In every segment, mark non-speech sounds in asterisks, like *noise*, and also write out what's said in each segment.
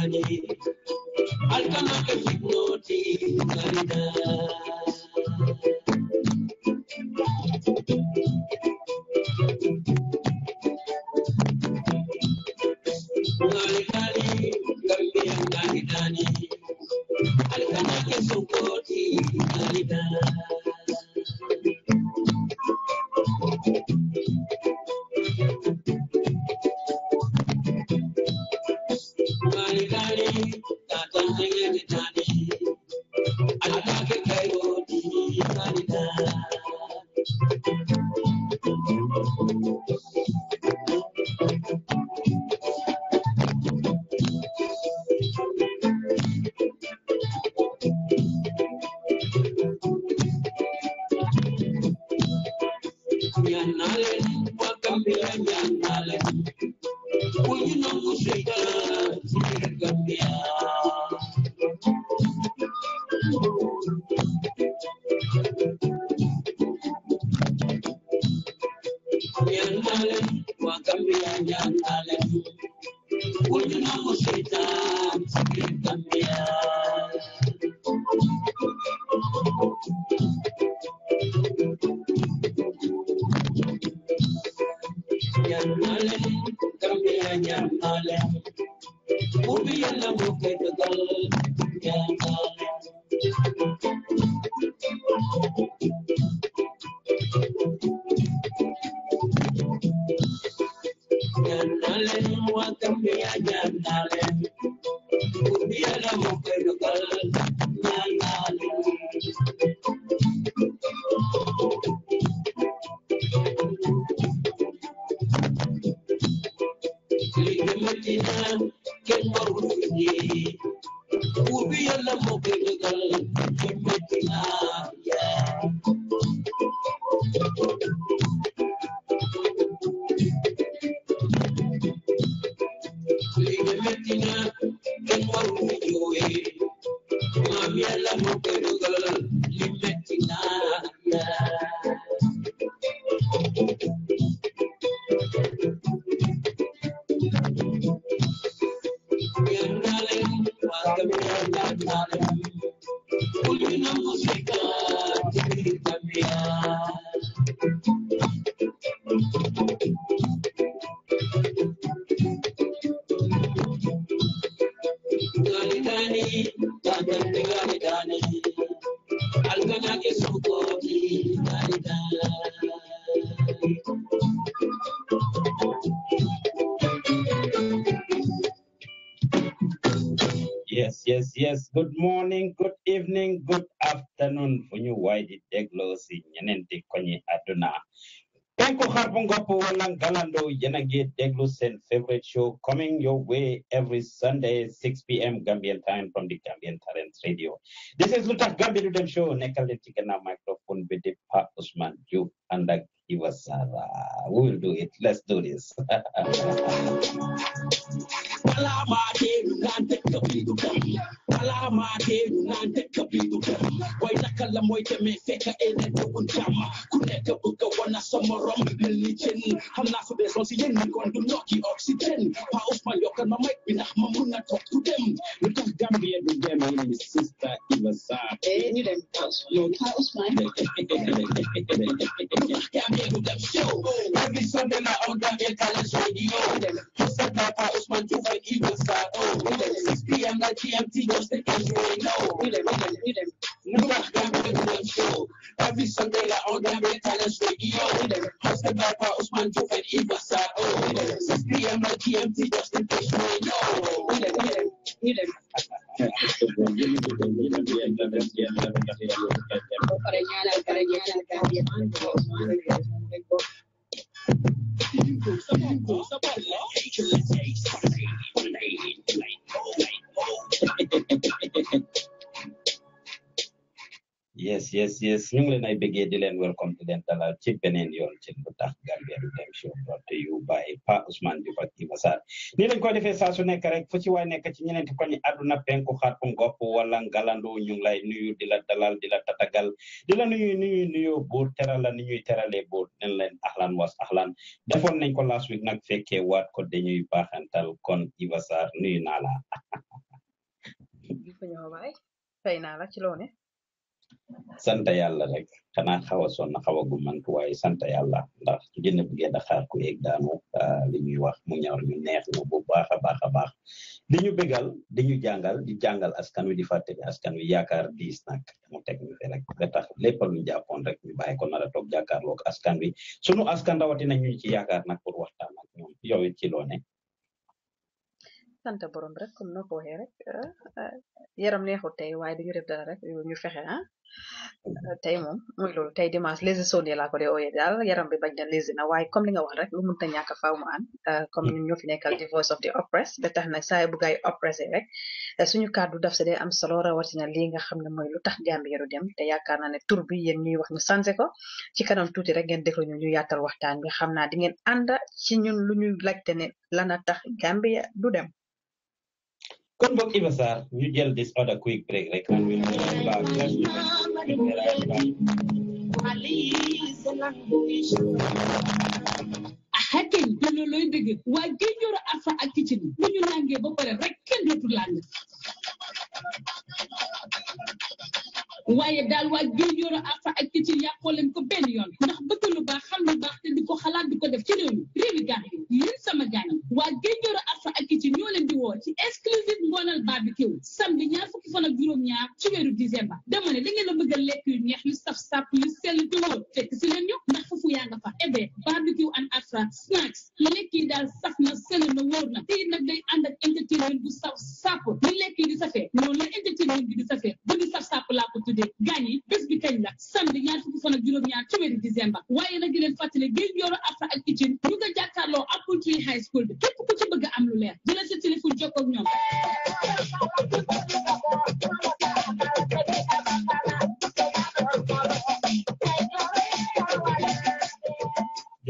allí al canal que Yenage and favorite show coming your way every Sunday, 6 p.m. Gambian time from the Gambian Talent Radio. This is Lutak Gambian Rhythm Show. Nekale our microphone with the Pa Usman Duke and the Iwasara. We will do it. Let's do this. *laughs* alama ke na duka wai na kallon wai da mai feka ina da wuta ma kuna ka buga wani samaron milikin hamna su da sun siyin ni gondun yoki oxygen pa usman yokan ma mai bina ma talk to them we talk gambia to them in the sister even sad eh ni da no pa usman *laughs* gambia to them show every sunday na on gambia college radio to set up pa usman to fight even sad oh 6 p.m. na gmt Thank show. Every Sunday like you yes yes yes ñu ngi leen ay di leen welcome to dental dalal ci beneen yoon ci tax Gambia du dem show brought to you by Pa Ousmane Diouf ak Iba Sarr ni lañ ko defee saa su nekk rek fu ci waay nekk ci ñeneenti koñi àdduna penku wala ñu ngi lay nuyu di la dalal di la tatagal di la nuyu nuyu nuyu buur teral la ni terale teralee buur leen ahlan was ahlan defoon nañ ko last week nag fekkee ko dañuy baaxantal kon Iba Sarr nuyu naa la *laughs* sant yàlla rek xanaa xaw a sonn xaw a gumantu waaye sant yàlla ndax su jënd buggee daxaar ku yegg daanu li ñuy wax mu ñor ñu neex ñu bu baax a baax a baax di ñu bégal di ñu jàngal di jàngal askan wi di fàttali askan wi yaakaar diis nag mu teg ñu fi rek da tax lépp lu jàppoon rek ñu bàyyi ko nar a toog jàkkaarloog askan wi sunu askan rawatina ñu ci yaakaar nag pour waxtaan ak ñoom yow ci loo sant borom rek comme noo ko waxee rek eh, yaram neexul tey waaye duñu def rek ñu fexe ah tey moom muy loolu tey dimanche léegi sonné laa ko dee daal yaram bi bañ na léegi na waaye comme li nga wax rek lu mënta ñàkk faaw mu an eh, comme ñun ñoo fi nekkal di voice of the oppressed ba tax na saa bu gaay oppressé rek eh, suñu kàddu daf si dee am solo rawatina lii nga xam ne mooy lu tax Gambia du dem te yaakaar naa ne tur bi yéen ñuy wax ñu ko ci kanam tuuti rek ngeen déglu ñu ñu yaatal waxtaan bi xam na di ngeen ànd ci ñun lu ñuy laajte ne lana tax Gambia du dem kon mbokk Eva, sir. You jël this other quick break rek can't be back just we back hakken dana looy dëgg waa génjoor alfa ak kitchen bu ñu làngee ba pare rek kenn dootu làng waaye daal waa génjoor alfa ak ko benn yoon ndax bëgg lu baax xam lu baax te di xalaat di def ci réew mi réewi gaax yi yéen sama gaañ waa génjoor woo ci exclusive ngoonal barbecue samedi ñaar fukki fan ak juróom-ñaar ci weeru décembre dama ne da a a lekk yu neex yu saf sap yu sell te wóor fekk si leen ñu ndax foofu yaa nga fa ebe eh barbecue and afra snacks lekk yi daal saf na sell na wóor na te it nag day ànd ak entertainment bu saf sàpp li lekk yi di safee noonu la entertainment bi di safee bu di saf sàpp laa ko tuddee gaañ yi bés bi kañ la samedi ñaar fukki fan ak juróom-ñaar ci weeru décembre waaye nag di leen fàttali géej yooro afra ak kitchen ñu nga jàkkaarloo a am lu leer теплым днем.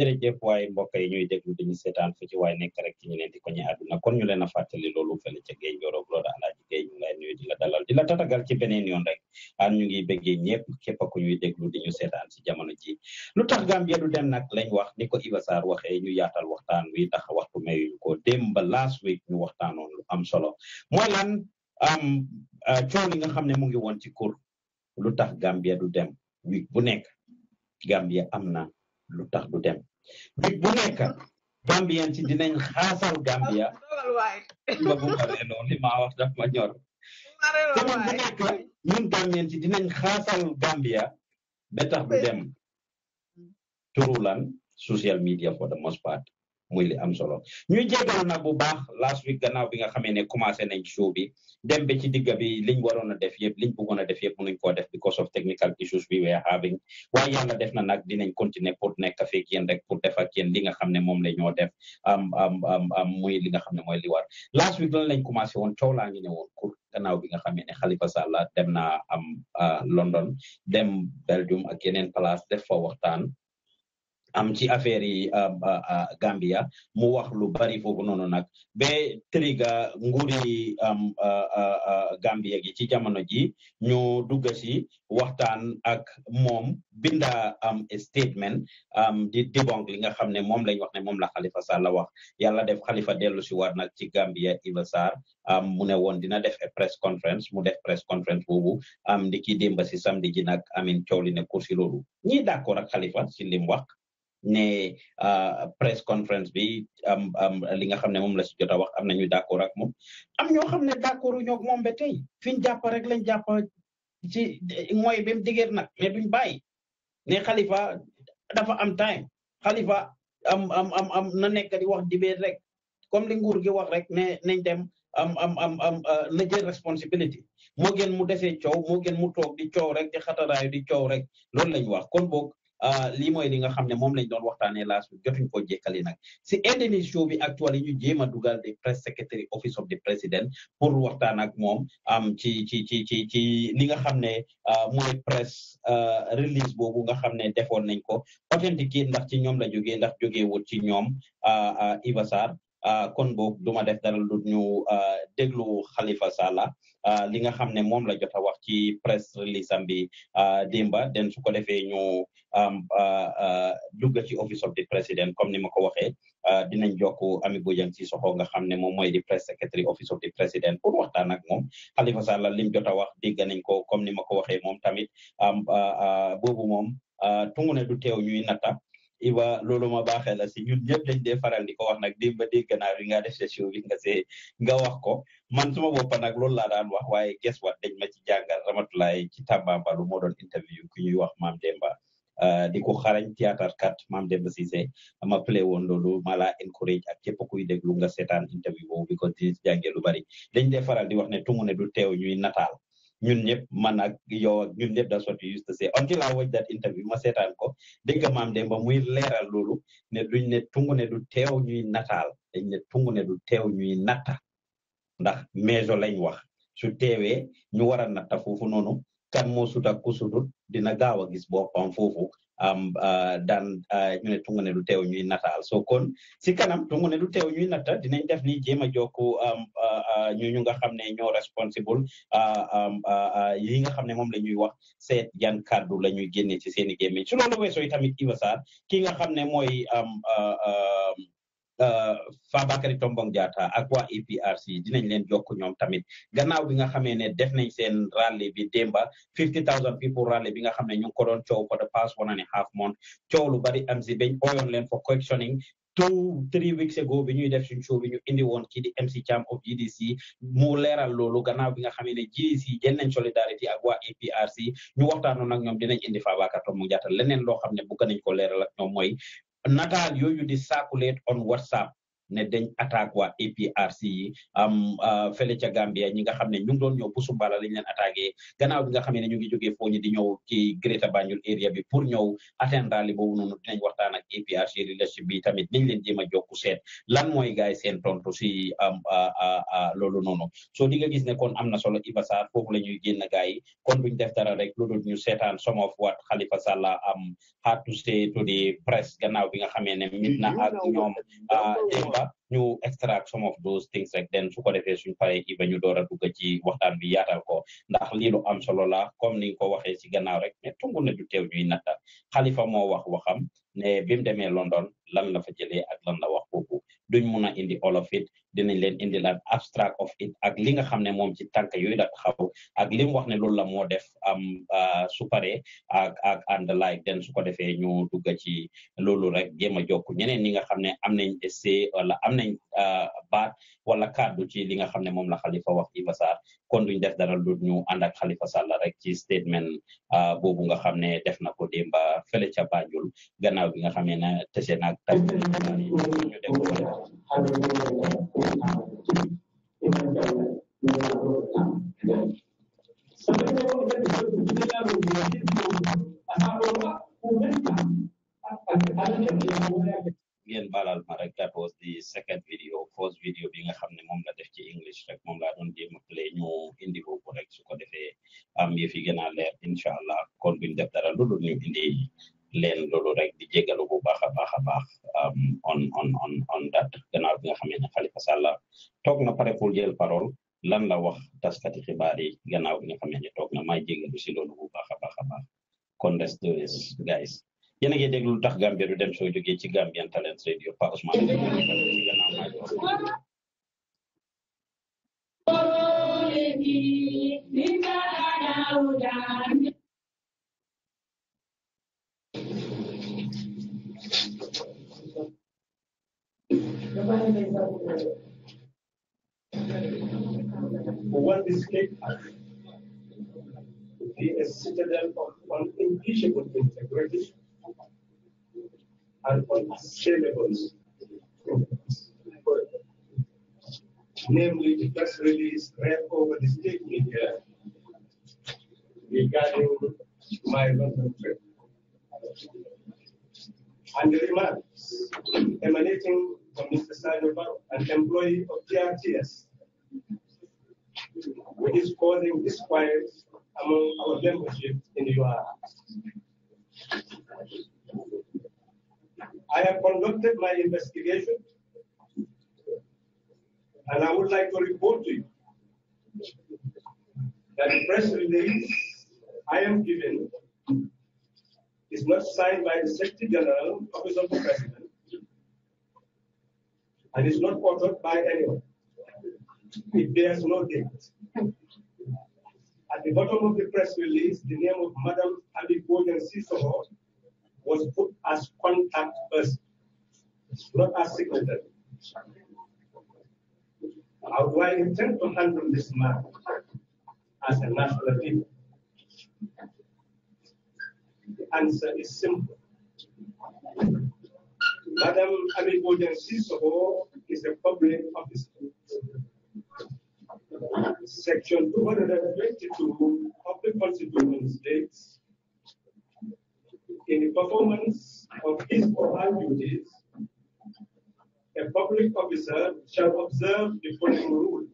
jërëjëf waaye mbokk yi ñuy déglu dañu seetaan fu ci waaye nekk rek ci ñu leen di ko ñu àdduna kon ñu leen a fàttali loolu fële ca géej yoroog loolu alaaji géej ñu lay nuyu di la dalal di la tatagal ci beneen yoon rek an ñu ngi bëggee ñëpp képp ku ñuy déglu di ñu seetaan si jamono ji lu tax Gambia du dem nag lañ wax ni ko Iba Sarr waxee ñu yaatal waxtaan wi ndax waxtu ko dem last week ñu waxtaanoon lu am solo mooy lan am coow li nga xam ne mu ngi woon ci kur lu tax Gambia du dem week bu nekk Gambia am na lu tax du dem bi bu nekk Gambien ci dinañ xaasal Gambia *laughs* ma ree loolu li maa wax daf ma ñor sama bu nekk Gambien ci dinañ xaasal Gambia ba tax du dem mm. turu lan social media for the most muy li am solo ñu jégal na bu baax last week gannaaw bi nga xamee ne commencé nañ show bi dem ba ci digga bi liñ waroon a def yëpp liñ bëggoon a def yëpp mënuñ koo def because of technical issues we were having waaye yàlla def na nag dinañ continuer pour nekk feeg yéen rek pour def ak yéen li nga xam ne moom la ñoo def am am am muy li nga xam ne mooy li war last week lan lañ commencé woon coow ngi ne woon pour gannaaw bi nga xamee ne dem am ah, London dem Belgium ak yeneen place def fa waxtaan am ci affaire yi euh, euh, Gambia mu wax lu bari foofu noonu nag ba triga am euh, Gambia gi ci jamono ji ñu dugg si waxtaan ak mom binda am statement di dibong li nga xamne mom lañ wax ne mom la Halifa Sallah wax yalla def khalifa delu si war nak ci Gambia sar am mu ne won dina def press conference mu def press conference boobu am di ki demba ci samedi ji nak amin ciow li ne kursi lolu ñi d'accord ak khalifa ci lim wax ne euh, press conference bi am am li nga xam ne moom la si jot a wax am nañu d'accord ak moom am ñoo xam ne d'accord ñoo ak moom ba fi ñu jàpp rek lañ jàpp ci mooy bi mu digeer nag mais duñ bàyyi ne Khalifa dafa am time Khalifa am am am am na nekk di wax dibeer rek comme li nguur gi wax rek ne nañ dem am am am am na euh, jël responsibility moo gën mu defee coow moo gën mu toog di coow rek di xataraayu di coow rek loolu lañ wax kon boog. Euh, lii mooy li nga xam ne moom lañ doon waxtaanee last week jotuñ ko jekkali nag si Indonesia bi actually ñu jéem dugal the press secretary office of the president pour waxtaan ak moom am ci ci ci ci ci li nga xam ne euh, mooy press euh, release boobu nga xam ne defoon nañ ko authentique ndax ci ñoom la jógee ndax jógee wut ci ñoom Eva Sarr kon boog duma def dara lu ñu déglu xalifa Sallah Euh, li nga xam ne moom la jot a wax ci press release am bi euh, démba den su ko defee ñu euh, dugg ci office of the president comme ni ma ko waxee dinañ jokk Ami Bojang Sissoho nga xam ne moom mooy di press secretary office of the president pour waxtaan ak moom Halifa Sallah lim jot wax dégg nañ ko comme ni ma ko waxee moom tamit boobu moom tungu ne du teew ñuy natta Iba loolu ma baaxee la si ñun ñëpp dañ dee faral di ko wax nag démb a dégg naa bi nga def session bi nga see nga wax ko man suma bopp nag loolu laa daan wax waaye guess what dañ a ci jàngal Ramatulaay ci Tambambalu moo doon interview ku ñuy wax Maam Demba ah, di ko xarañ théâtre kat Maam Demba Cissé a play woon loolu ma laa encourage ak képp kuy déglu nga seetaan interview boobu because dina ci bari dañ dee faral di wax ne tungu ne du teew ñuy nataal ñun ñëpp man ak yow ak ñun ñëpp that's what we used to say until I watch that interview ma seetaan ko dégg nga maam Demba muy leeral loolu ne duñ ne tungu ne du teew ñuy nataal dañ ne tungu ne du teew ñuy natta ndax meeso lañ wax su teewee ñu war a natta foofu noonu kan moo sut ak ku sutut dina gaaw a gis boppam foofu am uh, daan uh, ñu ne tungu ne du teew ñuy nataal so kon si kanam tungu ne du teew ñuy natta dinañ def ni jéem a jokku am um, uh, ñooñu nga xam ne ñoo responsible ah, ah, ah, yi nga xam ne moom la ñuy wax seet yan kàddu la ñuy génne ci seen i gémmiñ su so weesoo tamit Iba Sarr ki nga xam ne mooy Euh, Fabakary Tombong Jatta ak waa APRC dinañ leen jokk ñoom tamit gannaaw bi nga xamee ne def nañ seen rally bi démba fifty thousand people rally bi nga xam ne ñu ngi ko doon coow for the past one a half month coow lu bari am si bañ leen for questioning two three weeks ago bi ñuy def suñ show bi ñu indi woon kii di MC Cham of GDC mu leeral loolu ganaaw bi nga xamee ne GDC jël nañ solidarité ak waa APRC ñu waxtaanoon ak ñoom dinañ indi Fabakary Tombong Jatta leneen loo xam ne bëgg nañ ko leeral ak ñoom mooy nataal you di circulate on WhatsApp ne dañ attaque waa APRC yi am euh, fële ca Gambia ñi nga xam ne ñu ngi doon ñëw Busumbala lañ leen attaqué gannaaw bi nga xam ne ñu ngi joge jógee ñu di ñëw ci Greater Banjul area bi pour ñëw atteindre li boobu noonu dinañ waxtaan ak APRC leadership bi tamit niñ leen jéem a jokku seet lan mooy gaay seen tontu si am loolu noonu soo di nga gis ne kon am na solo Iba Sarr foofu la ñuy génn gaay yi kon duñ def dara rek loolu ñu seetaan some of what Halifa am had to say to bi nga xamee ne mit na ak ñoom ñu extract some of those things rek den su ko defee suñ paree Iba ñu door a dugg ci waxtaan bi yaatal ko ndax lii lu am solo la comme ni nga ko waxee ci gannaaw rek mais tungu na ju teew ñuy natta Halifa moo wax waxam ne bi mu demee London lan la fa jëlee ak lan la wax kooku duñ mun a indi all of it dinañ leen indilaat abstract of it ak li nga xam ne moom ci tànk yooyu la taxaw ak li mu wax ne loolu la moo def am ah, su paree ak ak and like den su ko defee ñu dugg ci loolu rek jéem a jokk ñeneen ñi nga xam ne am nañ essai wala am nañ ah, baat wala kàddu ci li nga xam ne moom la Halifa wax Eva Sarr kon duñ def dara lu ñu ànd ak Halifa Sallah rek ci statement ah, boobu nga xam ne def na ko ba fële ca Banjul bi nga xam ne na tese naag tànk ñu def ko ngeen balal ma rek that was the second video first video bi nga xam ne moom la def ci english rek moom laa doon jéem a play ñu indi boobu rek su ko defee am yëf yi gën a leer incha allah kon buñ def dara loolu ñu indi leen loolu rek di jégalu bu baax a baax a baax um, on on on on dat gannaaw bi nga xamee ne xalifa sàlla toog na pare pour jël parole lan la wax taskati xibaar yi gannaaw bi nga xamee ne toog na may jégalu si loolu bu baax a baax a baax kon des des guys yéen a ngi déglu tax Gambia du dem soo jógee ci Gambian Talent Radio Pa Ousmane gannaaw maa What this cake has be a citadel of unimpeachable integrity and unassailable Namely, the press release ran over the state media regarding my London trip and the remarks emanating from Mr. Sandoval, an employee of TRTS, which is causing disquiet among our membership in UR. I have conducted my investigation and I would like to report to you that the press release I am giving is not signed by the Secretary General, Office of the President, and is not quoted by anyone It bears no date. At the bottom of the press release, the name of Madam Abby Golden Cicero was put as contact person, not as signatory. How do I intend to handle this matter as a national people? The answer is simple. Madam Amigojan Sisoho is the public officer. Section 222 of the Constitution states, in the performance of his or her duties, a public officer shall observe the following rule.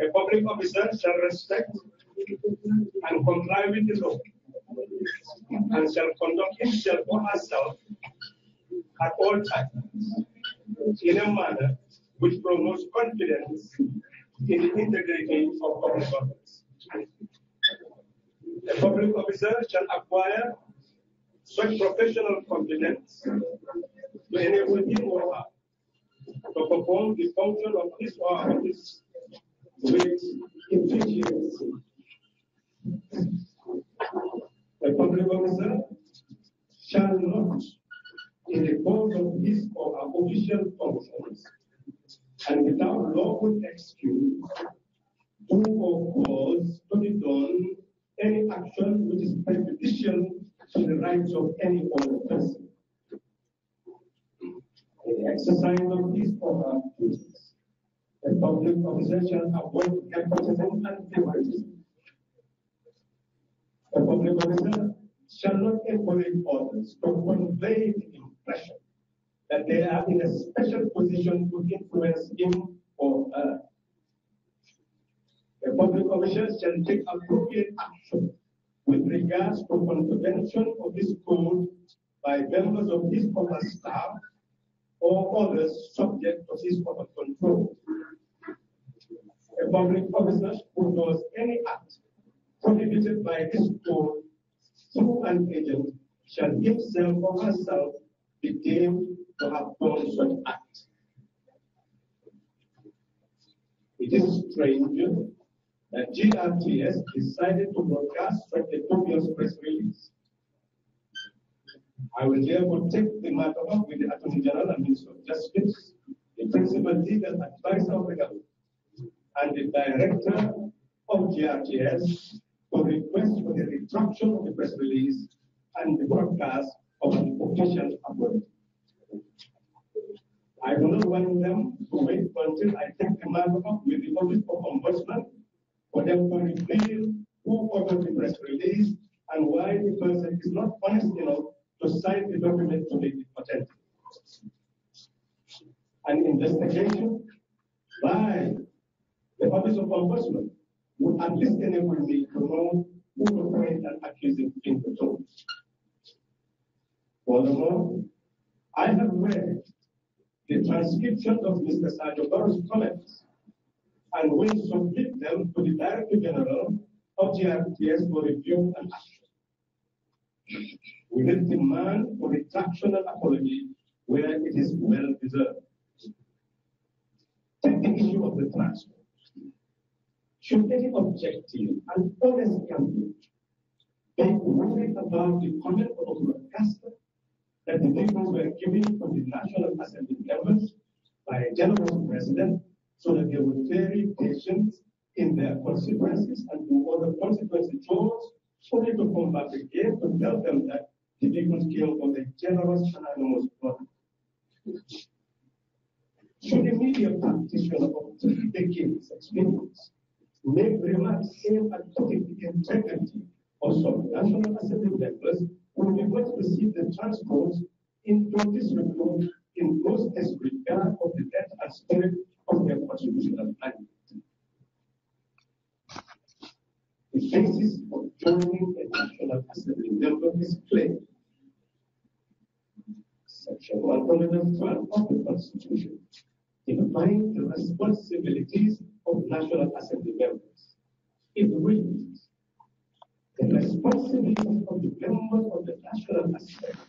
A public officer shall respect and comply with the law and shall conduct himself or herself at all times in a manner which promotes confidence in the integrity of public office. A public officer shall acquire such professional competence to enable him or her to perform the function of his or her office with efficiency. The public officer shall not, in the course of his or her official functions, and without lawful excuse, do or cause to be done any action which is prejudicial to the rights of any other person. In the exercise of his or her duties, the public officer shall avoid nepotism and favoritism the public shall not employ others to convey the impression that they are in a special position to influence him or her. The public officials shall take appropriate action with regards to contravention of this code by members of his her staff or others subject to his her control. A public officer who does any act prohibited by this code through an agent shall himself or herself be deemed to have done such act. It is strange that GRTS decided to broadcast such a dubious press release. I will therefore take the matter up with the Attorney General and Minister of Justice, the Principal Legal Advisor of the Government, and the Director of GRTS for the request for the retraction of the press release and the broadcast of an official appointment. I do not want them to wait until I take the matter up with the Office of Ombudsman for them to reveal who ordered the press release and why the person is not honest enough to cite the document to make it authentic. An investigation by the Office of Ombudsman the abstenez-vous uniquement pour ne pas in the d'imputation. Furthermore, I have read the transcription of Mr. Sadio comments and will submit them to the Director General of GRTS for review and action. We will demand for retraction and apology where it is well deserved. Take the issue of the transcript should be objective and honest be. They worried about the comment of the broadcaster that the papers were given from the National Assembly levels by a general president so that they were very patient in their consequences and do all the consequences chose, only to come back again to tell them that the victims killed on the generous and anonymous product. Should the media practitioner of the game's experience make remarks safe and public integrity of some national assembly members will be to receive the transport into this report in close as regard of the death and spirit of their constitutional mandate. The basis of joining a national assembly member is clear. Section 112 of the Constitution defines the responsibilities of National Assembly members is with the responsibilities of the members of the National Assembly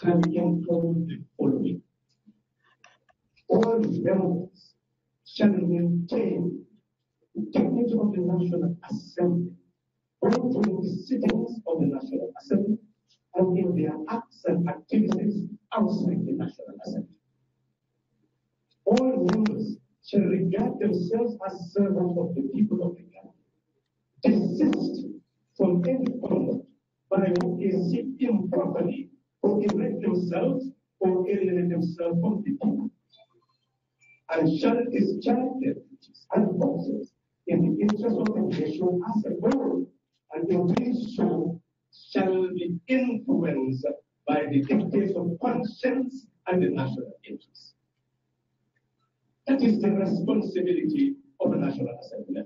can include the following. All members shall maintain the dignity of the National Assembly both in the sittings of the National Assembly and in their acts and activities outside the National Assembly. All members shall regard themselves as servants of the people of the land. Desist from any conduct by which they seek improperly or erect themselves or alienate themselves from the people, and shall discharge their duties and functions in the interest of the nation as a whole, and in doing so shall be influenced by the dictates of conscience and the national interest. That is the responsibility of the National Assembly.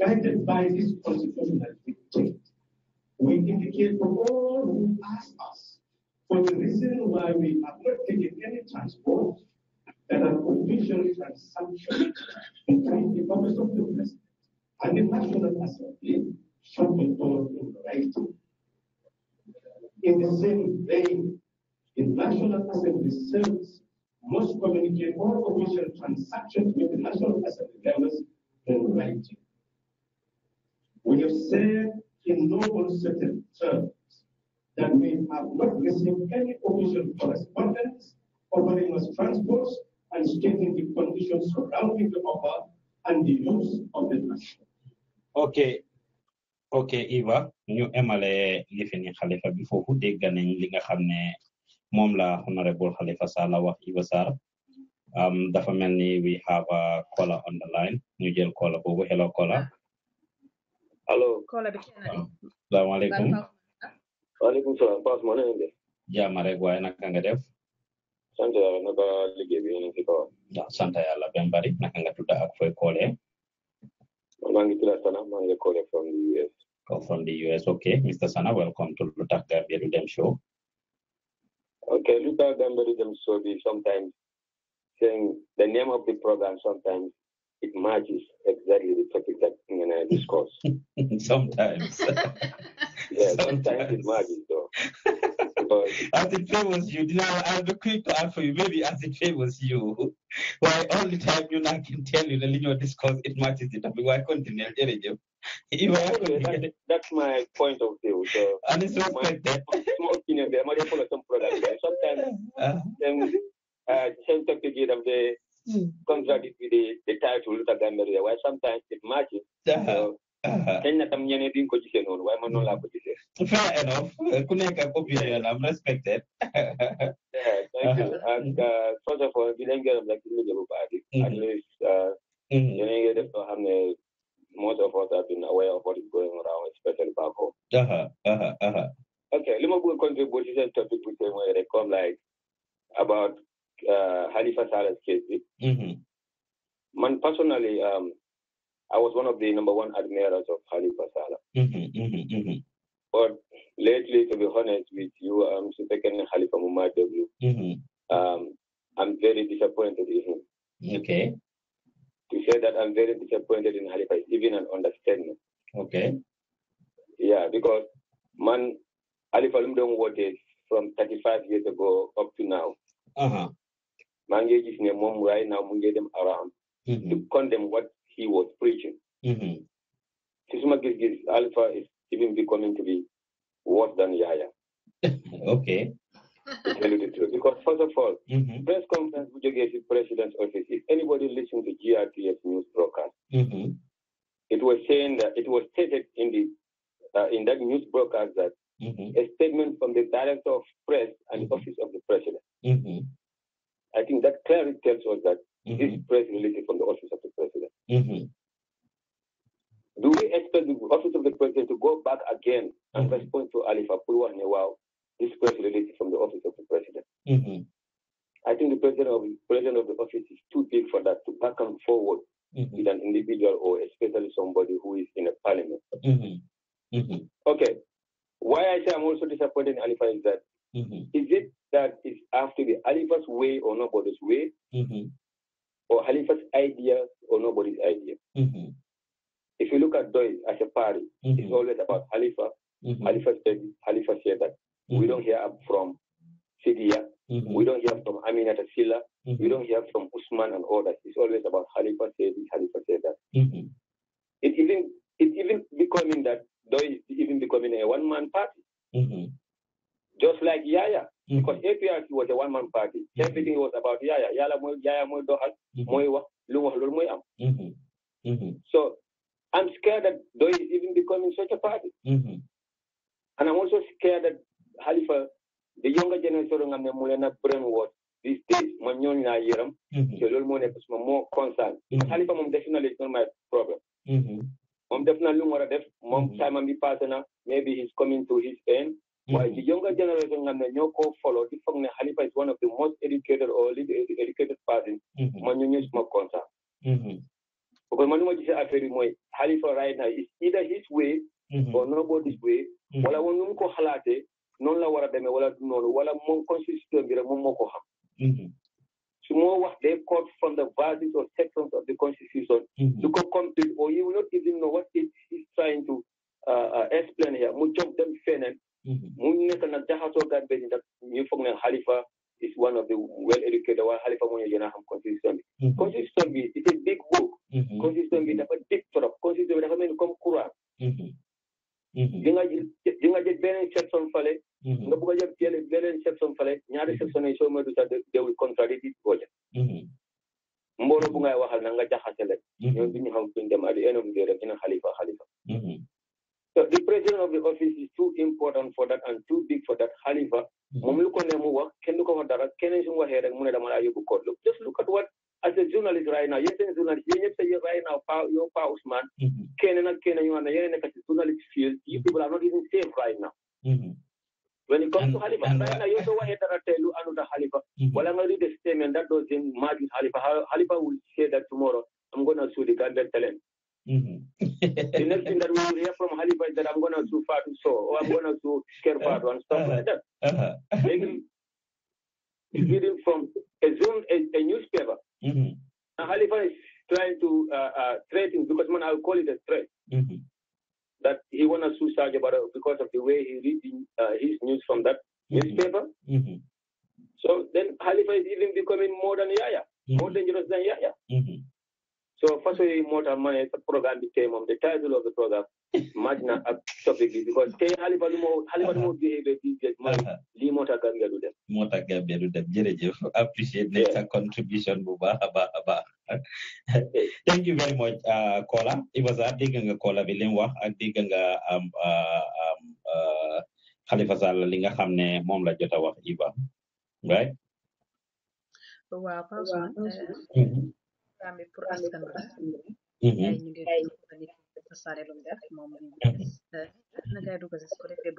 Guided by this constitutional dictate, we indicate for all who ask us for the reason why we have not taken any transport that are official transaction between the Office of the President and the National Assembly shall be done in writing. In the same vein, the National Assembly serves must communicate all commercial transactions with the National Assembly members in writing. We have said in no uncertain terms that we have not received any official correspondence covering us transports and stating the conditions surrounding the offer and the use of the trust. Okay, ok Eva, you MLA, you finish. Khalifa, before bi foofu dégg nañ mom la honorable Khalifa Sala wax Iba Sarr um dafa melni we have a caller on the line ñu jël caller bobu hello caller hello caller bi alaykum waaleykum salaam baas moo leen de jaama rek way nak nga def sante yalla yàlla ba ligge bi ñu ci ko waaw sante yalla ben bari nak nga tudda ak fay kolé ma ngi tudda Sana ma ngi kolé from the US from the US okay Mr. Sana welcome to Lutak Gambia dem Show Okay, look at algorithm so be sometimes saying the name of the program sometimes it matches exactly the topic that I'm going discuss. sometimes. yeah, sometimes. *laughs* sometimes it matches though. *laughs* but as it favors you, now I'll be quick to for you. Maybe as it favors you. Why all the time you know, I can tell you the linear discourse it matches it up. Why continue you? that, that's my point of view. So and it's respected. My, my opinion there, my political product. Sometimes uh-huh. them uh, same topic of the hmm. contradict with the, the title Luther Gambia, Why sometimes it matches. Uh-huh. So, dañ tam ñeneen duñ ko gisee noonu waaye man noonu laa ko gisee. fair enough ku nekk ak opinion respected. *laughs* *laughs* Uh, first of all di leen gërëm rek di baax di. ngi def most of us have been aware of what is going around especially back home. Uh-huh, uh-huh, uh-huh. ok li ma bëgg contribute ci seen topic bu tey mooy rek comme like about Halifa Salah's case man personally. Um, I was one of the number one admirers of Ali Salah. Mm-hmm, mm-hmm, mm-hmm. But lately, to be honest with you, I'm second Khalifa Muhammad W. Mm-hmm. Um, I'm very disappointed in him. Okay. To say that I'm very disappointed in Halifa, is even an understatement. Okay. Yeah, because man, Khalifa Lumdong was from 35 years ago up to now. Uh huh. Man, right now, around to condemn what he was preaching. Mm-hmm. Alpha is even becoming to be worse than Yaya. *laughs* okay. To tell you the truth. Because, first of all, mm-hmm. press conference which the president's office, if anybody listening to GRTS news broadcast, mm-hmm. it was saying that it was stated in the uh, in that news broadcast that mm-hmm. a statement from the director of press and the mm-hmm. office of the president. Mm-hmm. I think that clearly tells us that mm-hmm. this press release from the office of the president. Mm-hmm. Do we expect the office of the president to go back again and mm-hmm. respond to Ali Fapulwa Newao? This press release from the office of the president. Mm-hmm. I think the president of the president of the office is too big for that to back and forward mm-hmm. with an individual or especially somebody who is in a parliament. Mm-hmm. Mm-hmm. Okay. Why I say I'm also disappointed in Alifa is that mm-hmm. is it that is after the Alifa's way or nobody's way? or Halifa's idea or nobody's idea. Mm-hmm. If you look at Doi as a party, mm-hmm. it's always about Halifa. Mm-hmm. Halifa said, Halifa said that we mm-hmm. don't hear from Sidia, mm-hmm. we don't hear from Aminata Silla, mm-hmm. we don't hear from Usman and all that. It's always about Halifa said this, Halifa said that. It even it even becoming that Doi is even becoming a one man party. Just like Yaya. Mm. because APRC was a one man party mm-hmm. everything was about Yaya Yala mooy Yaya mooy doxal mooy wax lu wax loolu am so I'm scared that Doi is even becoming such a party mm-hmm. and I'm also scared that Halifa the younger generation nga xam ne mu leen a brainwash these days man ñooñu naa yërëm mm-hmm. so loolu moo nekk suma moo concern Halifa moom def na léegi not my problem moom def na lu mu war a def moom time am bi passé na maybe he's coming to his end waaye mm-hmm. the younger generation nga ne ñoo ko follow di foog ne Halifa is one of the most educated or least educated person mm-hmm. man ñu ñëw suma concern because man lu ma gisee affaire yi mooy Halifa right now is either his way mm-hmm. or nobody's way wala woon nu mu ko xalaatee noonu la war a demee wala du noonu wala moom constitution bi rek moom moo ko xam su moo wax day quote from the verses or sections of the constitution to ko complete or you will not even know what it is trying to uh, uh, explain here mu jog dem feneen Mm-hmm. mu nekk nag jaxasoo gaat ndax ñu foog ne Halifa is one of the well educated Halifa moo ñu gën xam constitution bi mm-hmm. constitution bi big book mm-hmm. constitution bi dafa dig trop constitution bi dafa mel ni comme courant di nga di nga jël beneen section fale nga bugg a jël jël beneen section fale ñaari section yi soo moytu sax déwul contradict di mbooloo bu ngay waxal nag nga jaxase leen ñoom xam dem dina Halifa Halifa so the president of the office is too important for that and too big for that. However, hmm. mom lu ko ne mu wax kenn ko wax dara keneen su waxee rek mu ne dama laa just look at what as a journalist right now yéen seen journalist yéen ñëpp say right now pa yow pa Ousmane hmm. keneen ak keneen ñu xam ne yéen nekk ci journalist field you people are not even safe right now hmm. when it comes to Halifa, and, right now, you know what Telu and Halifa. Mm-hmm. Well, I'm going to read the statement that doesn't match with Halifa. Halifa will say that tomorrow, I'm going to sue the Gambian talent. Mm-hmm. the next thing that we will hear from Halifa is that I'm going to sue to so, or I'm going to sue far and stuff like that. Uh-huh. uh-huh. Making, reading from a, Zoom, a, a newspaper. Mm-hmm. And Halifa is trying to uh, uh, threaten, because man, I'll call it a threat, mm-hmm. that he want to sue Saja uh, because of the way he reading uh, his news from that mm-hmm. newspaper. Mm-hmm. So then Halifa is even becoming more than Yaya, more mm-hmm. dangerous than Yaya. Mm-hmm so first façon mota the programme became tay the title of the program majna ak topic because tay halifa lu mo halifa lu mo behave bi je man uh-huh. li mota gambia du dem mota gambia du dem *laughs* appreciate yeah. next contribution bu ba ba *laughs* thank you very much uh, kola it was a big nga kola bi lim wax ak big nga am um, am uh, um, uh, halifa sall li nga xamne mom la jotta wax iba right waaw eh. Gambie pour askan bi ay ñu ngi tasaare lu def moom lañ def na gaay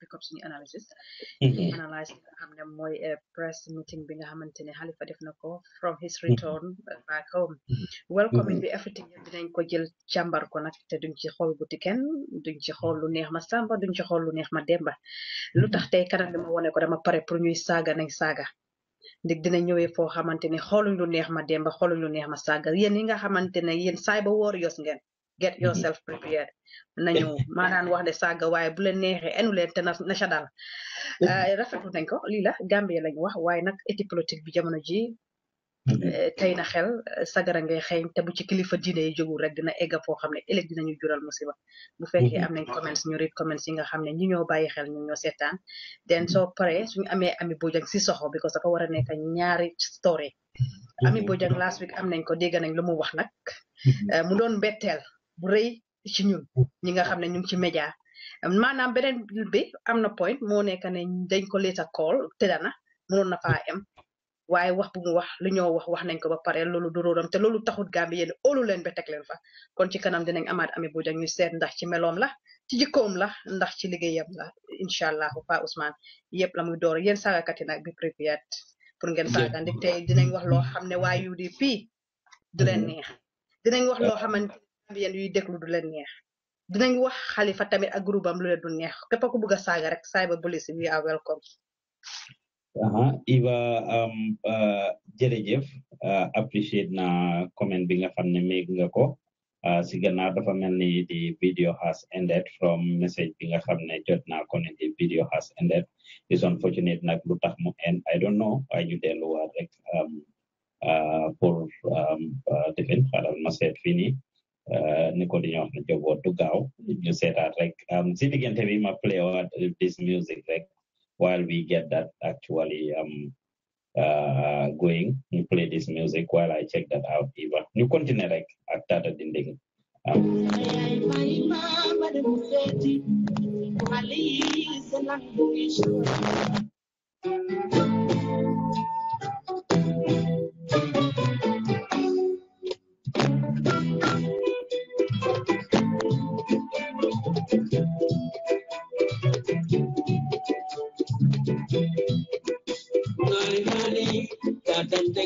pick up suñu analysis ñu analyse li nga press meeting bi nga xamante ne Halifa def na ko from his mm-hmm. return back home mm-hmm. welcoming mm-hmm. the everything yëpp dinañ ko jël càmbar ko nag te duñ ci xool buti kenn duñ ci xool lu neex ma samba duñ ci xool lu neex ma demba lu tax kanam bi ma ko dama pare pour ñuy saaga nañ saaga ndig dina ñëwee foo xamante ne xooluñ lu neex ma demba xooluñ lu neex ma sàggal yéen ñi nga xamante ne yéen cyber yoos ngeen get mhm. yourself prepared nañu *laughs* maanaan wax ne saaga waaye bu leen neexee enu leen te na ca dal *laughs* euh, rafetlu nañ ko lii la Gambia lañ wax waaye nag éti politique bi jamono ji Mm-hmm. Eh, tey na xel eh, sagara ngay xeeñ te bu ci kilifa diine yi jógul rek dina egga foo xam ne ëllëg dinañu jural musiba bu fekkee mm-hmm. am nañ comments ñu read comments yi nga xam ne ñi ñoo bàyyi xel ñu ñoo seetaan den mm-hmm. soo paree suñu amee ami bojang si soxo because dafa war a nekk ñaari story ami bojang last week am nañ ko dégg nañ lu mu wax nag eh, mu doon mbetteel bu rëy ci ñun ñi nga xam ne ñu ngi ci média maanaam beneen bi am na point moo nekk ne dañ ko leeta call tëdana mënoon na faa am waaye wax bu mu wax lu ñoo wax wax nañ ko ba pare loolu du róoram te loolu taxut Gambie yéen óolu leen ba teg leen fa kon ci kanam dinañ amaat ami Bojang ñu seet ndax ci meloom la ci jikkoom la ndax ci liggéeyam la incha allah Pa Ousmane yëpp la muy door yéen saagakat yi nag bi préparat pour ngeen saagandi te dinañ wax loo xam ne waa UDP du leen mm-hmm. neex dinañ wax loo xamante Gambien yuy déglu du leen neex dinañ wax Halifa tamit ak groupe am lu leen du neex képp ku bëgg a saaga rek cyber police we are welcome aha uh-huh. Iba um, uh, jërëjëf uh, appreciate na comment bi nga xam ne nga ko uh, si gannaaw dafa mel the video has ended from message bi nga xam ne jot naa ko ne the video has ended is unfortunate nag lu tax mu end I don't know waaye ñu delluwaat rek um, pour um, defin xaaral ma seet fii nii ni ko di ñu wax ne joboot du gaaw ñu seetaat rek si diggante bi ma play waat this music rek while we get that actually um, uh, going, you play this music while I check that out, Eva. You continue like at that ending. Um,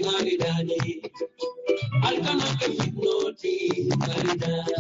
maridadi alkana ka fitnoti maridadi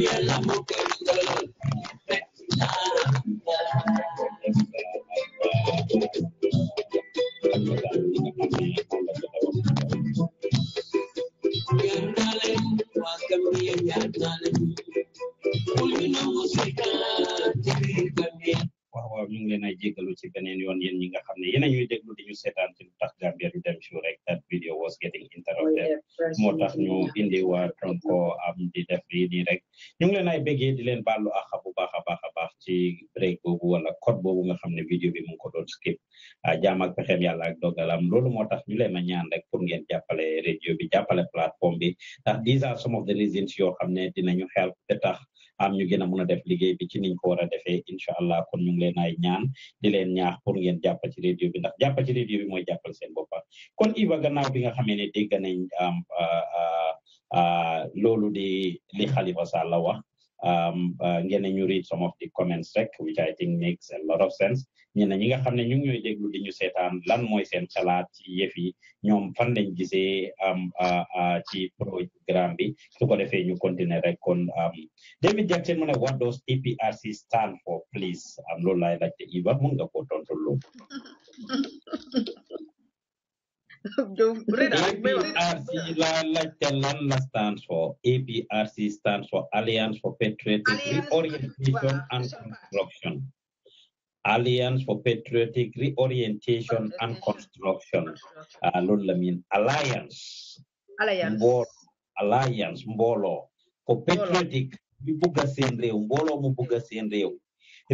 cambia el amor que brinda el dolor. Cambia, cambia, Pulmino musical, ñu ngi leen ay ci beneen yoon yéen ñi nga xam ne yéen a ñuy déglu di ñu seetaan ci lu tax Gambia du dem rek that video was getting interrupted oh, moo tax ñu indi waa Tronco am di def lii nii rek ñu ngi leen ay bégee di leen àq bu baax a baax a baax ci break boobu wala code boobu nga xam ne video bi mu ngi ko doon skip ah, jaam ak pexeem yàlla ak dogalam loolu moo tax ñu leen a ñaan rek pour ngeen jàppale radio bi jàppale plateforme bi ndax these are some of the reasons yoo xam ne dinañu help ba tax am ñu gën a mun a def liggéey bi ci niñ ko war a defee incha allah kon ñu ngi leen ay ñaan di leen ñaax pour ngeen jàpp ci radio bi ndax jàpp ci radio bi mooy jàppal seen boppa kon Iva gannaaw bi nga xamee ne dégg nañ ah, ah, ah, loolu di li Halifa Sallah wax um, uh, ngeen ñu read some of the comments rek which I think makes a lot of sense ñenn ñi nga xam ne ñu ngi ñuy déglu di ñu seetaan lan mooy seen xalaat ci yëf yi ñoom fan lañ gisee am um, uh, uh, ci programme bi su ko defee ñu continuer rek kon um, David Jackson mu what does TPRC stand for please am um, loolu laay laajte Eva mun nga koo tontu loolu *laughs* APRC, like the LANLA stands for, APRC stands for Alliance for Patriotic Alliance Reorientation and Construction. Alliance for Patriotic Reorientation and Construction. Uh, I mean Alliance. Alliance. Mbolo, Alliance, Mbolo. For Patriotic, Mbolo. Mbuga Senreu, Mbolo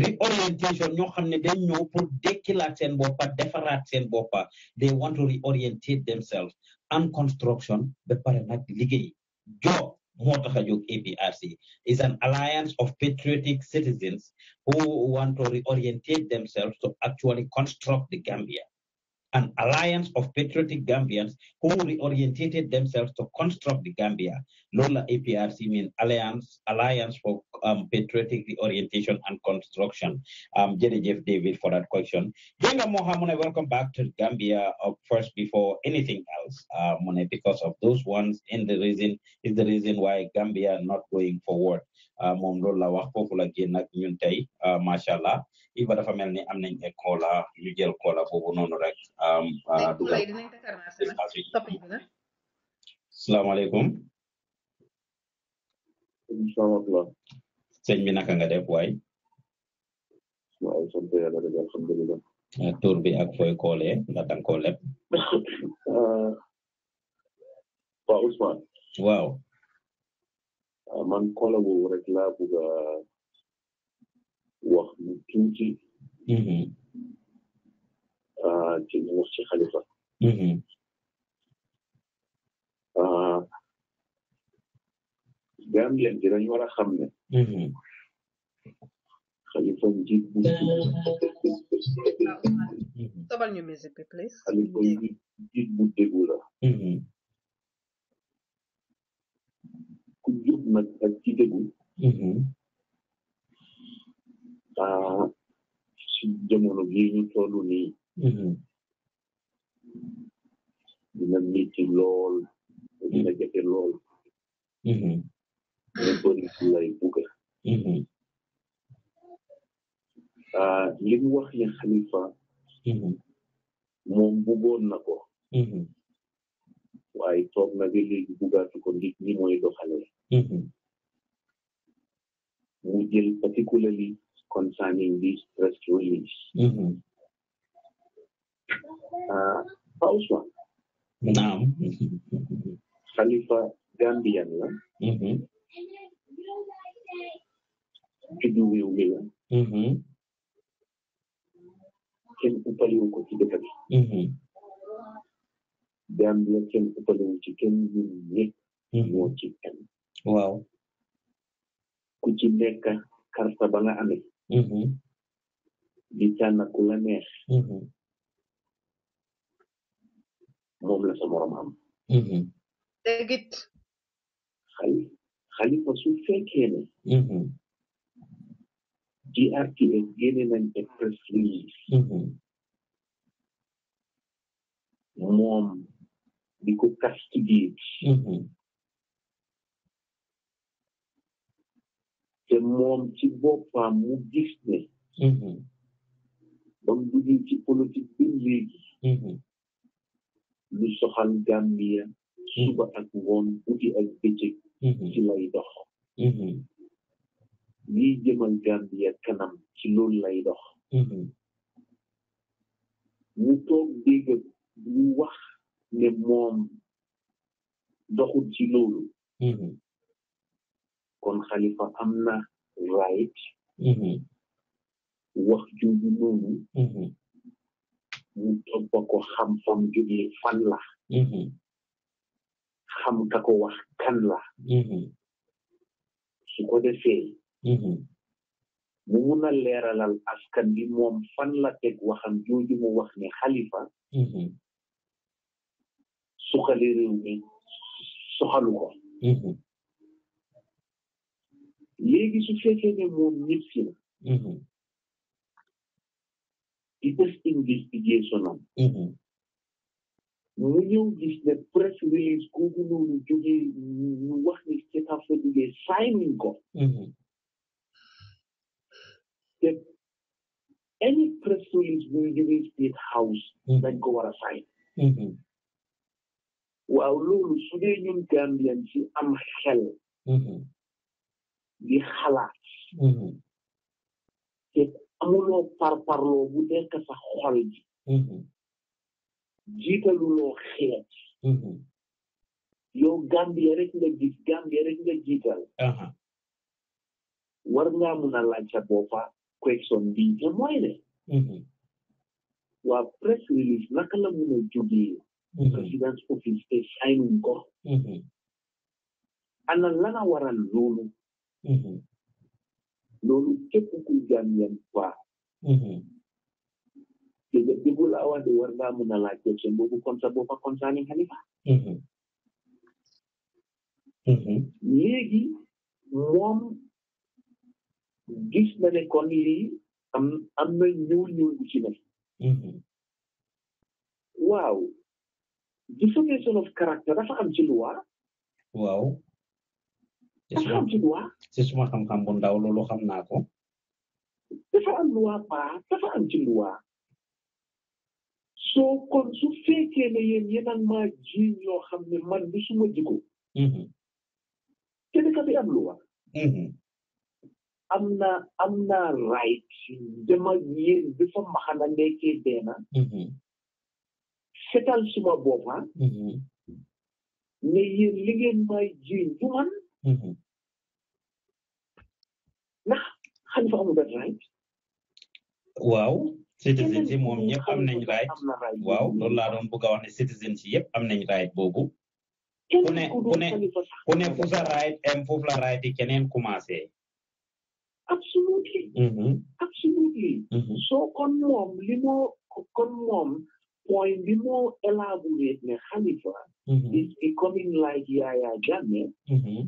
reorientation No, xam ne dañ ñëw pour dekkilaat seen boppa defaraat seen boppa they want to reorientate themselves am construction ba pare nag liggéey job moo tax a APRC is an alliance of patriotic citizens who want to reorientate themselves to actually construct the Gambia an alliance of patriotic Gambians who reorientated themselves to construct the Gambia. Lola APRC means Alliance Alliance for um, Patriotic Reorientation and Construction. Um, Jeff David for that question. Jenga Mohamune, welcome back to Gambia uh, first before anything else, uh, Mune, because of those ones and the reason is the reason why Gambia not going forward. Uh, mom loolu la wax foofu la uh, macha iba dafa mel ni am nañ e koola ñu jël koola boobu noonu rek ah, salaamaaleykum sëñ bi naka nga def waay waaw sant yàlla rek alhamdulilah ah, tur bi ak fooy koolee nga tan koo leb *laughs* ah, waaw man koola boobu rek laa bugg وممكن تجي آه، نفسي خليفة قام عندنا ورا خمنا خليفة نجيب طبعا your music please خليفة نجيب مدبولة كل يوم ما تجيب ci euh, jamono bii ñu toll nii. Mm-hmm. dina métti lool dina jafe lool. ñu bëri si li mu wax ne xalifa. Mm-hmm. moom bëggoon na ko. Mm-hmm. waaye toog na ba léegi buggaatu ko nit ñi mooy doxale. mu jël particularly concerning this press release. Mm-hmm. Uh, Pak Usman. Nah. Khalifah Gambian lah. Ya. Mm-hmm. Kiduwiwi lah. Ya. Mm-hmm. Ken upaliwuko kidekati. Mm-hmm. Gambia ken upaliwuko ken yinye moo ci kan. waaw. ku ci nekk karta ba nga amee. di tànn ku la neex moom la sa morom am dëggit xali xalifa su fekkee ne GRTS génne nañ te press release moom di ko castigate te moom ci boppam mu gis ne mhm. ba mu duggee ci politique bi léegi mhm. lu soxal Gambia suba ak ngoon guddi ak bëccëg mhm. ci lay dox lii jëmal Gambia kanam ci loolu lay dox mu toog dégg mu wax ne moom doxul ci loolu kon xalifa am na right mhm. wax jooju noonu mhm. mu toppa ko xam-xam jóge fan la mhm. xam ka ko wax kan la su ko defee mu mun a leeralal askan bi moom fan la teg waxam jooju mu wax ne xalifa suxali réew mi soxalu ko léegi su fekkee ne moom nit ki la. di def investigation am. mu ñëw gis ne press release kooku noonu jógee ñu wax ni State House la jógee signing ko. te any press release bu ñu jógee State House. dañ ko war a sign. waaw loolu su dee ñun Gambian ci am xel. di xalaat hmm. te amuloo parparloo bu nekk sa xol hmm. ji jiitaluloo xeet hmm. yow gambia rek nga gis gambia rek nga jiital war ngaa mun a laaj sa boppa question bi te mooy ne waa press release naka la mun a jógee présidence office te sign ko ana lana waral loolu Lalu hmm Nolike yang kwa. Mm-hmm. Jadi hmm Keje tibula warga munala keche mbubu konsa bofa konsa ni mm-hmm. Mm-hmm. mom dis na ne am am na ñuul ñuul ci hmm Wow. Dissociation of character dafa am ci Wow. si suma xam-xam bu ndaw loolu xam naa ko. dafa am luwa ba dafa am ci luwa. soo kon su fekkee ne yéen yéen a maa jiiñ yoo xam ne man bi su ma jikko. Mm-hmm. kenn ka bi am luwa. Mm-hmm. am na am na right dama maxana nekkee deena. Mm-hmm. setal suma boppa. Ah. ne yéen li ngeen jiiñ du man. Mhm. ndax xalifa amul benn right waaw citizen si moom ñëpp am nañ right waaw loolu laa doon bëgg a wax ne citizen si yëpp am nañ right boobu ku ne ku ne ku ne fu sa right em foofu la right yi keneen commencé absolutely ừ absolutely so kon moom li moo kon moom point bi moo élaboré ne xalifa is becoming like Yaya Jammeh ừ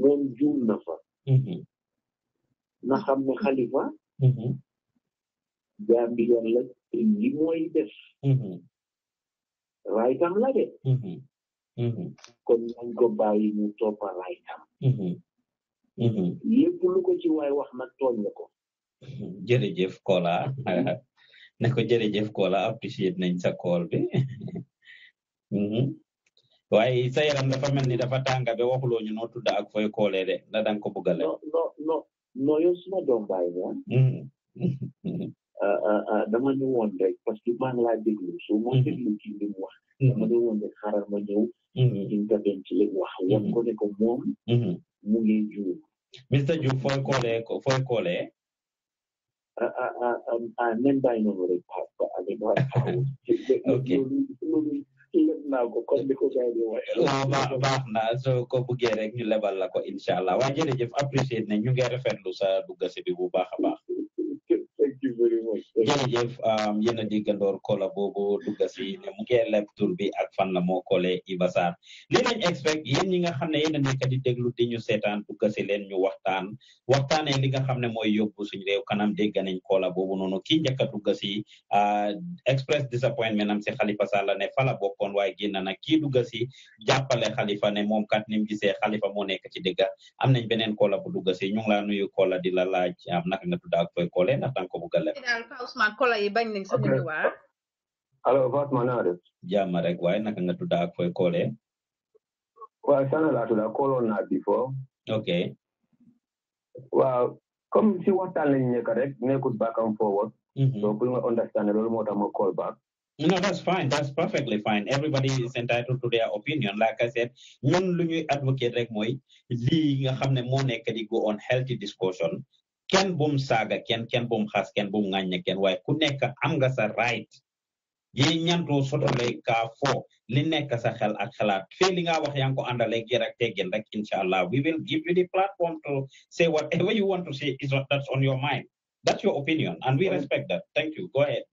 moom juum na fa mhm. na xam ne xalifa jaam mhm. bi yoon la li mooy def mhm. raytam la de kon nañ ko bàyyi mu toppa raytam lépp lu ko ci waay wax nag tooñ la ko jërëjëf Kola *laughs* na ko jërëjëf Kola appreciate nañ sa kool bi *laughs* waaye sa yaram dafa mel ni dafa tànga ba waxuloo ñu noo ak fooy koolee de ndax danga ko bëgg a lekk. non non doom baay la. Mm-hmm. Ah, ah, ah, dama ne woon rek parce que maa ngi laa déglu soo moo mm-hmm. déglu ci li mu mm-hmm. rek xaaral ma ñëw. intervention ci ko ne ko moom. rek. *laughs* lépp naa ko baax baax na soo ko buggee rek ñu lebal la ko incha allah waa jërëjëf apprécié nañ ñu ngi sa dugg si bu baax a baax. you um, very much. jërëjëf yéen a déggandoor kola boobu dugga si ne mu ngi leb tur bi ak fan la moo kole Iba Sarr li nañ expect yéen ñi nga xam ne yéen a nekk di déglu di ñu seetaan dugga si leen ñu waxtaan waxtaanee li nga xam ne mooy yóbbu suñu réew kanam dégg nañ kola boobu noonu kii njëkk a dugga si uh, express disappointment am si Halifa Sallah ne fala bokkoon waaye génn na kii dugga si jàppale Halifa ne moom kat ni mu gisee Halifa moo nekk ci dégga am nañ beneen kola bu dugga si ñu ngi laa nuyu kola di la laaj am naka nga tudd ak fooy kole ndax danga ko ka Hello, daal ka Yeah, Kola yi bañ nañ I tudd waa allo Fatma naa def jàmm rek a call nga tudd ak fooy koolee waaw sana laa tudd kooloon naa before ok waaw comme si waxtaan lañ nekk rek nekkut back and forward mm-hmm. so we nga understand little more than a call back No, that's fine. That's perfectly fine. Everybody is entitled to their opinion. Like I said, ñun lu ñuy advocate rek we. lii nga xam ne moo di go on healthy discussion kenn bum saaga Ken kenn bum xas kenn bum ŋàññe kenn waaye ku nekk am nga sa right yi ñantu sotole ka fo li nekk sa xel ak xalaat fee li nga wax yaa ngi ko àndale gi rek teggin rek inshallah we will give you the platform to say whatever you want to say is what that's on your mind that's your opinion and we respect that thank you go ahead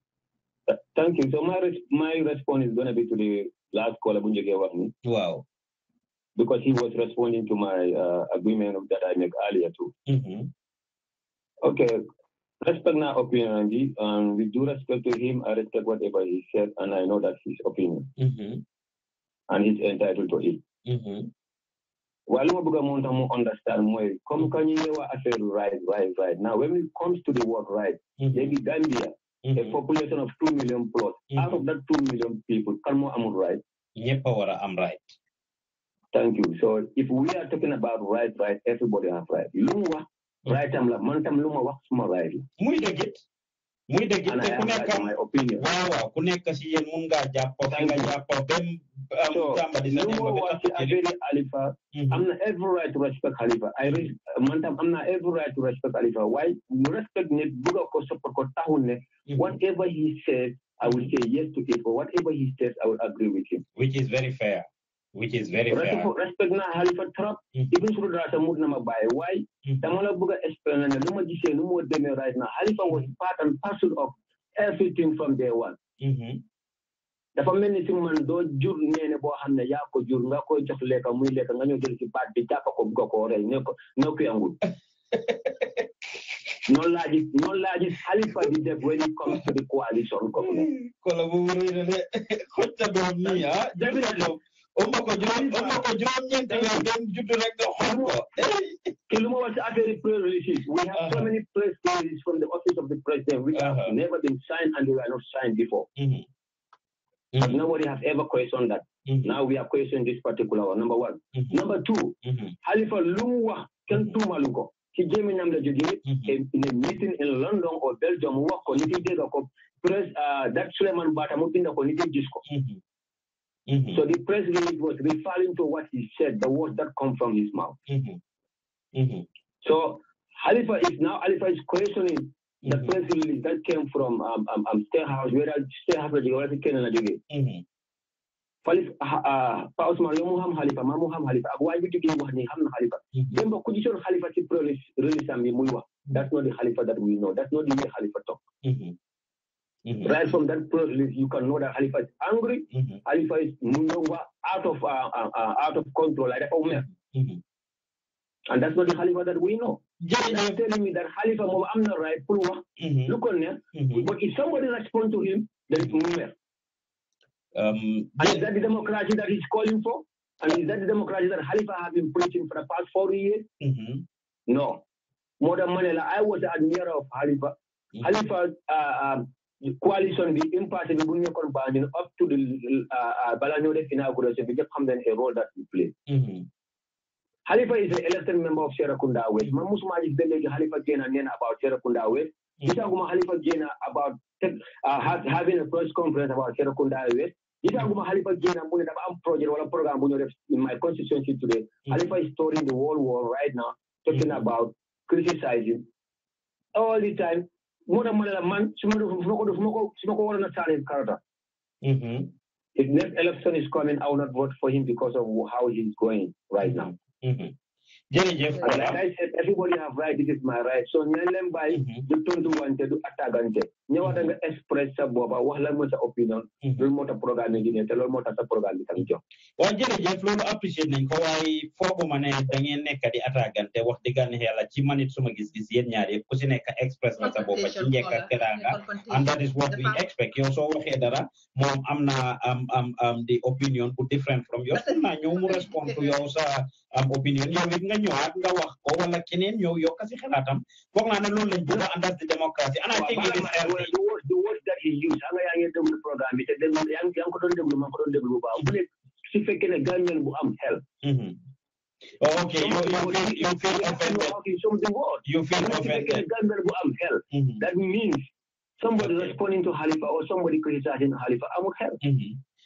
thank you so my my response is going to be to the last caller bu njëkkee wax ni wow because he was responding to my uh, agreement that I made earlier too mm -hmm. Okay. Respect my opinion, um. with due respect to him, I respect whatever he said, and I know that's his opinion. Mm-hmm. And he's entitled to it. While hmm Wale mo understand moy comme kanye wa right right right now when it comes to the word right mm-hmm. maybe Gambia mm-hmm. a population of 2 million plus mm-hmm. out of that 2 million people kan am right power, i am right thank you so if we are talking about right right everybody has right lu waaye la man tam lu wax suma waay la. muy dëggit muy dëggit te ku nekk waaw waaw ku nekk si yéen mun ngaa jàppoo fi nga jàppoo benn jàmba di sa dem ba ba a jëli Halifa am every right to respect Halifa ay man tam am every right to respect Halifa waaye respect nit bëgg ko sopp ko taxul ne mhm. whatever he said I will say yes to it or whatever he says I will agree with him which is very fair which is very fair. respect na Halifa trop. Ibn hmm. Surdrasa mut na ma bàyyi waaye. Hmm. dama la bëgg a explain na nu ma gisee nu right now Halifa was part and parcel of everything from day one. Hmm. Dapat mel ni si man doo jur neene boo xam ne ko jur nga koy jox lekk muy lekk nga ñëw jël si baat bi ko bugg ko rey ne ko ne ko non *laughs* noonu laa gis noonu laa Halifa di def when it comes to the coalition. *laughs* kooku la kooku la boobu rëy na de *laughs* xottal doom nii ah ko ko releases we have so many press releases from the office of the president which have never been signed and they are not signed before mm-hmm. Mm-hmm. but nobody has ever questioned that mm-hmm. now we are questioning this particular one number one number two Halifa lu mu Maluko. kenn tuumalu ko la in a meeting in London or Belgium mu wax ko nit press that Suleiman Bata Mupinda bind ko nit Mm-hmm. So the press release was referring to what he said, the words that come from his mouth. Mm-hmm. Mm-hmm. So Khalifa is now Khalifa is questioning the mm-hmm. press release that came from um, um, um Stairhouse, whether Stairhouse was geographic Kenya and mm-hmm. Fa Usman uh, uh, yow mu xam Khalifa maa mu Khalifa ak waay bi tuddee wax ni xam Khalifa. Demba mm-hmm. ku gisoon press release am bi muy That's not the Khalifa that we know. That's not the way Khalifa talk. Mm-hmm. Right from that place, you can know that Halifa is angry. Mm-hmm. Halifa is no longer out of uh, uh, uh, out of control, like that. Oh, mm-hmm. mm-hmm. And that's not the Halifa that we know. Just yeah. i telling me that Khalifa Mob Amna right, mm-hmm. look on there. Mm-hmm. But if somebody responds to him, then it's Um, and yeah. is that the democracy that he's calling for? And is that the democracy that Halifa have been preaching for the past 40 years? Mm-hmm. No. More than Manila, I was an admirer of Halifa. Mm-hmm. uh, um, the coalition bi une partie bi bu nekkoon baa ñun up to the uh, uh, balaa ñoo def inauguration bi ñëpp xam nañ a role that we play. Mm-hmm. Halifa is the elected member of Sierra Kunda West mm-hmm. man musuma gis ba léegi Halifa génna neen about Kunda West. Mm-hmm. gisaguma Halifa génna about uh, having a press conference about Sierra Kunda West. gisaguma Halifa génna mu ne dafa am projet wala programme bu ñu def in my constituency today. Halifa is touring the whole world right now talking about criticizing all the time moo tax la man su ma defu ko defu ma ko su ko waroon a sànni karata. Mm-hmm. If next election is coming, I will not vote for him because of how he is going right now. Mm jërëjëf voilà everybody have right this is my right so nañ leen bàyyi du wante du attagante ñëwaat nga express sa booba wax lan mooy sa opinion mm-hmm. loolu moo programme yi ne te sa programme bi tam jox waaw jërëjëf loolu apprécié nañ ko waaye fooguma ne da ngeen nekk di attagante wax dëgg yàlla ci manit suma gis-gis yéen ñaar yëpp ku si nekk express na sa booba ci ak and that is what we expect yow soo waxee dara moom am am am am di opinion different from yow seen ñëw mu respond yow sa am opinion yow it nga ñëwaat nga wax ko wala keneen ñëw yokk si xalaatam foog naa ne loolu lañ bëgg a àndal di démocratie ana it is a the word that he used nga yaa ngi déglu programme bi te déglu yaa ngi ko doon déglu ko doon déglu bu baax bu su fekkee ne bu am xel mm-hmm. ok you, feel, feel offended you feel offended bu am xel mm-hmm. that means somebody responding to Khalifa or somebody criticizing Halifa amul xel mm-hmm.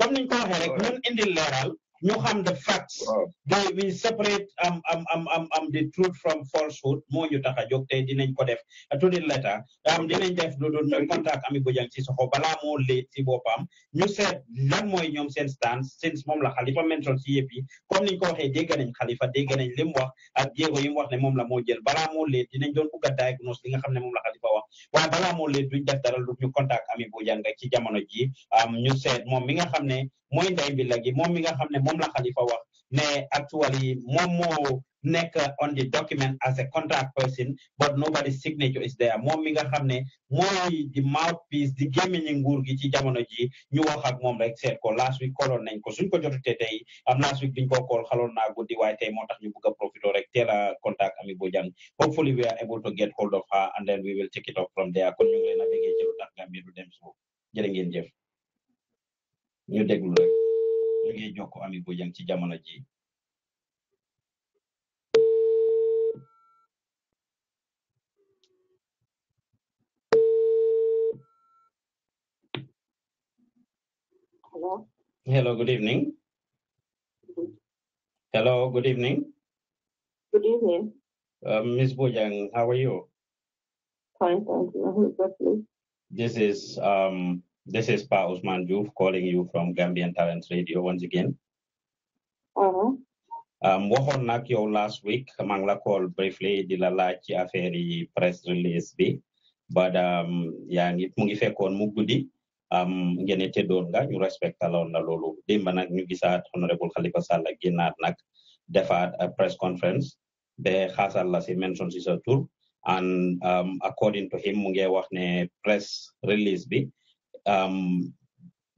comme ni ñu ko indi rek ñun ñu xam the facts. they will separate um um um um um the truth from falsehood Mo ñu tax a jóg tey dinañ ko def tuddi letter Um dinañ def do do contact Ami Bojang so balaa mo le si boppam You said lan mooy ñoom seen stance since moom la Halifa mention si yëpp kom comme niñ ko waxee dégg nañ Halifa dégg nañ li mu wax ak jéego yi mu ne moom la moo jël balaa moo leet dinañ doon bugg diagnose linga nga xam ne moom la Halifa wax waaye balaa moo leet duñ def dara lu contact Ami Bojang rek ci jamono ji am um, ñu seet moom mi nga ne mooy nday bi léegi moom mi nga xam ne moom la Halifa wax ne actually moom moo nekk on the document as a contract person but nobody's signature is there moom mi nga xam ne mooy di mouthpiece di gémmiñi nguur gi ci jamono ji ñu wax ak moom rek seet ko last week koloon nañ ko suñ ko jotutee tey am last week biñ ko kool xaloon naa guddi waaye tey moo tax ñu bëgg a profito rek teel a contact Ami Bojang hopefully we are able to get hold of her and then we will take it off from there kon ñu ngi leen a déggee ci lu tax Gambia du dem so jërë ngeen jëf ñu déglu rek jokk ci jamono ji Hello. Hello, good evening. Hello, good evening. Good evening. Uh, Miss Ms. Bojang, how are you? Fine, thank you. This is um, this is Pa Usman Juf calling you from Gambian Talent Radio once again. Uh-huh. Um, waxoon nak yow last week maa la call briefly di la la ci affaire press release bi but um, yaa ngi mu ngi fekkoon mu guddi um, ngeen tëddoon nga respect respectaloon la lolo. démba nag ñu gisaat honorable Halifa Sallah génnaat nag defaat press conference be xaasal la si mention si sa tur and according to him mu ngi ne press release bi um,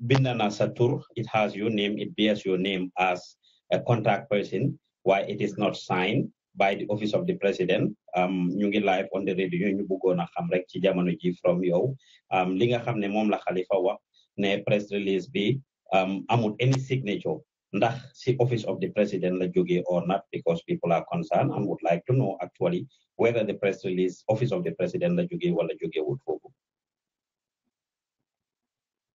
Bindana Satur, it has your name, it bears your name as a contact person, why it is not signed by the office of the president um, ñu ngi live on the radio ñu bëggoon a xam rek ci jamono ji from yow um, li nga xam ne moom la Khalifa wax ne press release bi um, amul any signature ndax si office of the president la jógee or not because people are concerned and would like to know actually whether the press release office of the president la jógee wala jógee wut foofu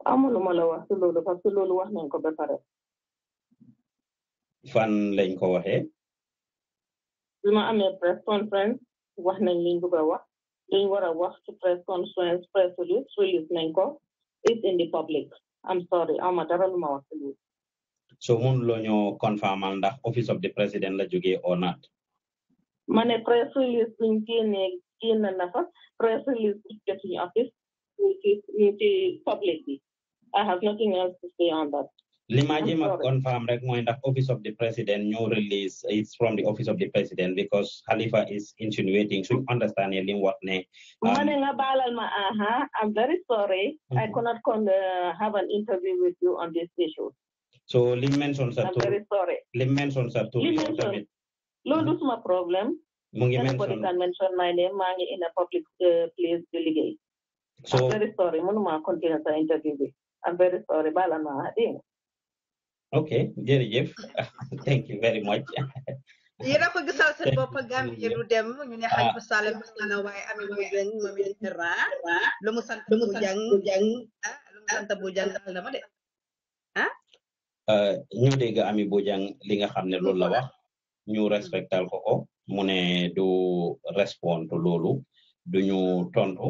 amuluma la wax si loolu parce que loolu wax nañ ko ba pare. fan lañ ko waxee. bi ma amee press conference wax nañ liñ bëgg a wax liñ war a wax ci press conference press release release nañ ko It's in the public I'm sorry ama dara lu ma wax si loolu. so mun loo ñoo confirmal ndax office of the president la jógee or not. ma ne press release buñ génnee génn na fa press release bu jotuñu office ñu ci ñu ci public bi. I have nothing else to say on that. Lima Jima confirmed like more in the office of the president, new release it's from the office of the president because Khalifa is insinuating should understand in what name. Um, I'm very sorry. Mm-hmm. I cannot con- uh, have an interview with you on this issue. So Lim mentions I'm very sorry. Lim mentions that too. No, mentions. Lolu suma problem. Mungi Anybody mention. can mention my name. Mangi in a public uh, place delegate. So, I'm very sorry. I Munuma continue the interview. I'm very sorry, Balama Hadin. Okay, jërëjëf Jeff. *laughs* Thank you very much. yéen ko gisal seen bopp Gambie yung dem ñu yung xaj bu sale bu sale waaye ami mu jëng tera lu mu sant lu mu jàng jàng lu mu sant bu de ah ñu dégg ami bu jàng li nga respectal ko ko mu ne du respond loolu du ñu tontu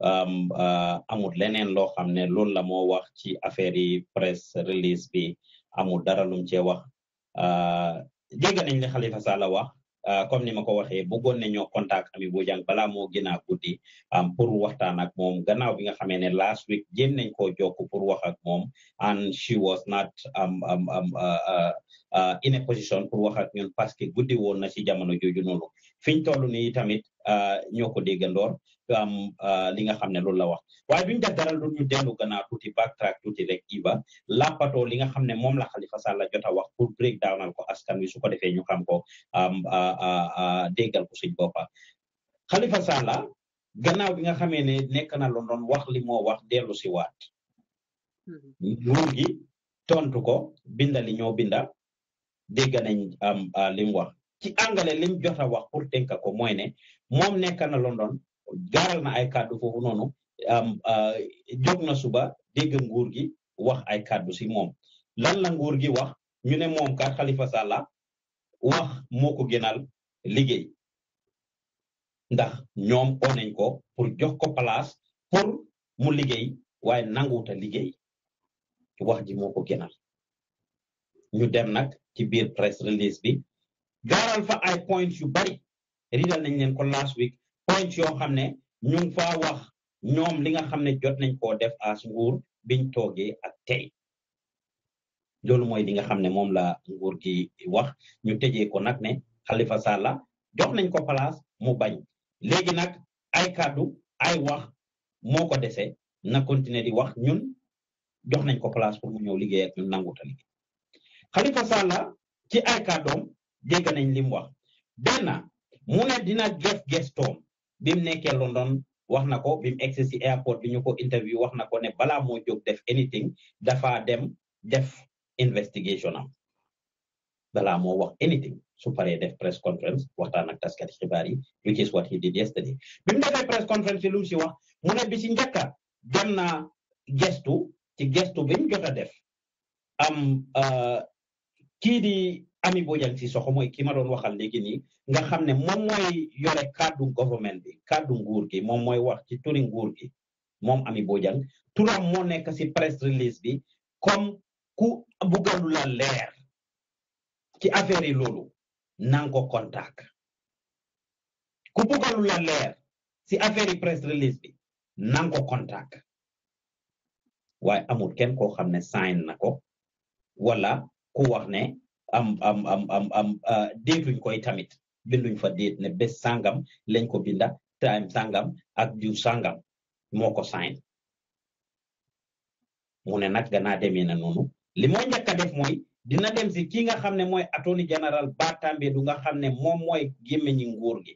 Um, uh, amul leneen loo xam ne loolu la moo wax ci affaire yi press release bi amul dara lum ce wax uh, dégg nañ li Halifa Sallah wax uh, comme ni ma ko waxee bëggoon nañoo contact Ami Bojang balaa moo gën a guddi um, pour waxtaan ak moom gannaaw bi nga xamee ne last week jéem nañ koo jokk pour wax ak moom and she was not um, in a position pour wax ak ñun parce que guddi woon na ci jamono jooju fiñ toll tamit. Euh, ñoo ko déggandoor te euh, li nga xam ne loolu la wax waaye duñ def dara lu ñu dellu gannaaw tuuti backtrack tuuti rek iba lappatoo li nga xam ne moom la Halifa Sallah jot a wax pour break downal ko askan wi su ko defee ñu xam ko déggal ko suñ boppa Halifa Sallah gannaaw bi nga xamee ne nekk na London wax li moo wax dellu si waat nguur tontu ko binda li ñoo binda dégg nañ li mu wax ci angale lim jot a wax pour tënk ko mooy ne mom nekk London garal na ay kàddu nonu am jog na suba deg nguur gi wax ay kaddu si mom lan la nguur gi wax ñu ne mom kat khalifa Sallah wax moko ko gënal liggéey ndax ñom oo nañ ko pour jox ko place pour mu liggey wax ji moko genal gënal ñu dem nak ci biir press release bi garal fa ay points yu bari ridal nañ leen ko last week point yoo xam ne ñu ngi faa wax ñoom li nga xam ne jot nañ koo def as nguur biñ toogee ak tey loolu mooy li nga xam ne moom la nguur ki wax ñu tëjee ko nag ne Halifa Sallah jox nañ ko place mu bañ léegi nag ay kàddu ay wax moo ko dese na continuer di wax ñun jox nañ ko place pour mu ñëw liggéey ak ñun nanguta liggéey Halifa ay kàddoom dégg nañ li mu wax benn mu dina jot gestoom bi mu London wax na ko bim mu egsi airport bi ñu interview wax na ko ne bala mo jóg def anything dafa dem def investigation am balaa moo wax anything su paree def press conference waxtaan ak taskati xibaar yi which is what he did yesterday bi mu press conference yi lu mu wax mu bi si njëkka dem na gestu ci gestu bim mu jot a def am uh, kii di Ami Bojang soxo mooy kii ma doon waxal léegi ni nga xam ne moom mooy yore cadre government bi cadre nguur gi moom mooy wax ci turi nguur gi moom Ami Bojang turam moo nekk si press release bi comme ku bugalu la leer ci affaire yi loolu nang ko contact ku bugalu la leer si affaire yi press release bi nang ko contact waaye amul ken koo xam ne sign na ko wala ku wax ne am am am am am ah, déetuñ koy tamit binduñ fa déet ne bés sangam lañ ko binda time sangam ak diw sangam moo ko sign mu ne nag ganaa demee na noonu li def mooy dina dem si ki nga xam ne mooy attorney general Batambe du nga xam ne moom mooy gémmeñi nguur gi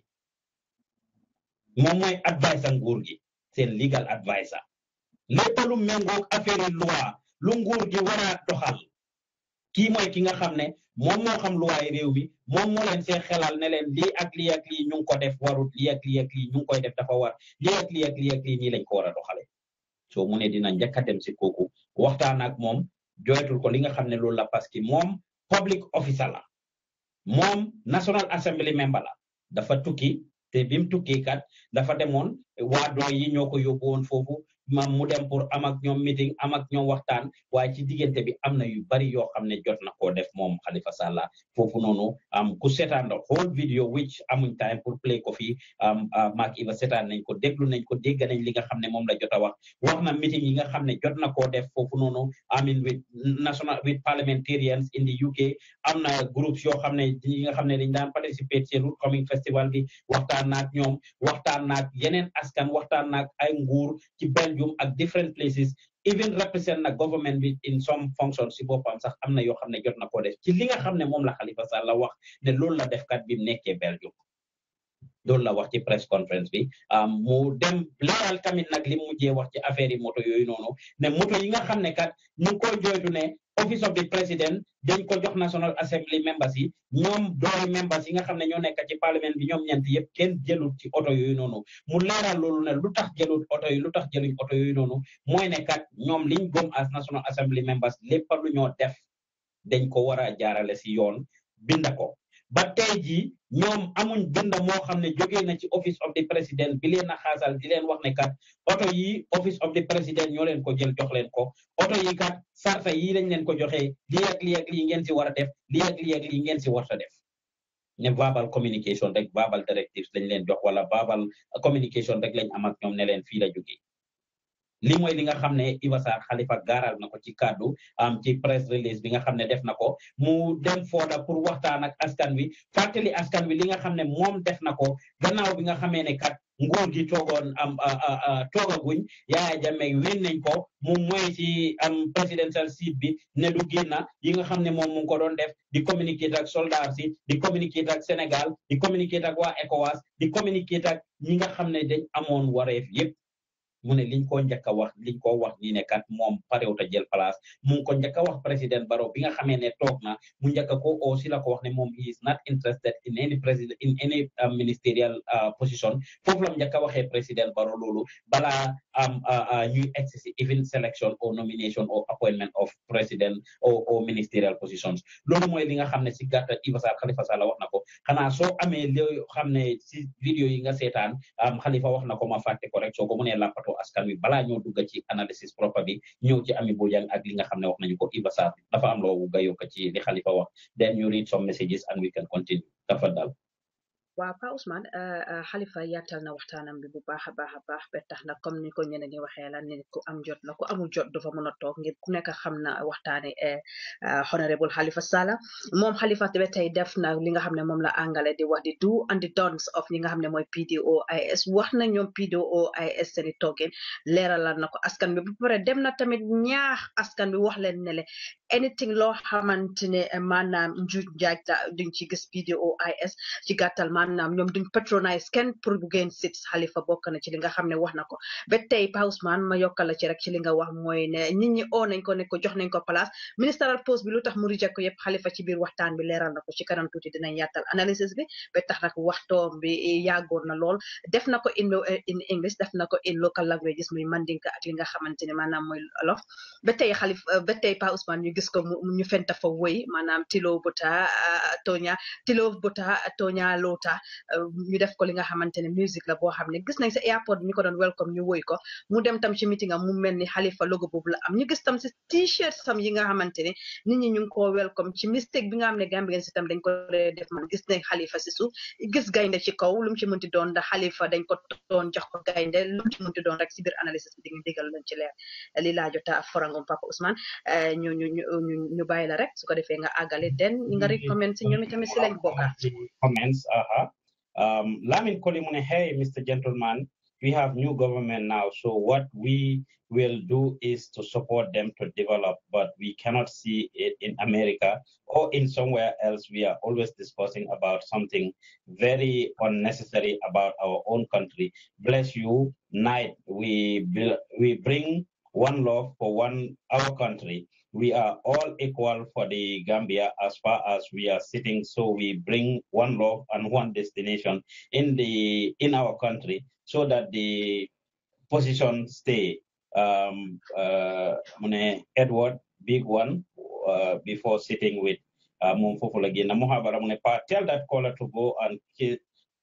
moom mooy adviser nguur gi seen legal adviser lépp lu méngoog affaire loi lu nguur gi war doxal kii mooy ki nga xam ne moom moo xam luwaay réew mi moom moo leen see xelal ne leen lii ak lii ak lii ñu ngi ko def warut lii ak lii ak lii ñu ngi koy def dafa war lii ak lii ak lii ak lii nii lañ ko war a doxale soo mu ne dina njëkk dem si kooku waxtaan ak moom joytul ko li nga xam ne loolu la parce que moom public officer la moom national assembly member la dafa tukki te bi mu tukkee kat dafa demoon waa doy yi ñoo ko yóbbu woon foofu maam mu dem pour am ak ñoom meeting am ñoom waxtaan waaye ci diggante bi am na yu bari yo xam ne jot na koo def moom Halifa Sallah foofu noonu am ku seetaan the whole video which amuñ time pour play ko fii maak Iba seetaan nañ ko déglu ko dégg nañ li nga xam ne moom la jot a wax wax na meeting yi nga xam ne jot na koo def foofu noonu I mean with national with parliamentarians in the UK am na groups yoo xam ne yi nga xam ne dañ daan participer ci Root Coming Festival bi waxtaan naak ñoom waxtaan naak yeneen askan waxtaan naak ay Banjum at different places even represent the government in some functions. si boppam sax am na yoo jot na koo def ci li nga xam ne la Halifa Sallah wax ne loolu la defkat bi mu nekkee la wax ci press conference bi mu dem leeral tamit nag li mu wax ci affaire yi moto ne moto yi nga kat ñu ne office of the president dañ ko jox national assembly members yi ñoom doori members yi nga xam ne ñoo nekk ci parlement bi ñoom ñent yëpp kenn jëlut ci oto yooyu noonu mu leeral loolu ne lu tax jëlut oto yi lu tax jëluñ oto yooyu noonu mooy ne kat ñoom liñ gom as national assembly members lépp lu ñoo def dañ ko war a jaarale si yoon binda ko ba tey jii ñoom amuñ bind moo xam ne jógee na ci office of the president bi leen a xaasal di leen wax ne kat oto yi office of the president ñoo leen ko jël jox leen ko oto yi kat sarta yi lañ leen ko joxee lii ak lii ak lii si war a def lii ak lii ngeen si war a def ne verbal communication rek verbal directives lañ leen jox wala verbal communication rek lañ am ak ñoom ne leen fii la jógee li mooy li nga xam ne Iba Sarr Halifa gaaral na ci kàddu am ci press release bi nga xam ne def na ko mu dem fooda pour waxtaan ak askan wi fàttali askan wi li nga xam ne moom def na ko gannaaw bi nga xamee ne kat nguur gi toogoon am toogaguñ Yaya Jammeh win nañ ko mu mooy ci am presidential seat bi ne du génna yi nga xam ne moom mu ngi doon def di communiquer ak soldats yi di communiquer ak Sénégal di communiquer ak waa ECOWAS di communiquer ak ñi nga xam ne dañ amoon wareef yëpp mune liñ ko ñëk wax liñ ko wax nii ne kat moom parewut ta jël place mu ko ñëk wax président baro bi nga xamé ne tok na mu ñëk ko oo si la ko wax né mom he is not interested in any president in any uh, ministerial uh, position fofu la ñëk waxé e président baro lolu bala am um, uh, egsi uh, even selection or nomination or appointment of president or or ministerial positions lolu moy li nga xamné ci si gàttal Iba Sarr Halifa wax na ko so amé li loo xam ne si vidéo yi nga um, khalifa wax na ma faté ko rek soo ko askan wi bala ñoo dugg ci analysis propre bi ñew ci Ami yang ak li nga xamne wax nañu ko Iba dafa am lo bugg gayo ko ci li khalifa wax then you read some messages and we can continue tafadal waaw Pa Ousmane xalifa euh, euh, yaatal na waxtaanam bi bu baax a baax a baax ba tax na comme ni ko ñeneen ñi waxee la nit ku am jot na ku amul jot dafa mën a toog ngir ku nekk xam na waxtaane euh, honorable Halifa Sallah moom Halifa ba tey def na li nga xam ne moom la angale di wax di do and the don'ts of ñi nga xam ne mooy PDOIS wax na ñoom PDOIS seeni toggin leeralal na ko askan bi bu pare dem na tamit ñaax askan bi wax leen ne le anything loo xamante ne maanaam njuuj njaaj la duñ ci gis PDOIS ci gàttal maanaam ñoom duñ patronise kenn pour bu geen sit Halifa bokk na ci li nga xam ne wax na ko ba tey Pa ma yokkal la ci rek ci li nga ne nit ñi o nañ ko ne ko jox nañ ko place ministériel poste bi lu tax a rijek ko ci biir waxtaan bi leeral na ko ci kanam tuuti dinañ yaatal analysis bi ba tax nag waxtoom bi yàggoon lool def na in English def na in local languages muy mandinka ak li nga xamante ne mooy olof ba tey Halifa ba tey Pa ñu gis Africa euh, ñu ko li nga xamante ne musique la boo xam ne gis nañ sa airport bi ñu ko doon welcome ñu woy ko mu dem tam ci meeting am mu mel ni Halifa logo boobu am ñu gis tam si sam yi nga xamante ne nit ñi ñu ngi ko welcome ci mistake bi nga xam ne Gambien si tam dañ ko def man gis nañ Halifa si suuf gis gaynde ci kaw lu mu ci mënti doon ndax Halifa dañ ko doon jox ko gaynde nde mu ci mënti doon rek si biir analysis bi dañu déggal loon ci leer li laa jota forangoom Papa Ousmane eh, ñu ñu ñu ñu bàyyi la rek su ko defee nga àggale den nga mm-hmm. recommend si ñoom itamit si lañ bokka comments aha Um, Lamin Kolimune, hey, Mr. Gentleman, we have new government now, so what we will do is to support them to develop, but we cannot see it in America or in somewhere else. We are always discussing about something very unnecessary about our own country. Bless you, night. We, we bring one love for one our country we are all equal for the Gambia as far as we are sitting. So we bring one law and one destination in the in our country, so that the position stay. Um, uh, Edward, big one, uh, before sitting with uh, Mumfufulagina Muhabara Munepa. Tell that caller to go and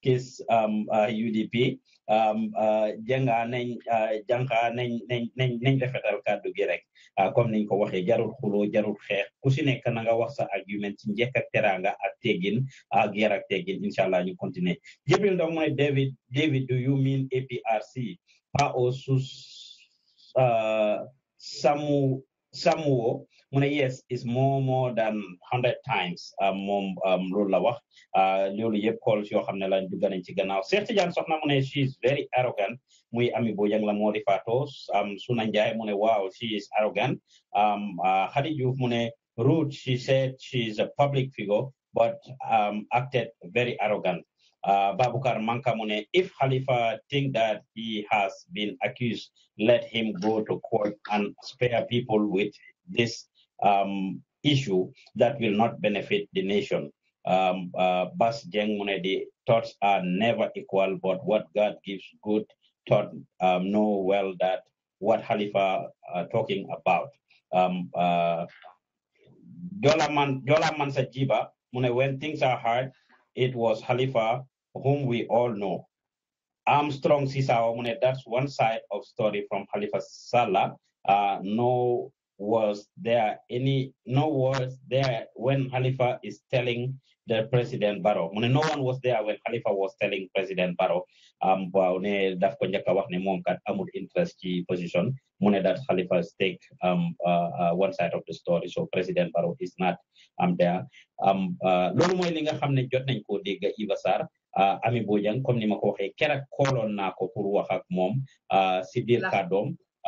Kiss um, uh, UDP um, uh, jàngaa nañ uh, jàngaa nañ nañ nañ nañ rafetal rek uh, comme niñ ko waxee jarul xuloo jarul xeex ku si nekk na wax sa argument ci njëkk ak teraanga ak teggin ak uh, yar ak teggin incha allah ñu continuer Jibril Ndong mooy David David do you mean APRC samu samuwo mu yes is more more than hundred times um, moom um, uh, loolu la wax loolu yep calls yo xam ne la dugg nañ ci gannaaw Cheikh Tidiane Soxna mu she is very arrogant muy Ami Bojang la moo di Um Suna Njie mu ne she is arrogant Um uh, Diouf mu ne rude she said she is a public figure but um, acted very arrogant Uh, Babukar Mankamune, if Khalifa think that he has been accused, let him go to court and spare people with this um, issue that will not benefit the nation. Um, uh, Bas Jeng Munedi, thoughts are never equal, but what God gives good thought um, know well that what Halifa are uh, talking about. Um, uh, when things are hard, it was Halifa whom we all know. Armstrong Sisao, that's one side of story from Halifa Salah. Uh, no was there any no words there when Khalifa is telling the president Barrow mu no one was there when Khalifa was telling president Barrow um waaw ne daf ko njëkk a wax ne interest ci position mu that Khalifa's take um uh, uh, one side of the story so president Barrow is not um there um uh, loolu mooy li nga xam ne jot nañ koo dégg Iba Sarr uh, Ami Bojang comme ni ma ko waxee keroog kooloon naa ko pour wax ak moom uh, si biir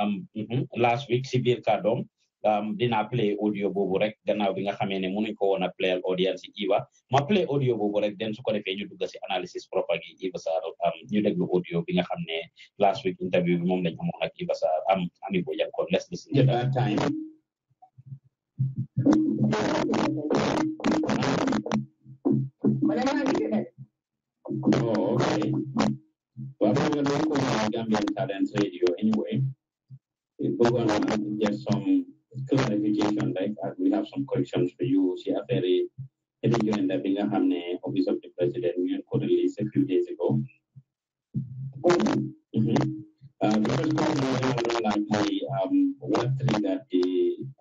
um mhm, last week si kadom. um, dina play audio bobu rek gannaaw bi nga xamé né mënuñ ko wona a playal audience Iva ma play audio bobu rek den su ko defee ñu dugg ci analysis proper gi Iva am um, ñu déglu audio bi nga xamné last week interview bi mom lañ amon ak Iva Sarr am ami bo yakko let's listen time Oh, okay. Well, we were doing Gambian Talent Radio anyway. We're going to get some clarification, like uh, we have some questions for you. She apparently you in the Bingham Office of the President released a few days ago. Mm-hmm. Uh, the first question was you uh, know, like the um, what thing that the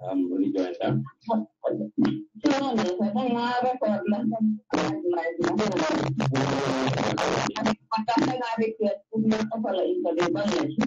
um, rejoined up. Thank you.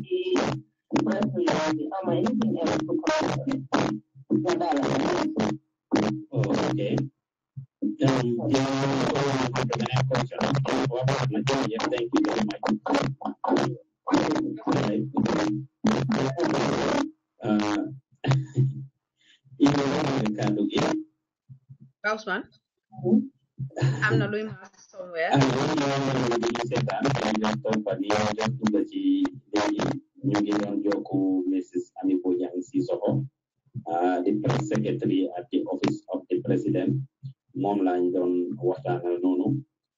be mindful of anything else to consider? Oh, okay. Um, you are going to the next ya Thank you very much. Uh, you can do it. Kausman? I'm not doing somewhere. I don't know when you say that. I just thought, but ñu ngi doon jokku Mrs Ami Bojang Sissoho the ah, press secretary at the office of the president moom lañ doon waxtaanal noonu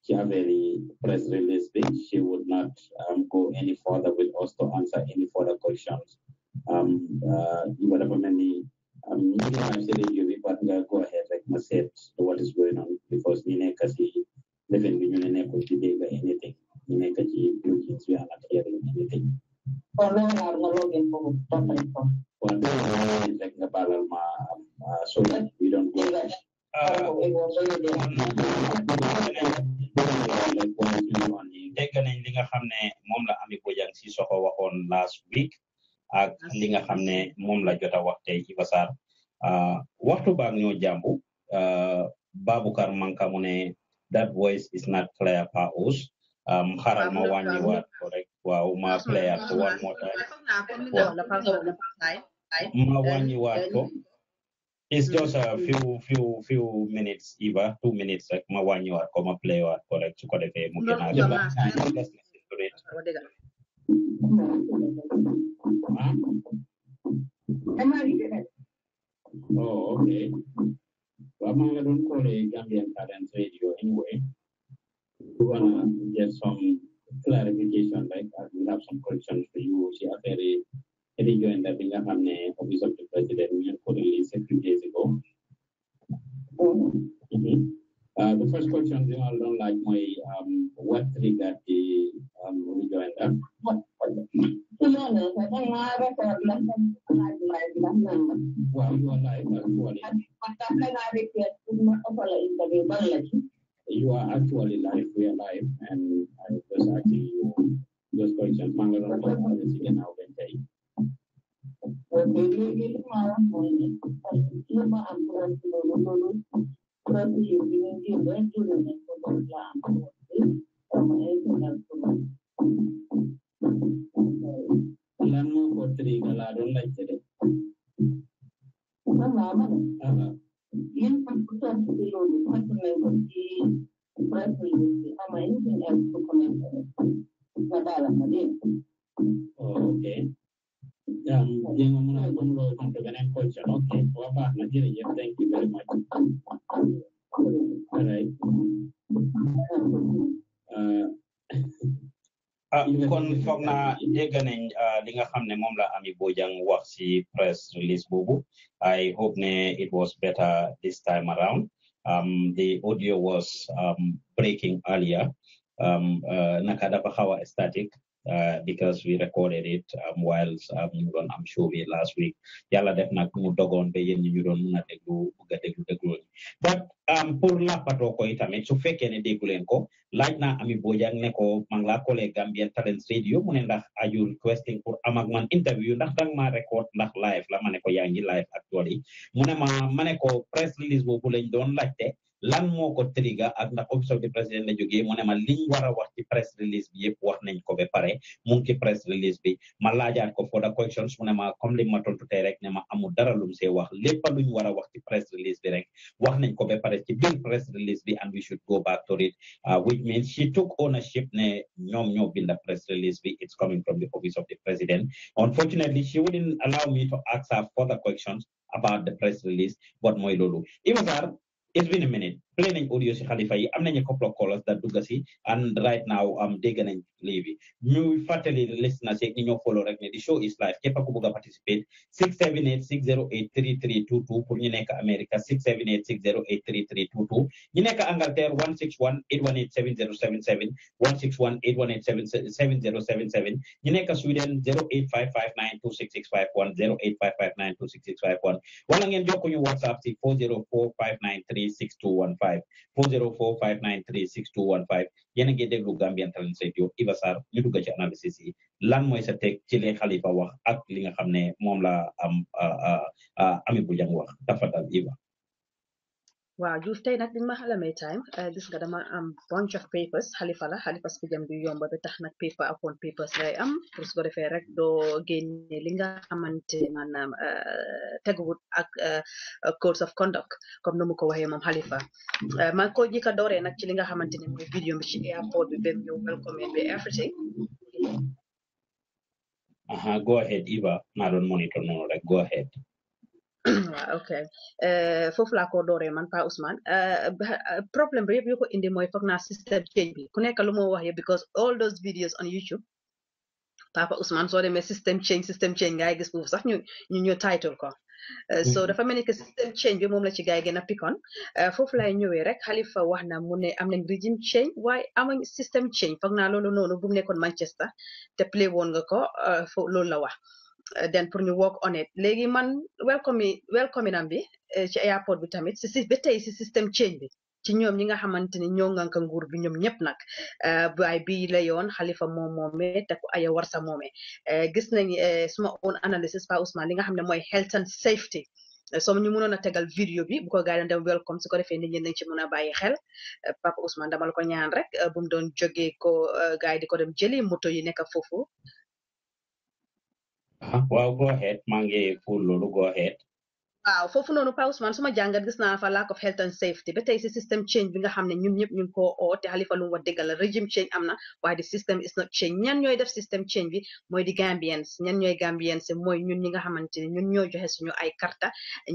ci affaire press release bi she would not um, go any further with us to answer any further questions ba dafa mel ni ñu um, ngi go ahead like, ma what is going on because we nekk si defeen bi ñu ne nekkul ci anything ñu nekk ci buildings we are not hearing anything dégg nañ li nga xam ne moom la ami si soxo waxoon last week ak li nga xam ne moom la wax tey ci basaar waxtu ñoo jàmbu eh, Babukar Manka mu ne that voice is not clear paus. us um, xaaral ma wàññi waat ko rek waaw ma one more time mm-hmm. it's just a mm-hmm. few few few minutes Eva, two minutes rek ma wàññi waat ko ma play waat ko rek su ko Oh, okay. I'm going to call Gambian talent radio anyway we want to get some clarification, like uh, we have some questions for you. Si affaire région in the Binga Hamne, uh, Office of the President, we are currently days ago. Mm -hmm. uh, the first question you all don't like my um, what triggered the um, rejoinder. What? What? dégg nañ li nga xam ne moom la Ami Bojang wax si press release boobu I hope ne it was better this time around um, the audio was um, breaking earlier um, uh, naka dafa xaw a static uh, because we recorded it um, whilst um, ñu doon am show bi last week Yala, def nag mu dogoon ba yéen ñi ñu doon mun déglu bugg a déglu déglu but um, pour làppatoo ko itamit su fekkee ne déggu leen ko laaj naa Ami Bojang ne ko maa ngi laa collègue Gambian Talents Radio mu ne ndax aju requesting pour am ak man interview ndax dang ma record ndax live la ma ne ko yaa live actually mu ne ma ma ko press release boobu lañ doon laajte lan moo ko triga ak ndax office of the president la jógee mu ne ma liñ war a wax ci press release bi yëpp wax nañ ko ba pare mu ngi ci press release bi ma laajaat ko for the questions mu ne ma comme li ma tontu tey rek ne ma amul dara lum see wax lépp luñ war a wax ci press release bi rek wax nañ ko ba pare ci biir press release bi and we should go back to it uh, which means she took ownership ne ñoom ñoo bind press release bi it's coming from the office of the president unfortunately she wouldn't allow me to ask her further questions about the press release but mooy loolu Iba Sarr it's been a minute play nañ audio si Halifa yi am nañu couple of callers that dugga si and right now am um, dégg nañ lii bi ñu fàttali listeners yi ñoo follow rek ne the show is live képp ku bëgg a participate 678 608 3322 pour ñu nekk America 678 608 3322 ñu nekk Angleterre 161 818 7077 161 818 7077 ñu nekk Sweden 08559 26651 08559 26651 wala ngeen jokk ñu WhatsApp si four zero four five nine three six two one. 405 yéen a ngi déglu Gambian Talents Radio Iba Sarr ñu dugg ci analysis yi lan mooy sa teg ci li Halifa wax ak li nga xam ne moom la um, am ah, ah, ah, Amie Bojang wax tafadal Iba Wow, you stay nag din ma xala may time eh, gis nga dama am bunch of papers xalifa la xalifa si jam bi the ba paper upon papers I am pour su ko defee rek doo génne li nga xamante maanaam eh, teguwut a eh, course of conduct Come no mu ko waxee moom xalifa maa ngi ko jëkka dooree nag in the vidéo bi ci airport bi bém you. welcome bi everything Uh huh. go ahead Eva. I don't monitor no like. go ahead waaw ah, ok eh, foofu laa ko dooree man Pa Ousmane eh, problème bi yëpp ko indi mooy foog naa system change bi ku nekk lu moo wax yëpp because all those videos on YouTube Papa Ousmane soo demee system change system change ngay gis foofu sax ñu ñu ñu title ko eh, so mm-hmm. dafa mel ni que system change bi moom la ci gaay gën a pikoon foofu lay ñëwee rek Halifa wax na mu am nañ régime change waaye amañ system change foog naa loolu noonu bu mu nekkoon Manchester te play woon nga ko loolu la wax den eh, pour ñu work on it léegi man welcome welcome nam bi eh, ci airport bi tamit si ba tey si système change bi ci ñoom ñi nga xamante ni ñoo ngànka nguur bi ñoom ñëpp nag eh, baay bi la yoon xalifa moom moome te ku aya war sa moome gis nañ suma own analysis pa Ousmane li nga xam ne mooy health and safety soo ñu mënoon a tegal vidéo bi bu ko gaa yi dem welcome su ko defee ni ñi nañ ci mën a bàyyi xel papa Ousmane dama la ko ñaan rek bu mu doon jógee ko gaa yi di ko dem jëli moto yi nekk foofu Uh-huh. well, go ahead. Mange Pululu, go ahead waaw foofu noonu Paus man suma jàngat gis naa fa lack of health and safety ba tey si system change bi nga xam ne ñun ñëpp ñu ngi koo oo te Halifa lu mu regime change am na waaye the system is not change ñan ñooy def system change bi mooy di Gambians ñan ñooy Gambians mooy ñun ñi nga xamante ne ñun ñoo joxe suñu ay karta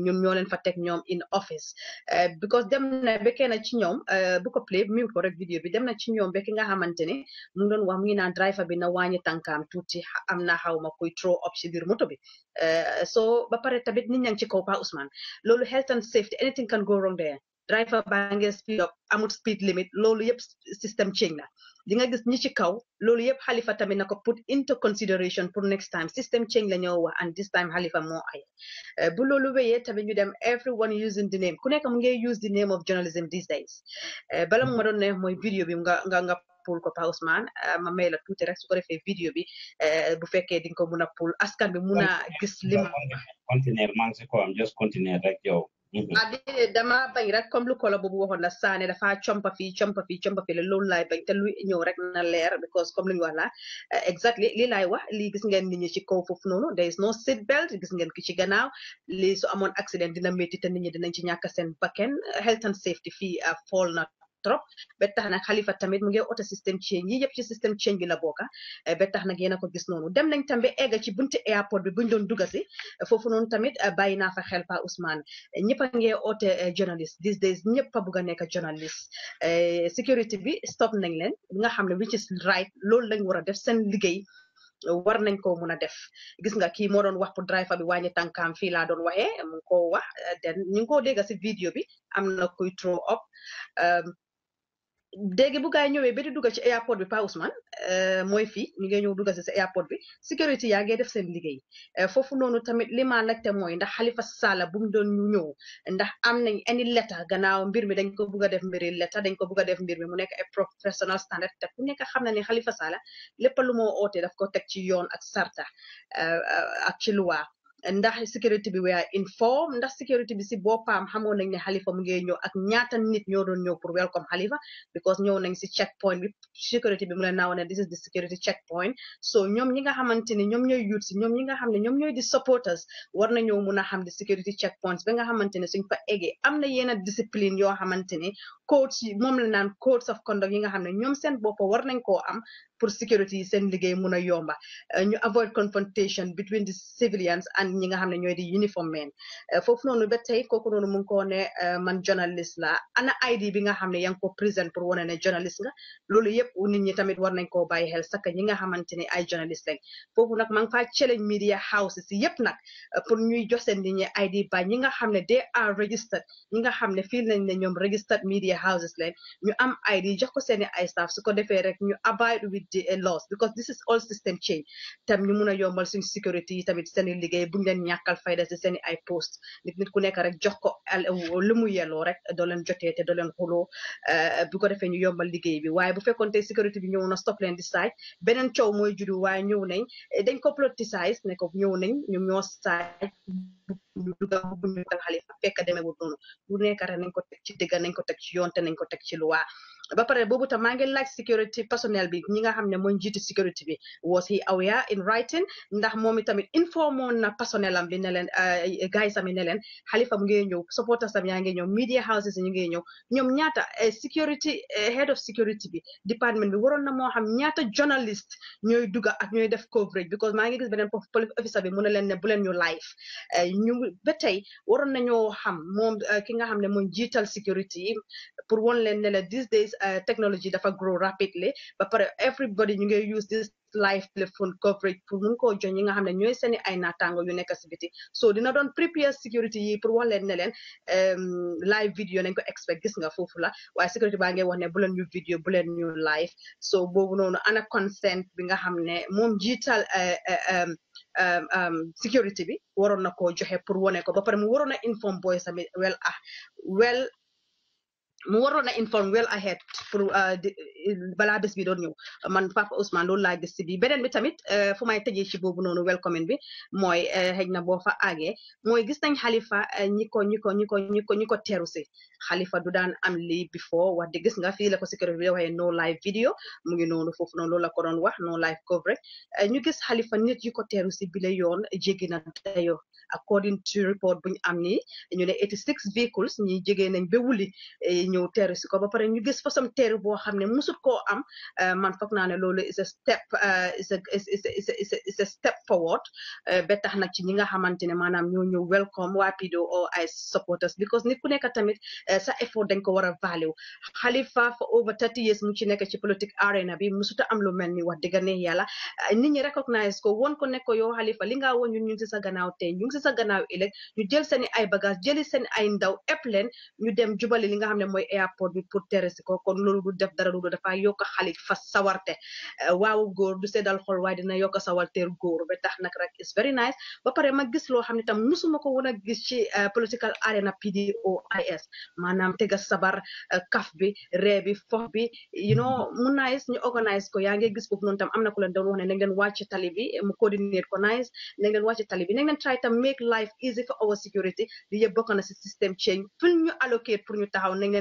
ñun ñoo leen fa teg ñoom in office eh, because dem na ba na ci ñoom eh, bu ko play mi ko rek vidéo bi dem na ci ñoom ba nga xamante ne mu ngi doon wax mu ngi naan driver bi na wàññi tànkaam tuuti am na xaw ma throw up si biir moto bi eh, so ba pare tamit nit ñaa ci kaw Ousmane health and safety anything can go wrong there driver baa speed up amul speed limit loolu yep. system change la di nga gis ñi ci kaw loolu yëpp tamit put into consideration for next time system change la wax and this time halifa mo ay eh, bu loolu wéyee tamit ñu dem everyone using the name ku nekk mu use the name of journalism these days eh, bala mu ma neex video bi nga nga nga pull ko Pa Ousmane ah, ma a la tuuti rek su ko defee vidéo bi eh, bu fekkee di nga ko mun a pull askan bi mun a gis li ma continuer maa ngi si ko am just continuer rek yow mhm. ah dama bañ rek comme lu kolo boobu waxoon la saane dafa compa fii compa fii compa bañ te luy ñëw rek na leer because comme lu ñu wax eh, there is no seat belt gis ngeen ki ci gannaaw lii su amoon accident dina métti te nit ñi dinañ ci ñàkk seen health and safety fii ah, fall na trop ba tax nag Halifa tamit mu ngi auto system change yi yëpp ci system change bi la bokka eh, ba tax nag yéen a ko gis noonu dem nañ tam ba egg ci bunti airport bi buñ doon dugg si foofu noonu tamit eh, bàyyi naa fa xel Pa Ousmane eh, ñëpp a ngi oote journalist these days ñëpp a bugg a nekk journalist sécurité bi stop nañ leen nga xam ne which is right loolu lañ war a def seen liggéey war nañ ko mun a def gis nga kii moo doon wax pour driver bi wàññi tànkaam fii laa doon waxee mu ngi koo wax den ñu ngi koo dégg si vidéo bi am na kuy throw dégg bu gaa yi ñëwee ba di dugal ci airport bi Pa Ousmane mooy fii ñu ngi ñëw dugal si sa airport bi sécurité yaa ngi def seen liggéey foofu noonu tamit li ma laajte mooy ndax Halifa Sallah bu mu doon ñëw ndax am nañ any letter gannaaw mbir mi dañ ko bugg a def mbiri letter dañ ko bugg a def mbir mi mu nekk ay professional standard te ku nekk xam na ne Halifa Sallah lépp lu moo oote daf ko teg ci yoon ak sarta ak ci luwaa ndax sécurité bi were informed. That security be si bopam. xamoon nañ ne Halifa mu ngi ñëw ak ñaata nit ñoo doon ñëw pour welcome Halifa because ñëw nañ si check point bi sécurité bi mu leen naawoon this is the security checkpoint. so ñoom ñi nga xamante ne ñoom ñooy youth si ñoom ñi nga xam ne ñoom di supporters war na mun a xam di security checkpoints. points ba nga xamante ne suñ fa eggee am na yenn discipline yoo xamante codes yi moom la naan codes of conduct yi nga xam ne ñoom seen bopp war nañ koo am pour security yi seen liggéey mun a yomba ñu avoid confrontation between the civilians and ak ñi nga xam ne di uniform men eh, foofu noonu ba tey kooku noonu mu ko ne eh, man journalist la ana ID bi nga xam ko présent pour journalist nga loolu yëpp nit ñi tamit war nañ koo bàyyi xel sakk ñi nga xamante ay journalist lañ foofu nag maa ngi challenge media houses yëpp nag eh, pour ñuy jox nit ñi ID ba ñi nga they are registered ñi nga xam ne nañ ne ñoom registered media houses lañ ñu am ID jox ko seen ay staff su ko defee rek ñu abide with the laws because this is all system change tam ñu a yombal suñ tamit seen liggéey bu buñ leen ñàkkal fayda si seeni ay post nit nit ku nekk rek jox ko lu mu yelloo rek doo leen jotee te doo leen xuloo euh, bu ko defee ñu yombal liggéey bi waaye bu fekkoon tey sécurité bi ñëw na stop leen di saaj beneen coow mooy juddu waaye ñëw nañ eh, dañ ko politicize ne ko ñëw nañ ñoom ñoo saaj ñu dugal buñ ñu dugal Halifa fekk demewul noonu lu nekk rek nañ ko teg ci dëgg nañ ko teg ci yoon te nañ ko teg ci luwaa ba pare boobu tam maa ngi laaj security personnel bi ñi nga xam ne mooy security bi was he aware in writing ndax moom itamit informoon na personnel am bi ne leen eh, gars sami ne leen Halifa mu ngi ñëw supporters am yaa ngi ñëw media houses ñu ngi ñëw ñoom ñaata eh, security eh, head of security bi department bi waroon na moo xam ñaata journalist ñooy duga ak ñooy def coverage because maa ngi gis beneen police officer bi mu ne leen ne bu leen ñu live ñu ba tey waroon nañoo xam moom ki nga xam ne mooy security pour woon leen ne la these days uh, technology will grow rapidly but for everybody to use this live telephone coverage for mun koo joñ yi nga xam ne ñooy seeni ay naataango yu nekk si so dina prepare security yi pour wax leen ne leen um, live video nañ ko expect gis nga foofu la waaye security baa ngi to ne bu leen ñu video bu leen ñu live so boobu noonu ana consent bi nga xam ne moom jiital uh, uh, um, um, security bi waroon na koo joxe pour wone ko ba pare mu inform boy sami well. ah well mu waroon a inform well ahead pour uh, eh, balaa bés bi doon ñëw man Papa Ousmane loolu laa gis si bi beneen bi tamit eh, fu may tëjee ci boobu noonu welcoming bi mooy eh, xëy na boo fa àggee mooy gis nañ xalifa ñi ko ñi ko ñi ko ñi ko ñi ko am lii before what di gis nga fii la ko sécurité bi no live video mu ngi noonu no noonu loolu la ko doon no live coverage ñu gis xalifa nit yu ko teeru si bile yoon jéggi na dayo according to report buñ am nii ñu ne 86 vehicles ñi jegee nañ ba ñëw teeru si ko ba pare ñu gis façon teeru musut am euh, man foog naa ne loolu is a step euh, is a is a step forward euh, ba tax nag ci ñi nga xamante ne ñoo ñëw welcome waa PDOI supporters because nit ku nekk tamit sa effort dañ ko war a value Khalifa for over thirty years mu ci nekk ci politique arena bi musuta am lu mel ni wax ne yàlla nit ñi recognize ko woon ko nekk ko yow Halifa li nga woon ñun ñu ngi sa gannaaw tey ñu ngi sa gannaaw ëllëg ñu jël seen ay bagage jëli seen ay ndaw ëpp ñu dem jubali li nga xam ne mooy airport bi pour terrasser ko kon loolu du def dara du dafa yokk xale fa sawarte waaw góor du seddal xol waaye dina yokk sawarteer góor ba tax nag rek is very nice ba pare ma gis loo xam ne tam musuma ko woon a gis ci eh, political arena PDOIS maanaam tega sabar eh, kaf bi ree bi fox bi you know mu nice ñu organise ko yaa ngi gis foofu noonu tam am na ku leen doon wax ne tali bi mu coordinate ko nice na ngeen wàcc tali bi na ngeen try tam make life easy for our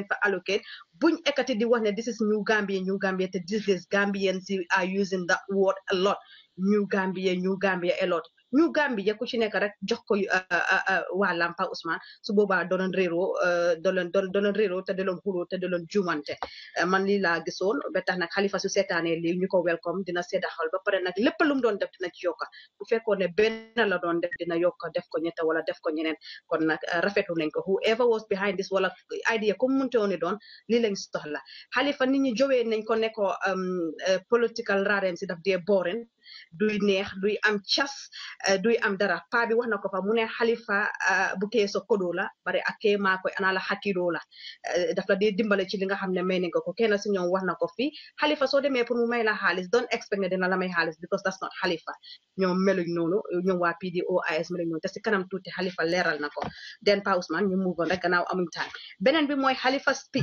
fa allocate buñ ekati di wax ne this is new gambia new gambia te Gambia, and gambians are using that word a lot new gambia new gambia a lot ñu Gambie ja ku ci nekk rek jox ko euh, euh, euh, waa Lampa Ousmane su boobaa doloon réeroo doloon doloon réeroo te doloon xuloo te doloon juumante man lii laa gisoon ba tax nag Halifa su seetaanee lii ñu ko welcome dina seddaxal ba pare nag lépp lu mu doon def dina ci yokka bu fekkoon ne benn la doon def dina yokka def ko ñette wala def ko ñeneen kon nag rafetu nañ ko whoever was behind this wala idea comme munte woon doon lii lañ soxla Halifa nit ñi jowee nañ ko ne ko political raaren si daf dee booren du neex duy am cas euh, duy am dara paa bi wax na ko fa mu ne xalifa euh, bu kee sa kodoo la bari ak kee maa koy anaa la xakidoo la euh, daf la dee dimbale ci li nga xam ne may ni nga ko kenn si ñoom wax na ko fi xalifa soo demee pour mu may la xaalis don't expect ne dina la may xaalis because that's not xalifa ñoom meluñ noonu ñoom waa PDOIS meluñ noonu te si kanam tuuti xalifa leeral na ko den pa Ousmane ñu move on rek gannaaw amuñ time beneen bi mooy xalifa bi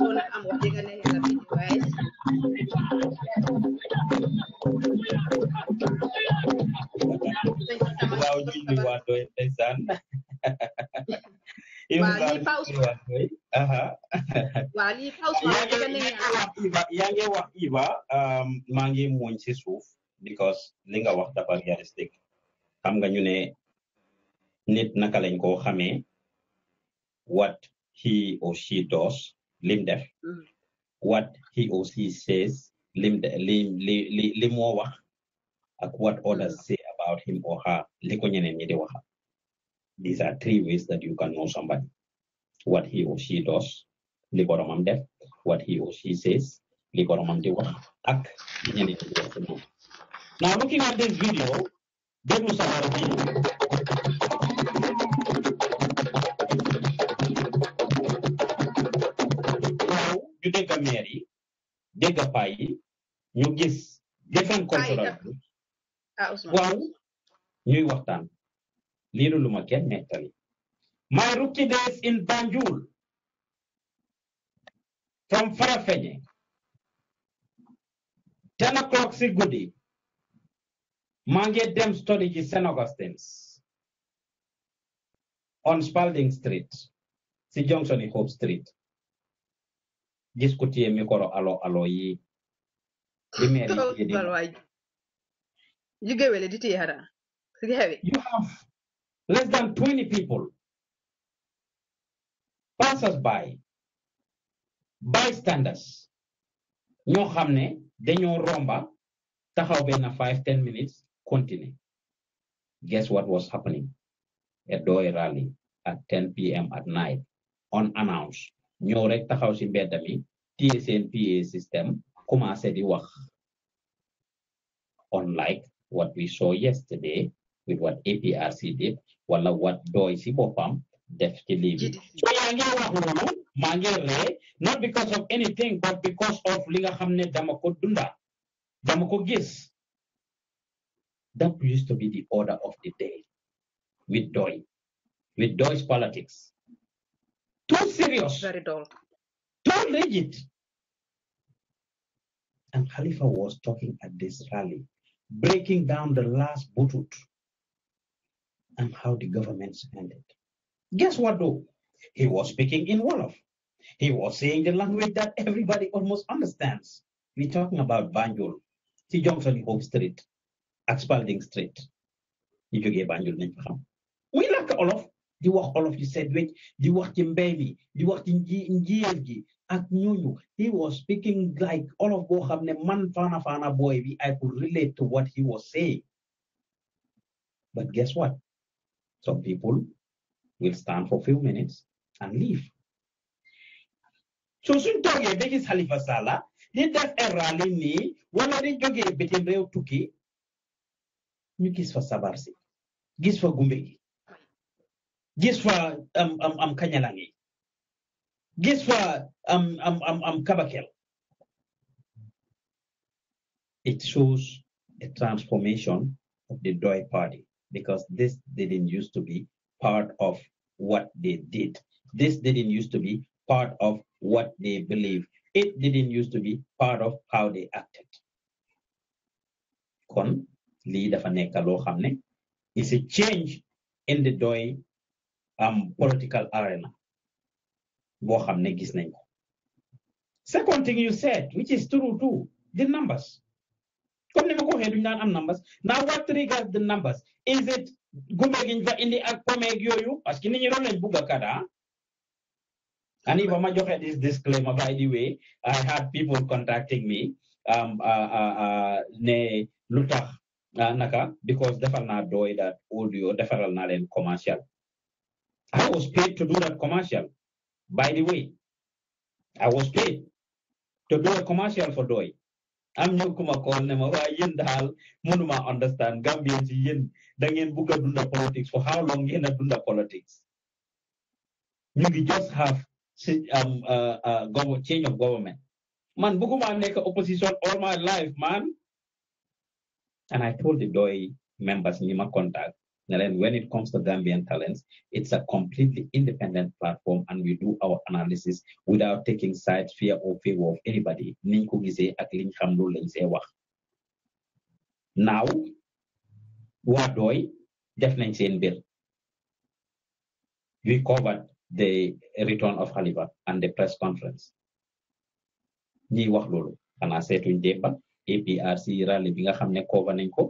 kuona ama wajega nani anabidi wae za ujini watoende sana because li wax dafa realistic xam nga ñu ne nit naka lañ koo xamee what he or she does lim mm. what he or she says lim lim lim li wax ak what others mm. say about him or her li ñeneen ñi di wax these are three ways that you can know somebody what he or she does li boromam def what he or she says li boromam di wax ak ñeneen ñi di wax now looking at this video déglu sa maire yi dégg pay yi ñu gis different cultural group waaw ñuy waxtaan liiru lu ma kenn nettali my rookie days in Banjul from Farafenni ten o'clock si guddi maa ngi dem story ci saint Augustine's on Spalding Street si Johnson Hope Street alo alo yi you get diti hara sigi you have less than 20 people passers by bystanders ñoo xam ne romba taxaw 5 five ten minutes continue guess what was happening a doy rally at 10 p.m. at night unannounced ñëw rek taxaw ci mbedd mi téye seen PA system commencé di wax unlike what we saw yesterday with what APRC did wala what doy ci boppam def ci lii bi so yaa ngi wax noonu maa ngi ree not because of anything but because of li nga xam dama ko dunda dama ko gis that used to be the order of the day with doy with doy's politics serious. Very dull. Don't read it. And Khalifa was talking at this rally, breaking down the last butut and how the governments ended. Guess what, though? He was speaking in Wolof. He was saying the language that everybody almost understands. We're talking about Banjul, ci Johnson Hope Street ak Street. ñu jógee Banjul nañ ko xam. olof di wax olof yu set wecc di wax ci mbéy mi di wax ci nji njiyal gi ak ñooñu he was speaking like olof boo xam ne man faana faana booy bi I could relate to what he was saying but guess what some people will stand for few minutes and leave so suñ toogee ba gis Halifa sala. di def errali nii wala di jógee bitim réew tukki ñu gis fa sabar si gis fa gumbe gi guess what um um um Kanyalangi. Guess um, what um um um Kabakel. It shows a transformation of the Doi party because this didn't used to be part of what they did. This didn't used to be part of what they believed. It didn't used to be part of how they acted. Kon, li dafa nekk loo a change in the Doi am political arena boo xam ne gis nañ ko second thing you said which is true too the numbers comme ni ma ko waxee duñu daan am numbers now what triggers the numbers is it gumbe In the indi ak pomeeg yooyu parce que nit ñi doon and if ma joxe this disclaimer by the way I had people contacting me um, uh, uh, uh, ne lu naka because defal naa doy that audio defaral naa commercial I was paid to do that commercial. By the way, I was paid to do a commercial for Doi. am not ku ma call ne ma waaye yéen daal mënuma understand Gambien si yéen da ngeen bugg a dunda politics for how long ngeen a dunda politics Maybe just have um, uh, uh, change of government man bugguma nekk opposition all my life man and I told the doy members ñi ma contact and when it comes to Gambian talents, it's a completely independent platform and we do our analysis without taking sides, fear or favor of anybody. Now, Wadoy, definitely in bill. We covered the return of Khalifa and the press conference. ñiy wax loolu xanaa APRC rally bi nga xam cover nañ ko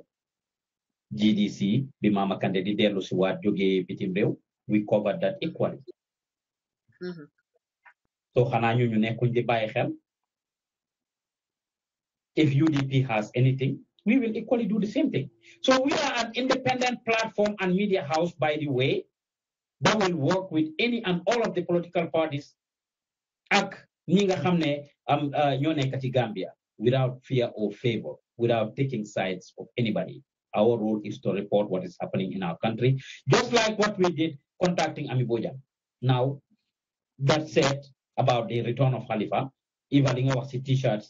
GDC bi Mama Kandeh di dellu si waat jógee bitim réew we cover that equally mm-hmm. so xanaa ñu ñu nekkuñ di bàyyi xel if UDP has anything we will equally do the same thing so we are an independent platform and media house by the way that will work with any and all of the political parties ak ñi nga xam uh, ne ñoo nekk ci Gambia without fear or favor without taking sides of anybody our role is to report what is happening in our country, just like what we did contacting Amiboja. Now, that said about the return of Khalifa, Ivalinga was t-shirt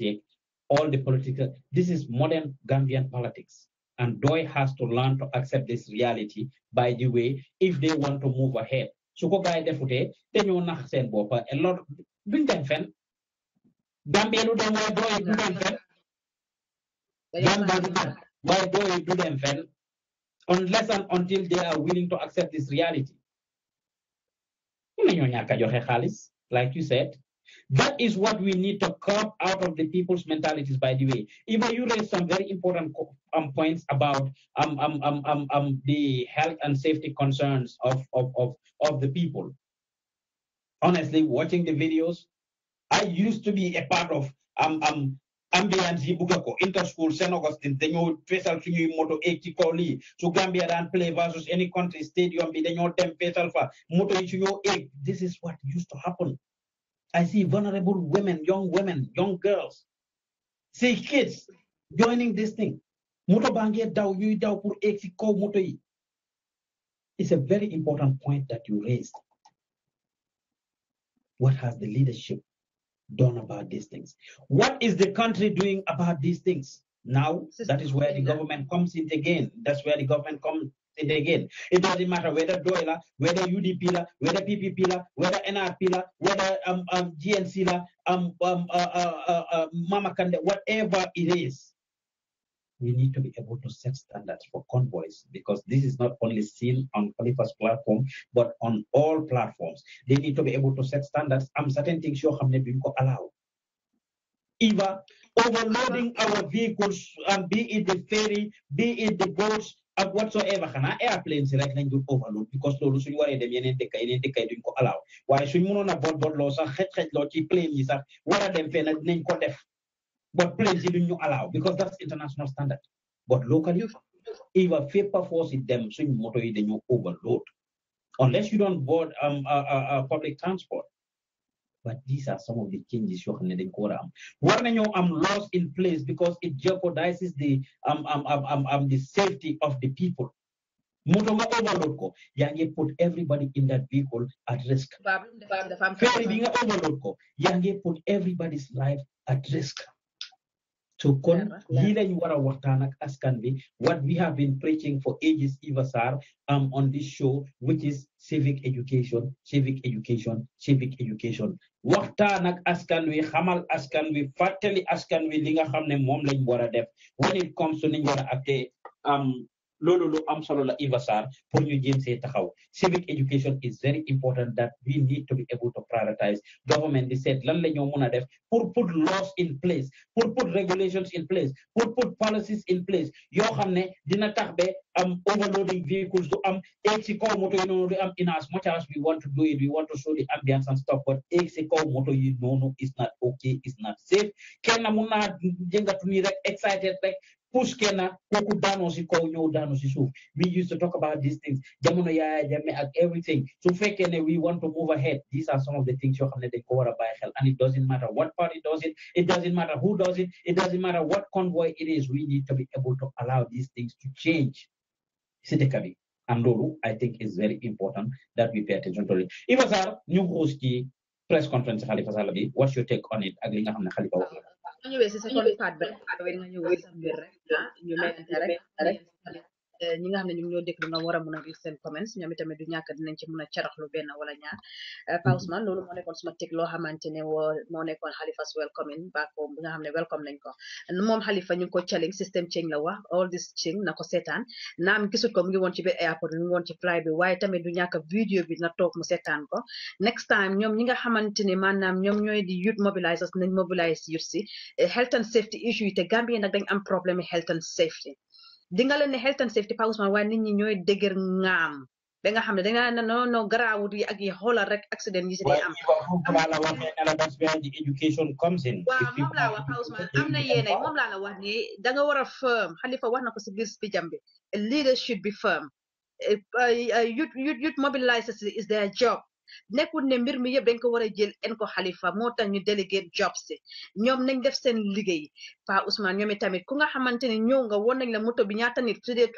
all the political, this is modern Gambian politics. And Doi has to learn to accept this reality, by the way, if they want to move ahead. So go gaay defute, dañoo nax send bopp, a lot, duñ dem fenn. Gambia lu dem waaye Doi du dem fenn. Gambia du dem why don't we do them well unless and until they are willing to accept this reality like you said that is what we need to curb out of the people's mentalities, by the way. Even you raised some very important um, points about um, um, um, um, um, the health and safety concerns of, of, of, of the people. Honestly, watching the videos, I used to be a part of um, um, ambiance yi bugga ko interschool Saint Augustine dañoo feesal suñuy moto eeg ci kaw lii su Gambia daan play versus any country stadium bi dañoo dem feesal fa moto yi suñoo eeg this is what used to happen I see vulnerable women young women young girls see kids joining this thing moto baa ngee daw ñuy daw pour eeg ci kaw moto yi it's a very important point that you raised what has the leadership done about these things? What is the country doing about these things? Now, that is where the government comes in again. That's where the government comes in again. It doesn't matter whether Doyla, whether UDP, whether PPP, whether NRP, whether um, um, GNC, um, um, uh, uh, uh, uh, Mama Kande, whatever it is, we need to be able to set standards for convoys because this is not only seen on Khalifa's platform, but on all platforms. They need to be able to set standards. I'm certain things you have not allowed. Either overloading our vehicles, um, be it the ferry, be it the boats, ak whatsoever xanaa airplane si rek nañ overload because loolu suñ in the yeneen dëkka yeneen dëkka yi duñ ko allow Why should mënoon not bot board laws sax xej xej plane What are they a but please, even you allow because that's international standard. But locally, if a paper force them swing motor then you overload. Unless you don't board um uh, uh, uh, public transport. But these are some of the changes you can go am. What you am laws in place because it jeopardizes the um um um um, um the safety of the people. Motor overload ko. Yangi put everybody in that vehicle at risk. Ferry being overload ko. Yangi put everybody's life at risk to kon lii lañ war a waxtaan ak askan bi what we have been preaching for ages Eva um, on this show which is civic education civic education civic education waxtaan ak askan wi xamal askan wi fàttali askan wi li nga xam ne moom lañ war a def when it comes to niñ war acte um, no. lu am solo la Ivasan pour ñu jéem see taxaw civic education is very important that we need to be able to prioritize government di said, lan la ñoo mën a def pour put laws in place pour put regulations in place pour put policies in place yoo xam ne dina tax am overloading vehicles du am eeg si kaw moto yi du am in as much as we want to do it we want to show the ambiance and stuff but eeg si kaw moto yi noonu is not okay is not safe kenn mun naa jëngatu nii rek excited rek we used to talk about these things, Yaya, everything. So, Fekene, we want to move ahead. These are some of the things you have to by And it doesn't matter what party does it, it doesn't matter who does it, it doesn't matter what convoy it is. We need to be able to allow these things to change. Sitekari. And Lulu, I think it's very important that we pay attention to it. If New Hoski, press conference Khalifa Salabi, what's your take on it? Hamna Khalifa. no si sa toolu bi sa rek ñu ñi nga xam ne ñu ñoo déglu na war a mun a comments ñoom itamit du ñàkk dinañ ci mun a caraxlu wala ñaar euh, Pa mhm. Ousmane loolu moo nekkoon suma teg loo xamante ne woo moo nekkoon Halifa's welcoming back home bi nga xam ne welcome nañ ko moom Halifa ñu ko challenge system change la wax all this change na ko seetaan naam gisut ko mu ngi woon ci biir airport mu ngi ci fly bi waaye tamit du ñàkk vidéo bi na toog mu seetaan ko next time ñoom ñi nga xamante ne maanaam ñoom ñooy di youth mobilisers nañ mobilise youth si eh, health and safety issue te Gambie nag dañ am problème health and safety di nga leen health and safety pa Ousmane nit ñi ñooy dëgër ngaam ba nga xam ne da nga garaawut yi ak yi xoolal rek accident yi si day am. waaw moom laa wax Pa am na yéenay moom laa la wax ni da nga war a firm Halifa wax na ko si biir speech bi be firm youth youth mobilizers is their job. nekkul ne mbir mi yëpp dañ ko war a jël en xalifa moo tax ñu délégué job si ñoom nañ def seen liggéey Pa Ousmane ñoom tamit ku nga xamante ne ñëw nga woon nañ la moto bi ñaata nit su dee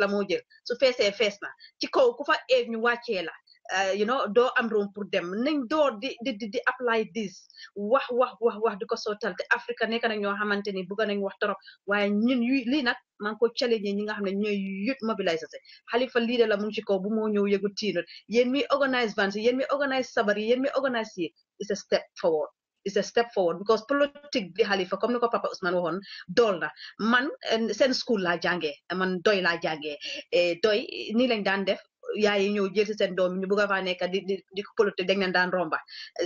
la moo jël su feesee fees na ci kaw ku fa eeg ñu wàccee la Euh, you know doo am room pour dem nañ door di di di apply this wax wax wax wax di ko sootal te Afrique nekk na ñoo xamante ni bëgg nañ wax torop waaye ñun yu lii nag maa ngi ko challenge ñi nga xam ne ñooy youth mobilisation Halifa lii de la mu ngi ci bu moo ñëw yëgu tiinul yéen mi organise vans yi yéen mi organise sabar yi yéen mi organise yi it's a step forward is a step forward because politique bi Halifa comme ni ko papa Ousmane waxoon dool na man seen school laa jàngee man doy laa jàngee eh, doy nii lañ daan def yaay yi ñëw jël si seen doom ñu bëgg a faa nekk politique dañ leen daan romba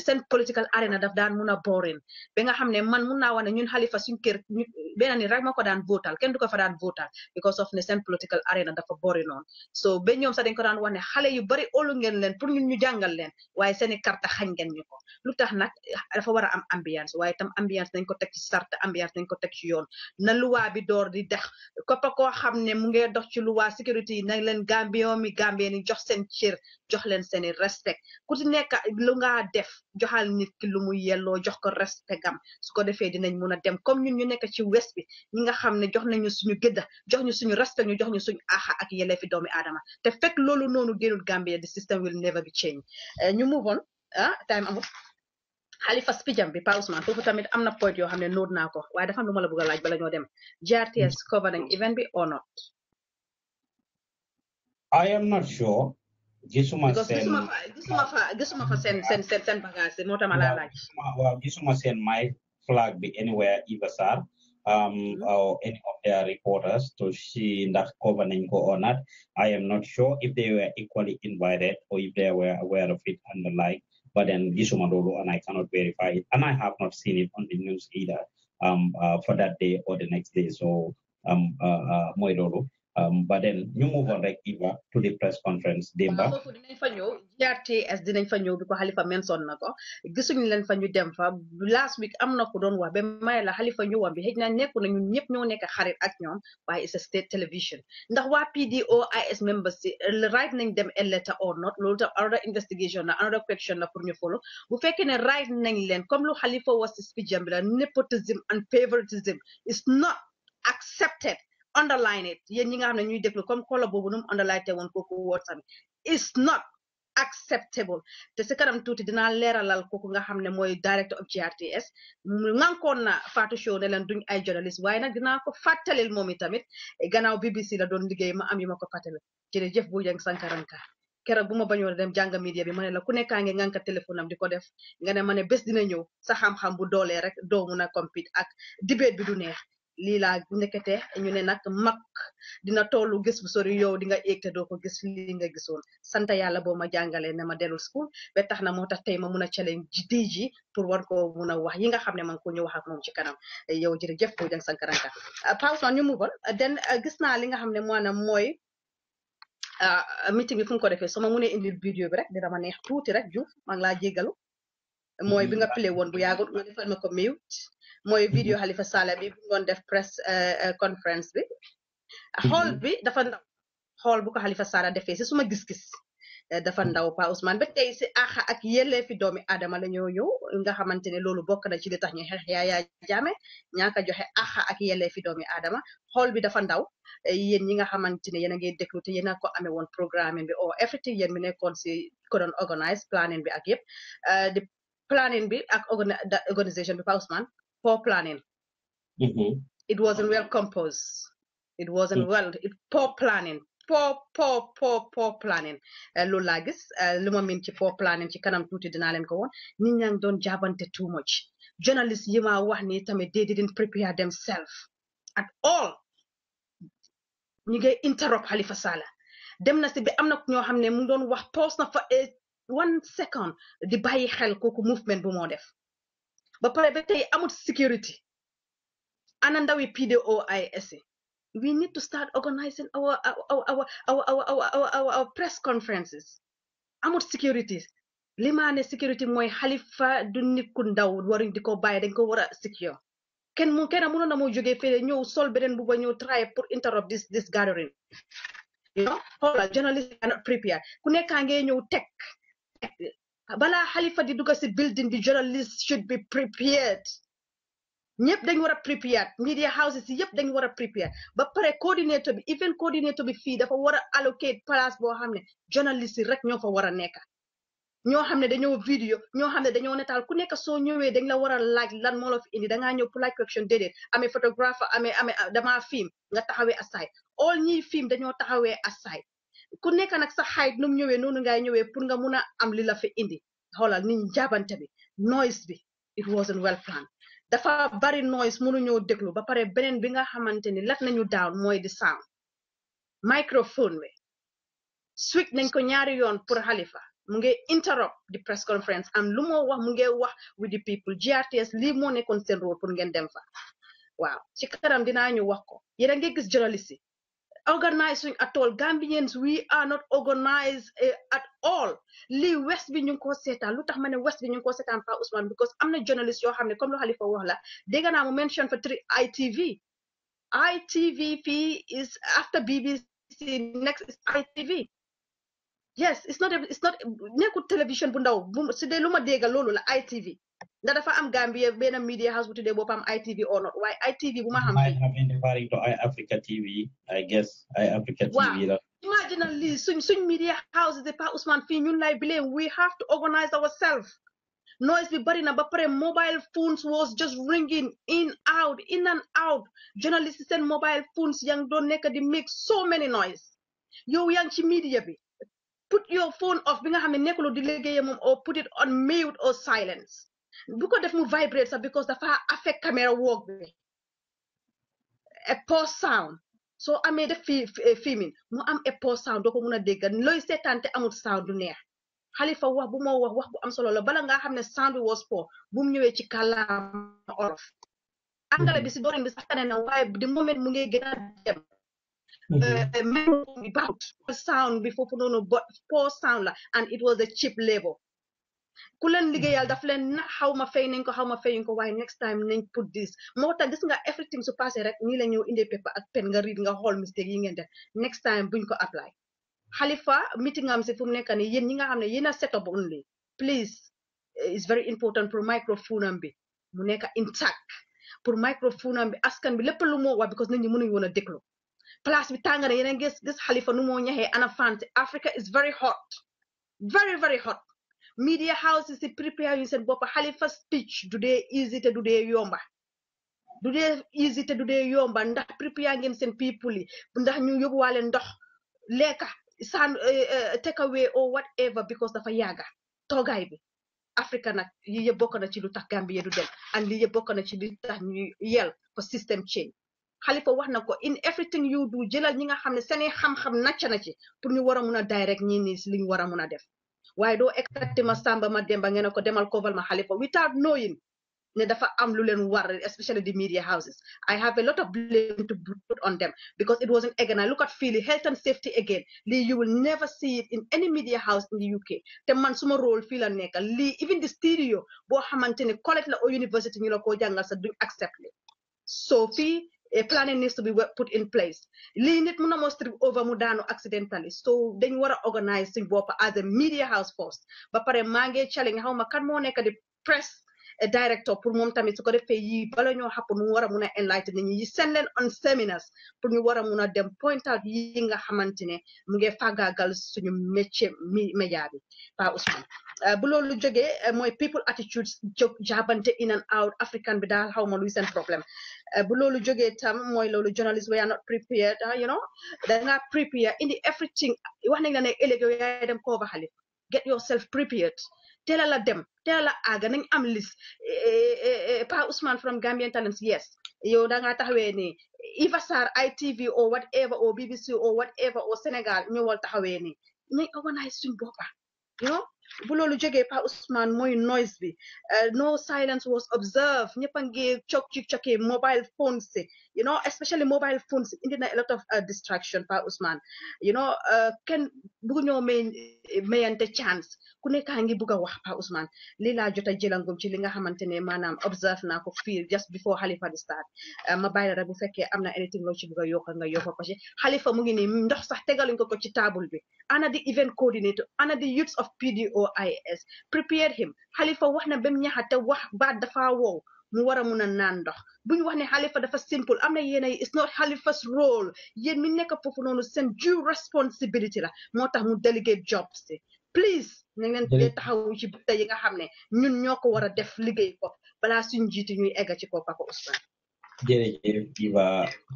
seen political arena daf daan mun a boring ba nga xam ne man mun naa wane ñun xalifa suñu kër ñu benn nit rek ma daan votal kenn du fa daan votal because of ne seen political arena dafa boring noonu so ba ñoom sax dañ ko daan wax xale yu bari óolu ngeen leen pour ñun ñu leen waaye seen i carte xañ ngeen ñu ko lu tax nag dafa war a ambiance waaye tam ambiance ne seeni jox seen cër jox leen seeni respect ku ci nekk lu nga def joxal nit ki lu mu yelloo jox ko respect am su ko defee dinañ mun a dem comme ñun ñu nekk ci west bi ñi nga xam ne jox nañu suñu gëdda jox ñu suñu respect ñu jox ñu suñu axa ak yelleefi doomi aadama te fekk loolu noonu génnul Gambia the system will never be changed eh, ñu move on ah time amul Halifa Spijam bi Pa Ousmane foofu tamit am na point yoo xam ne nóot naa ko wa dafa lu ma la bëgg laaj bala ñoo dem GRTS cover nañ event bi or not I am not sure. Gisuma because Gisuma fa, Gisuma fa, Gisuma fa malala. Well, Gisuma sen might flag be anywhere, either um, mm -hmm. or any of their reporters to see in that covenant or not. I am not sure if they were equally invited or if they were aware of it and the like. But then Gisuma dolo and I cannot verify it. And I have not seen it on the news either um, uh, for that day or the next day. So, um, uh, uh, dolo. Um, but then you move on rek Eva, to the press conference démba GRTS dinañ fa ñëw bi ko mention na ko gisuñu leen fa ñu dem fa last week am na ko doon wax ba may la Halifa ñëwam bi xëy na nekku ñun ñëpp ñoo nekk xarit ak ñoom waaye it's a state television ndax waa PDOIS members si right nañ dem a letter or not loolu tam another investigation na another question na pour ñu follow bu fekkee ne right nañ leen comme lu Halifa was speech am la nepotism and favoritism is not accepted underline it yéen ñi nga xam ne ñuy déglu comme kolo boobu nu mu underline te woon kooku wootam is not acceptable te si kanam tuuti dinaa leeralal kooku nga xam ne mooy directeur of GRTS ngankoon na Fatou Sow ne leen duñ ay journaliste waaye nag dinaa ko fàttalil moom itamit gannaaw BBC la doon liggéey ma am yu ma ko fàttalil jërëjëf Bojang Sankaranka keroog bu ma bañoon dem jàng media bi ma ne la ku nekkaa nge nganka téléphone am di ko def nga ne ma ne bés dina ñëw sa xam-xam bu doolee rek doomu na compete ak dibéet bi du neex lii laa nekkete ñu ne nag mag dina tollu gis bu sori yow di nga éeg te doo gis lii nga gisoon sant yàlla boo ma jàngalee ne ma dellu school ba tax na moo tax tey ma mun a challenge ji ji pour war ko mun a wax yi nga xam ne man ko ñu wax ak moom ci kanam yow jërëjëf Bojang Sankarang ah, Pa Ousman ñu den ah, ah, gis li nga xam ne maanaam mooy meeting bi fu ko defee soo ma mënee indil vidéo bi rek dina ma neex tuuti rek Diouf maa ngi laa jégalu mooy bi nga play woon bu yàggul nga defal ma ko mute moy mhm. video Khalifa Sallah bi bu def press eh, eh, conference bi hall mhm. bi dafa ndaw xool bu ko Khalifa Sallah defé ci suma gis-gis eh, dafa mhm. ndaw Pa Ousmane ba tay ci àq ak fi doomi adama la ñoo ñëw nga xamantene lolu bok na ci li tax ñu ya ya jame ñaaka joxe ak fi doomi adama hall bi dafa ndaw yeen ñi nga xamantene yeena ngay a te yeena ko amé won programme bi o oh, everything yeen mi nekkoon si ko don organize planning bi ak euh di planning bi ak organization bi Pa Ousmane poor planning. Mm-hmm. It wasn't well composed. It wasn't mm-hmm. well. It, poor planning. poor poor poor poor planning eh, loolu laa luma eh, lu ma min ci poor planning ci kanam tuuti dinaa leen ko woon nit ñaa jabante too much Journalists yema ma wax ni tamit they didn't prepare themselves at all Nige interrupt Halifa Sallah dem nasi be amna am hamne ñoo xam pause na fa eh, one second the bàyyi xel kooku movement bu def ba private, ba tey amut security ana ndawi PDOIS we need to start organizing our our our our our our our press conferences amut security li maa security mooy Halifa du nit ku ndaw waruñ di ko bàyyi dañ ko war secure Ken mu kenn mënoon na moo jógee ñëw sol beneen bu ba ñëw try pour interrupt this this gathering you know xoolal journalist cannot prepare ku nekkaa ngee ñëw teg Bala Halifa di dugg si building bi journalists should be prepared ñëpp dañ war a prepared media houses yep, dañ war a prepared ba pare coordinator bi event coordinator bi fii dafa war a allocate place boo xam ne journalist yi rek ñoo fa war a nekk ñoo xam ne vidéo ñoo xam ne netal netaal ku nekk soo ñëwee dañ la war laaj lan moo la fi indi dangaa ñëw pour laaj question déedéet amee photographer ame ame damaa film nga taxawee aside all ni film dañoo taxawee aside ku nekk nag sax xayit num ñëwee noonu ngay ñëwee pour nga mun a am li la fi indi xoolal niñ jaabante bi noise bi it wasn't well planned dafa bari noise mënuñoo déglu ba pare beneen bi nga xamante ni lat nañu down mooy di sound microphone bi switch nañ ko ñaari yoon pour Halifa mu ngi interrupt di press conference am lu moo wax mu ngi wax with the people GRTS lii moo nekkoon seen pour ngeen dem fa waaw ci kanam dinaa ñu wax ko yéen a gis journaliste yi organizing at all Gambians we are not organized eh, at all Li west bi ñu ngi ko seetaan lu tax west bi ñu ngi ko seetaan Pa Ousman because am na journalist yoo xam ne comme lu Halifa wax la dégg naa mention for three ITV ITV fii is after BBC next is ITV yes it's not it's not nekkul télévision bu ndaw bu si dee lu ma la ITV da i am Gambia a media house bu tuddee boppam ITV or not Why ITV I have been referring to iAfrica Africa TV I guess iAfrica Africa TV Wow! imagine lii soon media house the Pa Usman fii ñun lay blame we have to organize ourselves. noise everybody, bari a ba mobile phones was just ringing in out in and out journalists send mobile phones Young don't nekk di make so many noise You young media be put your phone off bi nga xam ne or put it on mute or silence. Because ko def vibrates, because sax because affect caméra work a poor sound so soo amee def fi No, i eh, am a poor sound doo ko mun a dégg looy seetaan te amul sound du neex Halifa wax bu moo wax wax am solo la bala nga xam sound was poor Boom, bu a ñëwee ci kàllaama I'm going to be sitting sax and na waaye the moment mu ngi gën a man mm-hmm. eh, eh, même sound before bi foofu noonu poor sound and it was a cheap labor kuleen mm. liggéeyal daf leen na xaw ma fay nañ ko xaw ma fayuñ ko waaye next time nañ put this moo tax gis nga everything su passé rek nii la ñëw indee paper ak pen nga read nga xool mistake yi ngeen def next time buñ ko apply Halifa meeting am si fu mu nekk nii yéen ñi nga xam ne yéen a set up only please eh, it's very important pour microphone am bi mu nekk intact pour microphone am bi askan bi lépp lu moo wax because nit ñi mënuñ woon a déglu place bi tàng na gis gis Halifa nu moo ñaxee ana fan Africa is very hot very very hot media houses yi prepare you seen bopp Halifa speech Do they easy to do dee yomba Do they easy to do dee yomba And that prepare ngeen seen people that new ñu yóbbuwaale ndox lekka san eh, eh, take away or whatever because dafa yàgga yaga. bi Africa nag yi yëpp bokk na ci lu tax Gambia du dem and li yëpp bokk na ci lu ñu yel for system change Halifa wax na ko in everything you do jëlal ñi nga xam ne seeni xam-xam nacc na ci pour ñu war a direct ñi nii si li ñu def waaye do expecté ma Samba ma Demba ngeen ko demal koval ma Halifa without knowing ne dafa am lu leen war especially the media houses I have a lot of blame to put on them because it wasn't again I look at Philly health and safety again Li you will never see it in any media house in the UK te man suma rôle fii la nekk Li even the studio boo xamante ne collège la au university ñu la koo jàngal sa du accept li so fii a eh, planning needs to be put in place lii nit mun na moo strip over mu daanu accidentally so dañ war a organise suñ bopp as a media house first ba pare maa ngi challenge how ma kan the di press director pour moom tamit su ko defee yi bala ñoo xapp nu war a mun a enlighten nit ñi yi send leen on seminars pour ñu war a dem point out yi nga xamante ne mu ngi fàggaagal suñu métier mi média bi Pa Ousman euh, bu loolu jógee euh, mooy people attitudes jóg jaabante in and out african bi daal xaw ma luy seen problème euh, bu loolu jógee tam mooy loolu journalist we are not prepared ah, you know they not prepared. In the everything wax nañ la ne ëllëg yow yaay dem koo baxali get yourself prepared teel a them. Tell teel a ah, àgg nañ am liste eh, eh, eh, Pa Usman from Gambian Talents yes yow da ngaa taxawee nii Iva Sarr ITV or whatever or BBC or whatever or Sénégal ñëwal taxawee nii nañ organise suñ boppa you know bu jógee Pa Usman, mooy noise bi euh, no silence was observed ñëpp a chok cok ci coki mobile phones si you know especially mobile phones indi na a lot of uh, distraction Pa Usman. you know euh, kenn bugg ñoo may mayante chance ku nekk a ngi bugg wax Pa Usman? lii laa jot a jëlangum ci li nga xamante ne observe naa ko fii just before Halifa di start euh, ma bàyyi la bu fekkee am anything loo ci bugg a nga yokk ko ci Halifa mu ngi nii ndox sax tegaluñ ko ko ci table bi ana di event coordinator ana di youths of PDO OIS prepare him Halifa wax na bam ñaxa te wax baat dafa wow mu war a mun a naan ndox bu ñu wax ne Halifa dafa simple am na yéen ay it's not Halifa's role yéen mi nekk foofu noonu seen due responsibility la moo tax mu delegate job si please nañ leen dee taxawu ci bunta yi nga xam ne ñun ñoo ko war a def liggéey ko balaa suñ jiitu ñuy egga ci ko Papa Ousmane jërëjëf Eva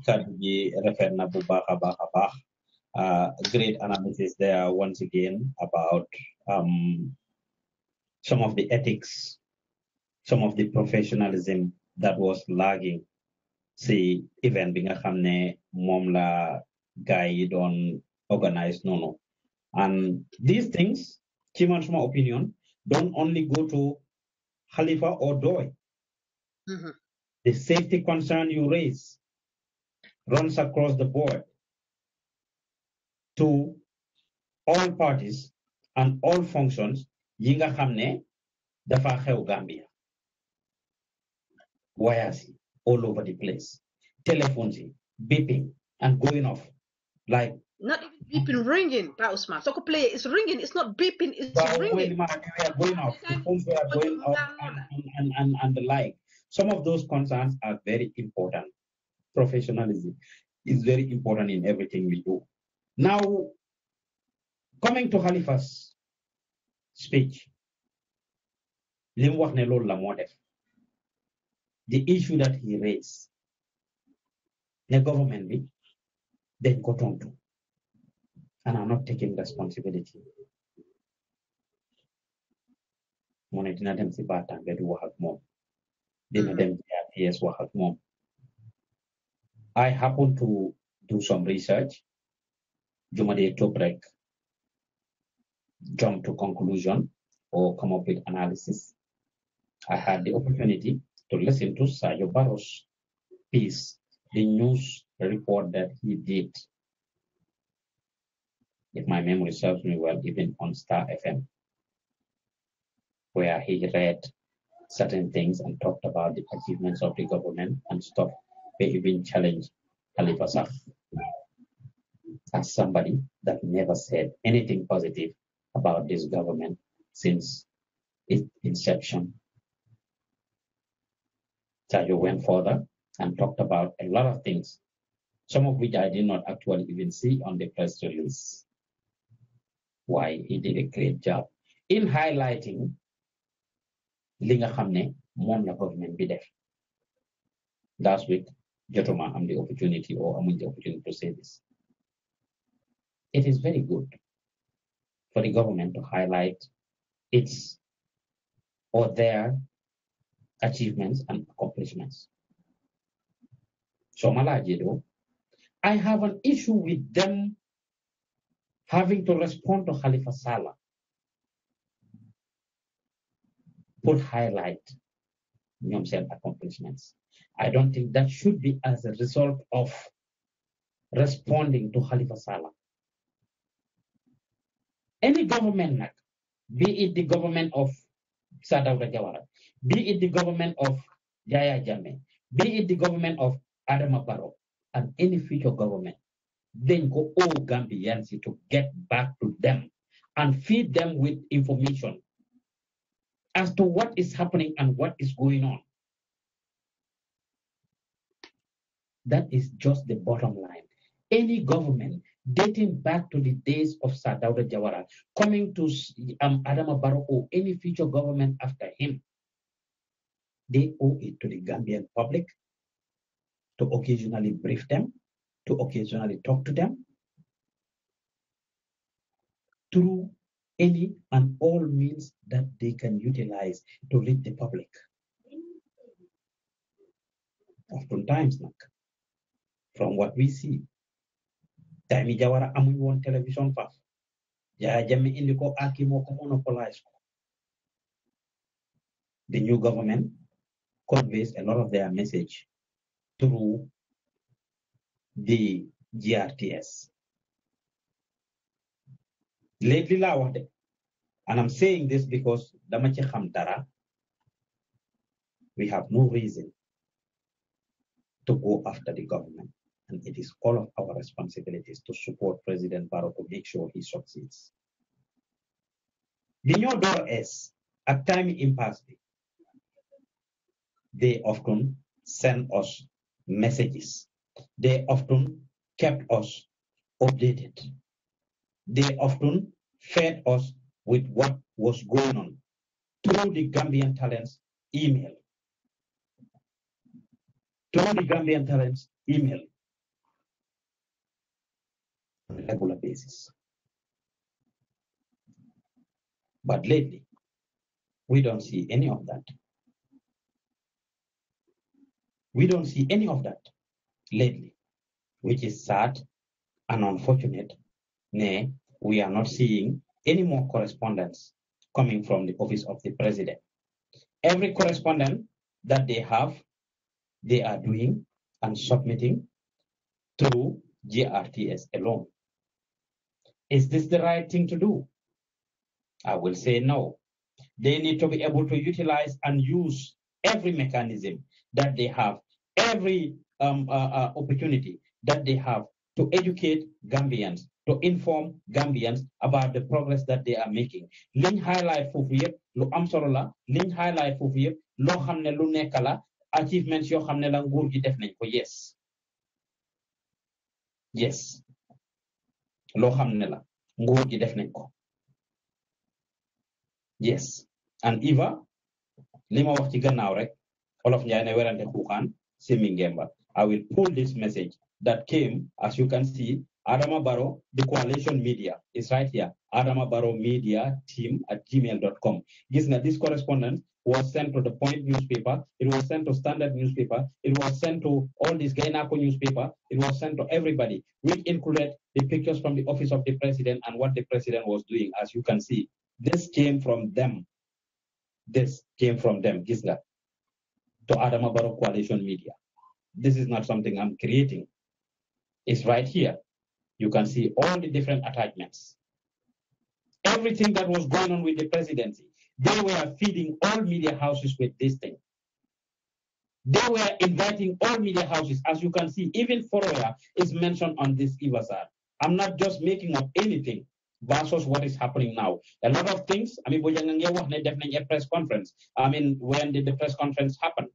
kàddu gi rafet na bu baax a baax a baax ah, great analysis there once again about um, some of the ethics, some of the professionalism that was lagging See, even being a xam momla guy, la gars yi doon no. and these things ci man opinion don't only go to Khalifa or Doi. Mm -hmm. The safety concern you raise runs across the board to all parties and all functions yi nga xam ne dafa xew Gambia wires all over the place telephones beeping and going off like not even beeping, ringing. That was So Soccer player It's ringing. It's not beeping. It's but ringing. When we are going off, the phones are going off, and, and, and, and, the like. Some of those concerns are very important. Professionalism is very important in everything we do. Now, coming to Khalifa's speech the issue that he raised the government did dañ ko tontu and are not taking responsibility I happen to do some research juma to break jump to conclusion or come up with analysis. I had the opportunity to listen to Sayo Barros' piece, the news report that he did. If my memory serves me well, even on Star FM, where he read certain things and talked about the achievements of the government and stuff, where he even challenged Khalifa Saf as somebody that never said anything positive about this government since its inception. Tajo went further and talked about a lot of things, some of which I did not actually even see on the press release. Why he did a great job in highlighting Linga nga xam la government bi def last week i am the opportunity or I'm amuñ the opportunity to say this it is very good for the government to highlight its or their achievements and accomplishments. So Malajido, I have an issue with them having to respond to Khalifa Salah. Put highlight Nyom accomplishments. I don't think that should be as a result of responding to Khalifa Salah any government be it the government of Sir Jawara be it the government of Jaya Jammeh be it the government of Adama Baro, and any future government then go all Gambians to get back to them and feed them with information as to what is happening and what is going on. That is just the bottom line. Any government dating back to the days of Sadauda Jawara, coming to um, Adama Barrow or any future government after him. They owe it to the Gambian public to occasionally brief them, to occasionally talk to them through any and all means that they can utilize to reach the public. Oftentimes, from what we see, Taimi Jawara amuñ woon télévision fa Yaya Jammeh indi ko Aki moo ko monopolize ko the new government conveys a lot of their message through the GRTS. Lately, and I'm saying this because Damachi Hamdara, we have no reason to go after the government. And it is all of our responsibilities to support President Barrow to make sure he succeeds. The new door is at time impassable. They often send us messages. They often kept us updated. They often fed us with what was going on through the Gambian Talents email. Through the Gambian Talents email regular basis. But lately, we don't see any of that. We don't see any of that lately, which is sad and unfortunate. Nay, we are not seeing any more correspondence coming from the office of the president. Every correspondence that they have, they are doing and submitting through GRTS alone. Is this the right thing to do? I will say no. They need to be able to utilize and use every mechanism that they have, every um, uh, uh, opportunity that they have to educate Gambians, to inform Gambians about the progress that they are making. Liñ highlight fofu yep lu am highlight fofu lo xamne lu nekk achievements yo xamne la nguur gi ko yes. Yes loo xam la nguur gi def nañ ko yes and Eva, lima ma wax ci gannaaw rek olof njaay ne werante semi ngemba I will pull this message that came as you can see Adama Baro. the coalition media is right here Adama Baro media team at gmail.com gis nga this correspondence was sent to the Point newspaper. It was sent to Standard newspaper. It was sent to all these Gainako newspaper. It was sent to everybody, which included the pictures from the office of the president and what the president was doing. As you can see, this came from them. This came from them, Gisla, to Adam Barrow Coalition Media. This is not something I'm creating. It's right here. You can see all the different attachments. Everything that was going on with the presidency, they were feeding all media houses with this thing. They were inviting all media houses. As you can see, even Foroya is mentioned on this Ivazar. I'm not just making up anything versus what is happening now. A lot of things, I mean, definitely a press conference. I mean, when did the press conference happen?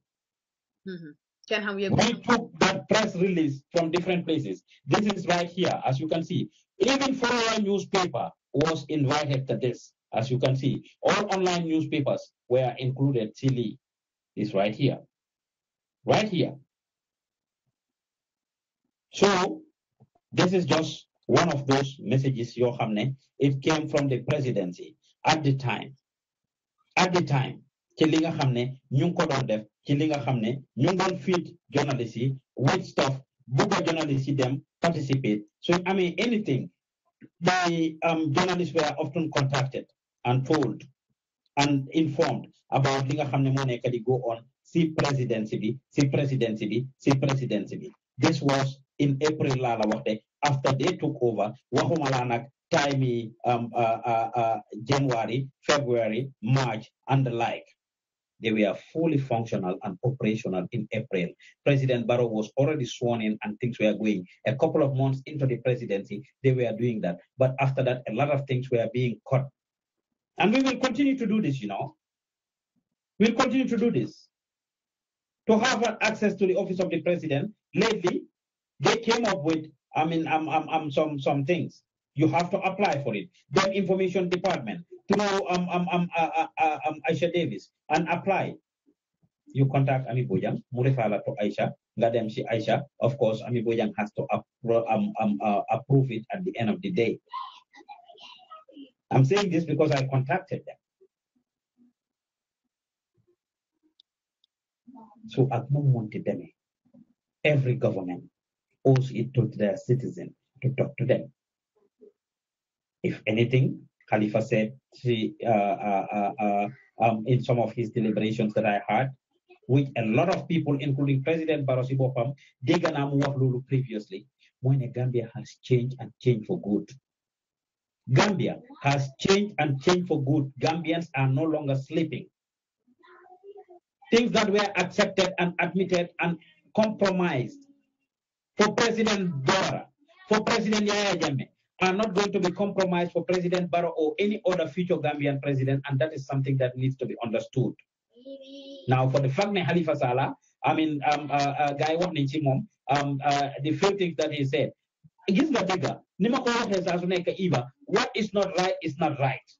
Mm-hmm. We took that press release from different places. This is right here, as you can see. Even foreign newspaper was invited to this. As you can see, all online newspapers were included. Chile is right here, right here. So this is just one of those messages, Yohamne. It came from the presidency at the time. At the time, ci li nga xam ne ñu ngi ko doon def ci nga feed with stuff bugg a them participate. So participate mean anything the um, journalists were often contacted unfold and informed about linga nga xam ne go on si presidency bi si presidency bi si presidency bi this was in April laa la after they took over waxuma laa nag time yi um, uh, uh, uh, January February March and the like they were fully functional and operational in April. President Barrow was already sworn in and things were going. A couple of months into the presidency, they were doing that. But after that, a lot of things were being cut and we will continue to do this, you know. We'll continue to do this. To have access to the office of the president, lately, they came up with, I mean, um, um, um, some, some things. You have to apply for it. The information department through um, um, um, uh, uh, uh, um, Aisha Davis and apply. You contact Ami Bojang, mu to Aisha, nga Aisha. Of course, Ami Bojang has to appro- um, um, uh, approve it at the end of the day. I'm saying this because I contacted them. So wanted them. every government owes it to their citizen to talk to them. If anything, Khalifa said uh, uh, uh, uh, um, in some of his deliberations that I had, which a lot of people, including President Barossi Bopam, Deganamu previously, when Gambia has changed and changed for good. Gambia has changed and changed for good. Gambians are no longer sleeping. Things that were accepted and admitted and compromised for President Dora, for President Yaya Jammeh, are not going to be compromised for President Barrow or any other future Gambian president, and that is something that needs to be understood. Now, for the fact that Halifa Salah, I mean, um, uh, uh, guy, what um, uh, the few things that he said, Against the bigger. What is not right is not right.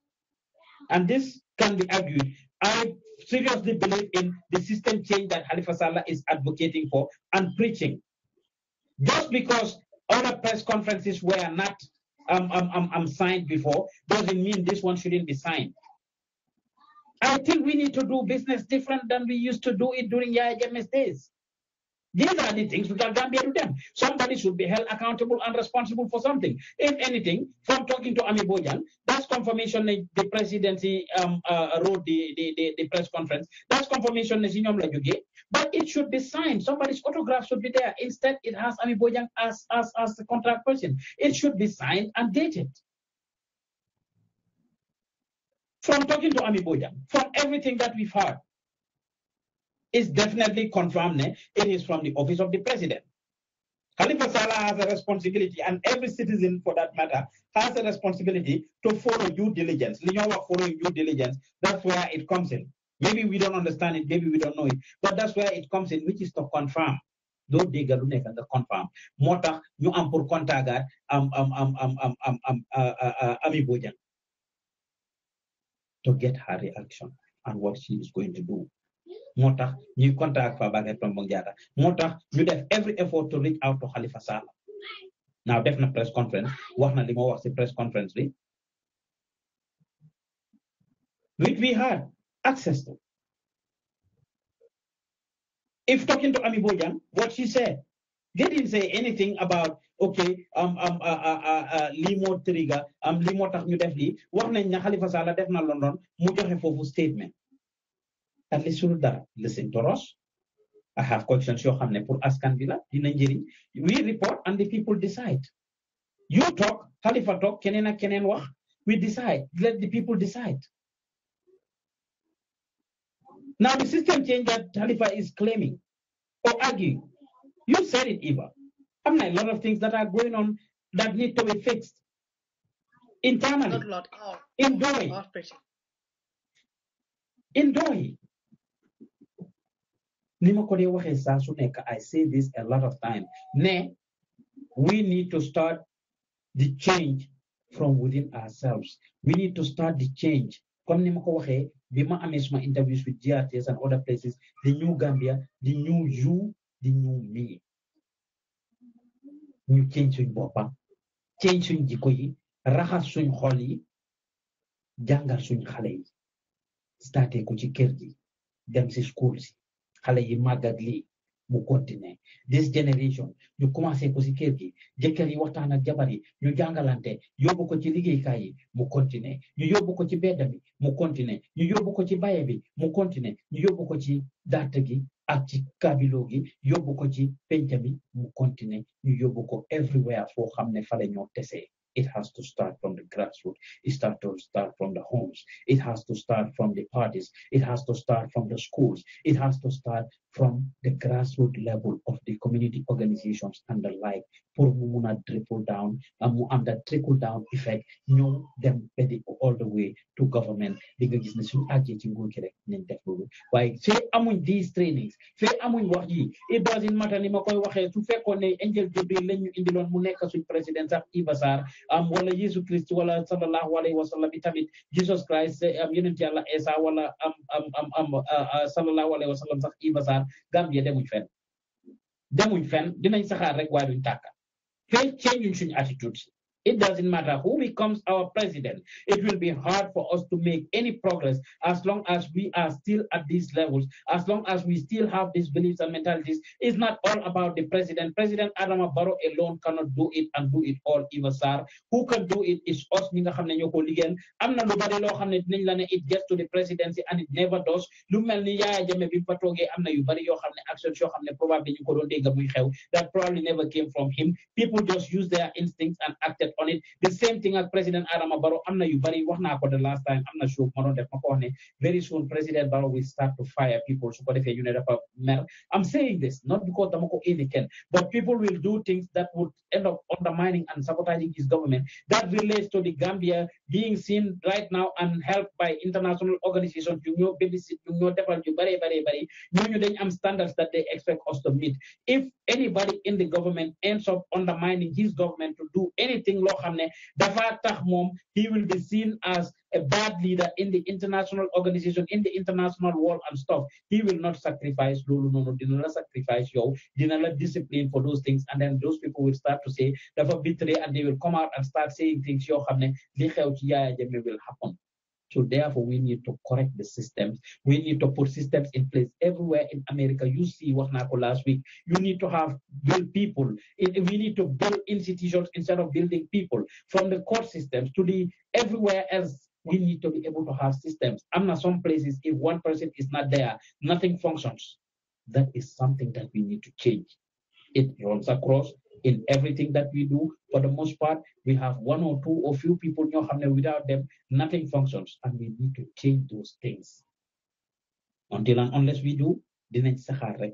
And this can be argued. I seriously believe in the system change that Halifa Saleh is advocating for and preaching. Just because other press conferences were not um, um, um, um, signed before doesn't mean this one shouldn't be signed. I think we need to do business different than we used to do it during Yahya Jammeh's days. These are the things which are Gambian them. Somebody should be held accountable and responsible for something. If anything, from talking to Ami Bojan, that's confirmation the presidency um, uh, wrote the, the, the, the, press conference. That's confirmation but it should be signed. Somebody's autograph should be there. Instead, it has Ami Bojan as, as, as the contract person. It should be signed and dated from talking to Ami Bojan, from everything that we've heard, is definitely confirmed. Eh? It is from the office of the president. Khalifa Salah has a responsibility, and every citizen for that matter has a responsibility to follow due diligence. Linyowa following due diligence, that's where it comes in. Maybe we don't understand it, maybe we don't know it, but that's where it comes in, which is to confirm. doo dégg lu nekk confirm moo tax am pour am am am am am am am uh, uh, uh, Ami to get her reaction and what she is going to do moo tax contact ak Fabakary Tombong Jatta moo tax ñu def every effort to reach out to Halifa Sala. now def na press conference wax na li moo wax si press conference bi which we had access to if talking to Ami Bojang what she said they didn't say anything about okay um um uh, uh, uh, lii moo trigger am um, lii moo tax ñu def lii wax nañ ne Halifa Sala, def na London mu joxe foofu statement tali suñu dara le seen I have questions You have ne pour askan bi la we report and the people decide you talk Khalifa talk keneen ak keneen we decide let the people decide now the system change that Khalifa is claiming or arguing you said it Eva I mean, a lot of things that are going on that need to be fixed internally Not a lot. Oh. in Doi oh, in Doi I say this a lot of time ne we need to start the change from within ourselves we need to start the change Come ni ma ko waxee bi ma interviews with GRTS and other places the new Gambia the new you the new me New change in boppa change in jikko yi raxas suñ xol yi jàngal suñ xale yi starté dem si school xale yi màggat lii mu continuer this generation ñu commencé ko si kër gi jëkkër yi waxtaan ak jabar yi ñu jàngalante yobu ko ci liggéeykaay yi mu continuer ñu yóbbu ko ci bedda bi mu continuer ñu yobu ko ci baye bi mu continuer ñu yóbbu ko ci daata gi ak ci kabiloo gi yóbbu ko ci penca bi mu continuer ñu yobu ko everywhere foo xam ne fale ñoo tesee It has to start from the grassroots. It has to start from the homes. It has to start from the parties. It has to start from the schools. It has to start from the grassroots level of the community organizations and the like. Poor mu trickle down, and am the trickle down effect know them ba all the way to government di nga gis ne suñu àggee ci nguur gi rek nañ def these trainings I'm with yi it doesn't matter I'm koy waxee su fekkoon ne Angel to be ñu indiloon mu nekk suñ président sax Ibasar. am wala Yesu Christ wala sallallahu alayhi wa sallam tamit Jesus Christ eh, am yonent yàlla Isa wala am am am am eh, eh, sallallahu alayhi wa sallam sax Iba Sarr Gambia demuñ fenn demuñ fenn dinañ saxaar rek waaye duñ tàkka fee change suñu attitude It doesn't matter who becomes our president. It will be hard for us to make any progress as long as we are still at these levels, as long as we still have these beliefs and mentalities. It's not all about the president. President Adama Barrow alone cannot do it and do it all, Ivasar. Who can do it is us, ñi nga ne ñoo ko am na lu bari loo ne it gets to the presidency and it never does. bi am na ne ne probably that probably never came from him. People just use their instincts and acted on it the same thing as président Adama Barrow am not yu buddy. What naa the last time i am not sure. ma doon very soon président Barrow will start to fire people So, ko defee ñu ne I'm saying this not because dama ko indi but people will do things that would end up undermining and sabotaging his government that relates to the Gambia being seen right now and helped by international organizations yu ñoo babysit yu ñoo Very, very, very. bari bari Then i am standards that they expect us to meet if anybody in the government ends up undermining his government to do anything loo xam dafa tax moom he will be seen as a bad leader in the international organization in the international world and stuff he will not sacrifice loolu noonu dina la sacrifice yow dina la discipline for those things and then those people will start to say dafa betray and they will come out and start saying things Yo, xam ne li xew ci Yaya Jammeh will happen so therefore, we need to correct the systems. We need to put systems in place everywhere in America. You see what happened last week. You need to have build people. We need to build institutions instead of building people. From the court systems to the everywhere else we need to be able to have systems. I'm not some places, if one person is not there, nothing functions. That is something that we need to change. It runs across in everything that we do. For the most part, we have one or two or few people in your family. Without them, nothing functions, and we need to change those things. Until and unless we do, dinañ saxaar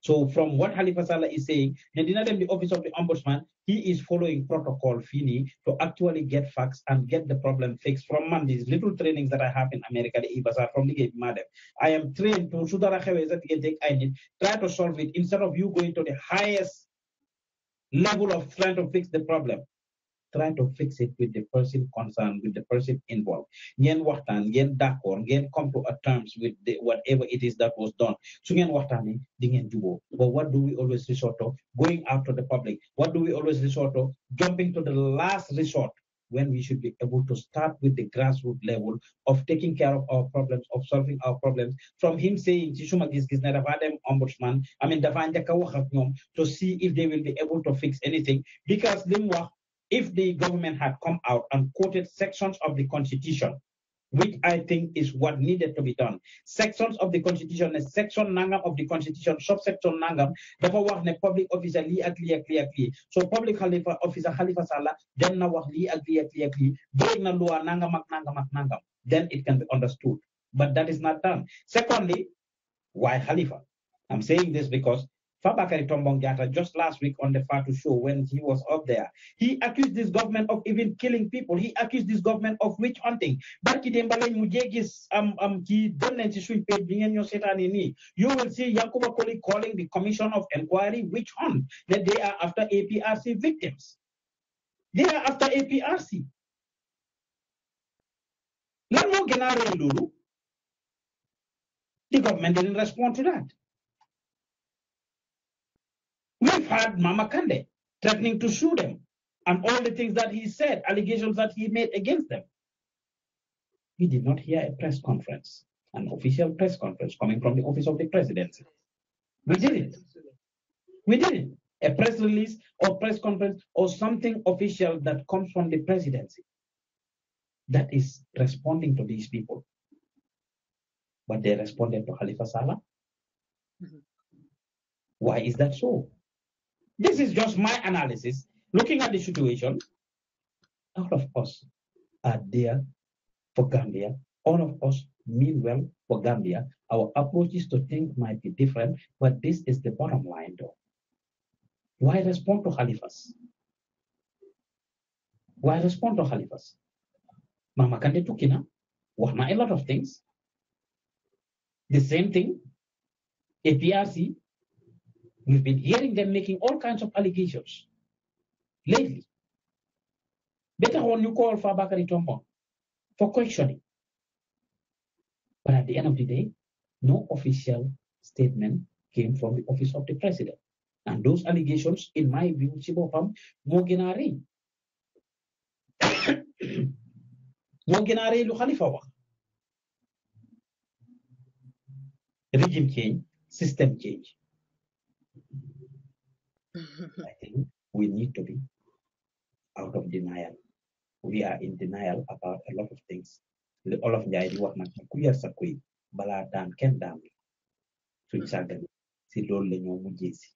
so from what Halifa Sallah is saying ne dina the office of the ombudsman he is following protocol Fini to actually get facts and get the problem fixed from Mondays. Little trainings that I have in America, the EBAS are from the madam. I am trained to I need try to solve it instead of you going to the highest level of trying to fix the problem try to fix it with the person concerned, with the person involved. Ngeen waxtaan, ngeen d'accord, ngeen come to a terms with the, whatever it is that was done. Su ngeen waxtaanee di ngeen juboo. But what do we always resort to? Going after the public. What do we always resort to? Jumping to the last resort when we should be able to start with the grassroots level of taking care of our problems, of solving our problems. From him saying, Chishuma gis gis them ombudsman, I mean, to see if they will be able to fix anything. Because limwa, if the government had come out and quoted sections of the constitution which I think is what needed to be done. Sections of the constitution, section nangam of the constitution, subsection nangam, dafa wax ne public officer li ak li ak li li. So public Khalifa, officer Khalifa sala then na wax li ak li ak li ak li. na nangam ak nangam ak nangam. Then it can be understood. But that is not done. Secondly, why Khalifa? I'm saying this because Fabakari Tombongiata just last week on the Fatu show when he was up there. He accused this government of even killing people. He accused this government of witch hunting. Barki Dembalen Mujegis, um, um, you will see Yankuba Koli calling the Commission of Inquiry witch hunt that they are after APRC victims. They are after APRC. The government didn't respond to that. had Mama Kande threatening to sue them and all the things that he said, allegations that he made against them. We did not hear a press conference, an official press conference coming from the office of the presidency. We didn't. We didn't. A press release or press conference or something official that comes from the presidency that is responding to these people. But they responded to Khalifa Salah. Mm -hmm. Why is that so? This is just my analysis. Looking at the situation, all of us are there for Gambia. All of us mean well for Gambia. Our approaches to things might be different, but this is the bottom line, though. Why respond to Khalifas? Why respond to Khalifas? Mama Kande Tukina, a lot of things. The same thing, APRC, We've been hearing them making all kinds of allegations lately. Better when you call for Fabakari Tombon for questioning. But at the end of the day, no official statement came from the office of the president. And those allegations, in my view, Chibopam, Mogenare. Mogenare *coughs* lu Khalifa wax. Regime change, system change. I *laughs* think we need to be out of denial. We are in denial about a lot of things. All of the di wax nag ku yar sa kuy balaa daan kenn daan la suñ si loolu la ñoo mujjee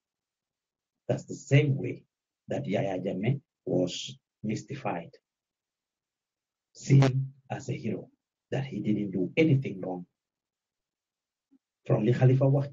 that's the same way that Yaya Jammeh was mystified seen as a hero that he didn't do anything wrong from the Khalifa wax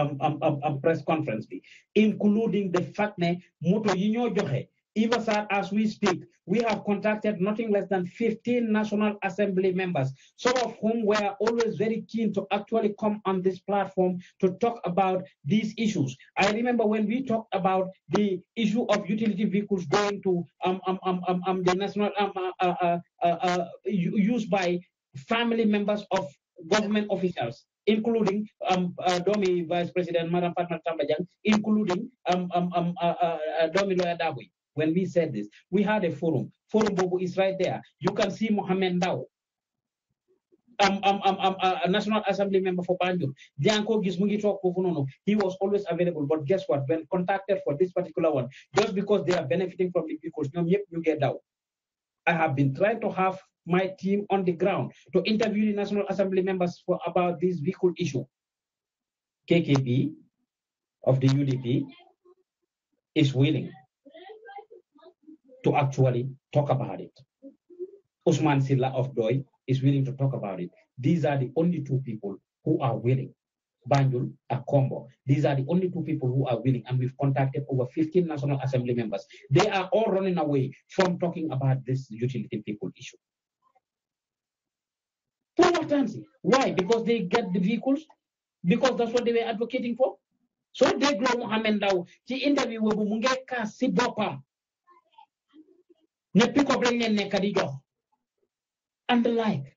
am am am press conference bi including the fact ne moto yi ñoo joxe Even as we speak, we have contacted nothing less than 15 National Assembly members, some of whom were always very keen to actually come on this platform to talk about these issues. I remember when we talked about the issue of utility vehicles going to um, um, um, um, the national um, uh, uh, uh, used by family members of government officials including um, uh, Domi Vice President Madam Fatma Tambajang, including um, um, um, uh, uh, Domi Lawyer Dawi. When we said this, we had a forum. Forum Bobo is right there. You can see Mohamed Ndao, um, um, um, um, uh, National Assembly member for Banjul, Dianko Gizmungi he was always available. But guess what? When contacted for this particular one, just because they are benefiting from the people, you get out. I have been trying to have my team on the ground to interview the National Assembly members for about this vehicle issue. KKP of the UDP is willing to actually talk about it. Usman Silla of Doi is willing to talk about it. These are the only two people who are willing. Banjul and These are the only two people who are willing, and we've contacted over 15 National Assembly members. They are all running away from talking about this utility people issue. Plenty times. Why? Because they get the vehicles, because that's what they were advocating for. So they grow Mohammed Daw ci interview boobu mu ngi kaas and the like